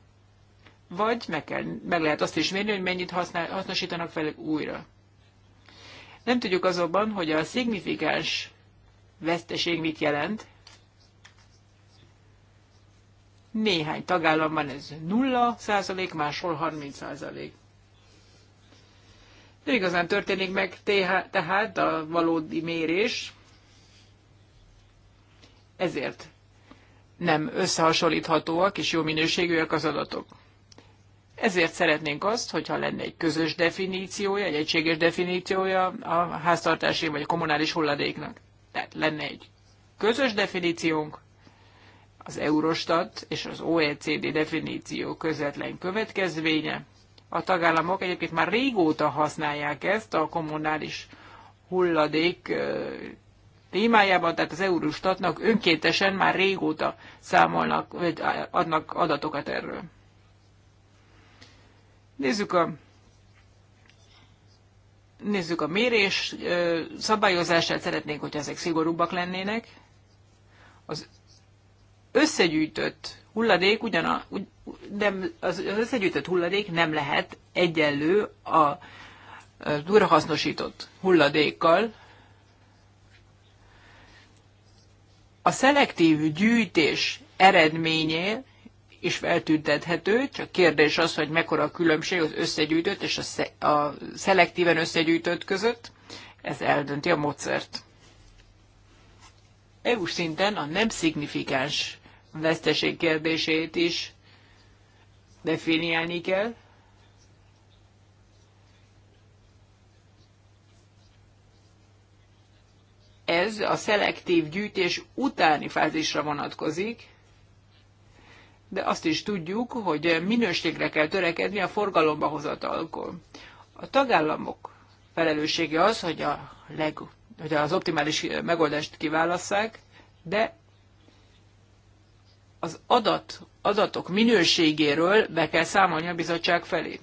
vagy meg, kell, meg lehet azt is mérni, hogy mennyit használ, hasznosítanak fel újra. Nem tudjuk azonban, hogy a szignifikáns veszteség mit jelent. Néhány tagállamban ez 0 százalék, máshol 30 százalék. Nem igazán történik meg tehát a valódi mérés, ezért nem összehasonlíthatóak és jó minőségűek az adatok. Ezért szeretnénk azt, hogyha lenne egy közös definíciója, egy egységes definíciója a háztartási vagy a kommunális hulladéknak. Tehát lenne egy közös definíciónk, az Eurostat és az OECD definíció közvetlen következménye. A tagállamok egyébként már régóta használják ezt a kommunális hulladék témájában, tehát az Eurostatnak önkéntesen már régóta számolnak, vagy adnak adatokat erről. Nézzük a nézzük a mérés szabályozását, szeretnénk, hogy ezek szigorúbbak lennének. Az összegyűjtött hulladék a, nem, az összegyűjtött hulladék nem lehet egyenlő a az hulladékkal. A szelektív gyűjtés eredményét is feltüntethető, csak kérdés az, hogy mekkora a különbség az összegyűjtött és a, sze- a szelektíven összegyűjtött között. Ez eldönti a módszert. EU szinten a nem szignifikáns veszteség kérdését is definiálni kell. Ez a szelektív gyűjtés utáni fázisra vonatkozik, de azt is tudjuk, hogy minőségre kell törekedni a forgalomba hozatalkor. A tagállamok felelőssége az, hogy, a leg, hogy az optimális megoldást kiválasszák, de az adat, adatok minőségéről be kell számolni a bizottság felé.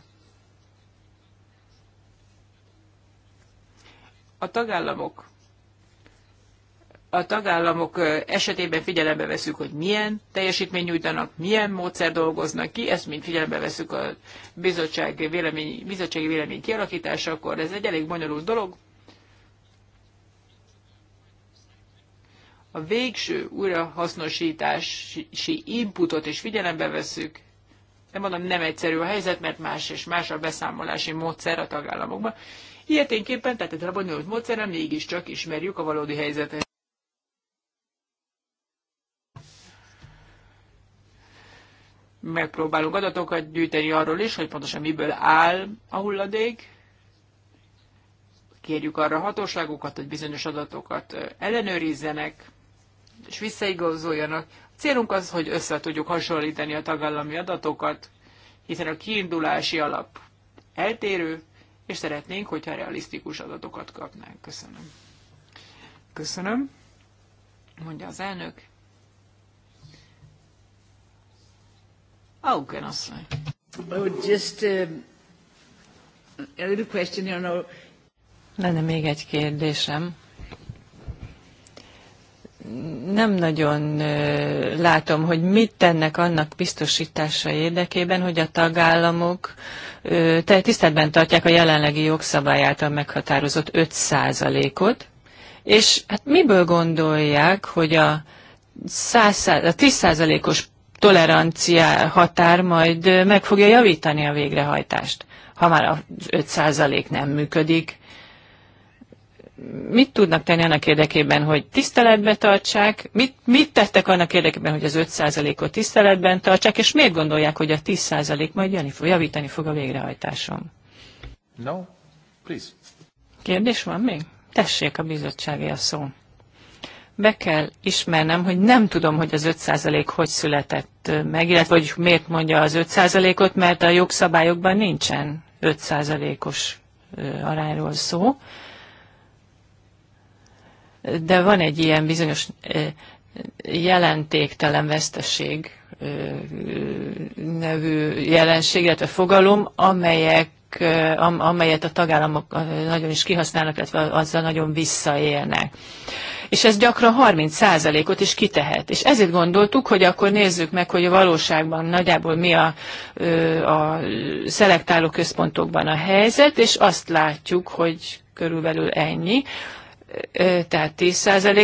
A tagállamok a tagállamok esetében figyelembe veszük, hogy milyen teljesítmény nyújtanak, milyen módszer dolgoznak ki, ezt mind figyelembe veszük a bizottság vélemény, bizottsági vélemény akkor Ez egy elég bonyolult dolog. A végső újrahasznosítási inputot is figyelembe veszük. Nem mondom, nem egyszerű a helyzet, mert más és más a beszámolási módszer a tagállamokban. Ilyeténképpen, tehát ezzel a bonyolult módszerrel mégiscsak ismerjük a valódi helyzetet. megpróbálunk adatokat gyűjteni arról is, hogy pontosan miből áll a hulladék. Kérjük arra a hatóságokat, hogy bizonyos adatokat ellenőrizzenek, és visszaigazoljanak. A célunk az, hogy össze tudjuk hasonlítani a tagállami adatokat, hiszen a kiindulási alap eltérő, és szeretnénk, hogyha realisztikus adatokat kapnánk. Köszönöm. Köszönöm, mondja az elnök. Oh, just uh, a little question, you know. Lenne még egy kérdésem nem nagyon látom, hogy mit tennek annak biztosítása érdekében, hogy a tagállamok tiszteletben tartják a jelenlegi jogszabály által meghatározott 5%-ot, és hát miből gondolják, hogy a, 100, a 10%-os tolerancia határ majd meg fogja javítani a végrehajtást, ha már az 5% nem működik. Mit tudnak tenni annak érdekében, hogy tiszteletbe tartsák? Mit, mit tettek annak érdekében, hogy az 5%-ot tiszteletben tartsák, és miért gondolják, hogy a 10% majd jönni fog, javítani fog a végrehajtáson? No, please. Kérdés van még? Tessék a bizottsági a szó be kell ismernem, hogy nem tudom, hogy az 5% hogy született meg, illetve hogy miért mondja az 5%-ot, mert a jogszabályokban nincsen 5%-os arányról szó. De van egy ilyen bizonyos jelentéktelen veszteség nevű jelenség, illetve fogalom, amelyek amelyet a tagállamok nagyon is kihasználnak, illetve azzal nagyon visszaélnek és ez gyakran 30%-ot is kitehet. És ezért gondoltuk, hogy akkor nézzük meg, hogy a valóságban nagyjából mi a, a szelektáló központokban a helyzet, és azt látjuk, hogy körülbelül ennyi tehát 10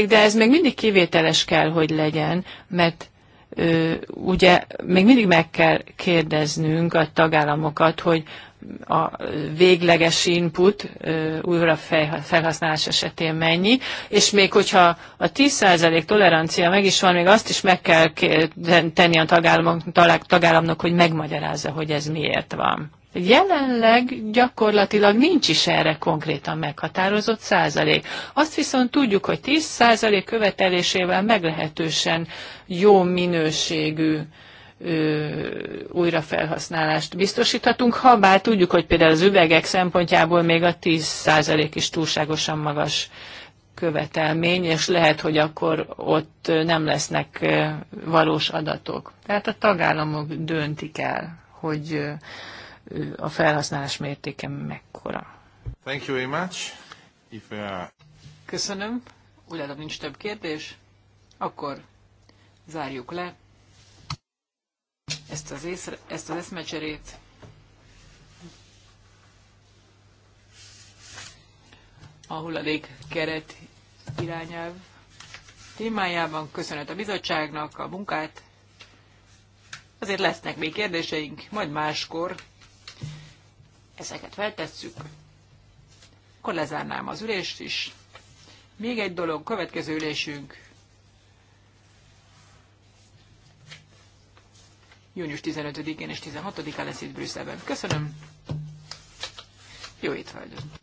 de ez még mindig kivételes kell, hogy legyen, mert ugye még mindig meg kell kérdeznünk a tagállamokat, hogy a végleges input újra felhasználás esetén mennyi, és még hogyha a 10% tolerancia meg is van, még azt is meg kell tenni a tagállamnak, hogy megmagyarázza, hogy ez miért van. Jelenleg gyakorlatilag nincs is erre konkrétan meghatározott százalék. Azt viszont tudjuk, hogy 10 százalék követelésével meglehetősen jó minőségű újrafelhasználást biztosíthatunk, ha bár tudjuk, hogy például az üvegek szempontjából még a 10% is túlságosan magas követelmény, és lehet, hogy akkor ott nem lesznek valós adatok. Tehát a tagállamok döntik el, hogy a felhasználás mértéke mekkora. Thank you very much. If, uh... Köszönöm. Úgy látom, nincs több kérdés. Akkor zárjuk le ezt az, észre, ezt az eszmecserét. A hulladék keret irányelv témájában. Köszönet a bizottságnak a munkát. Azért lesznek még kérdéseink, majd máskor ezeket feltesszük. Akkor lezárnám az ülést is. Még egy dolog, következő ülésünk június 15-én és 16-án lesz itt Brüsszelben. Köszönöm, jó étvágyat!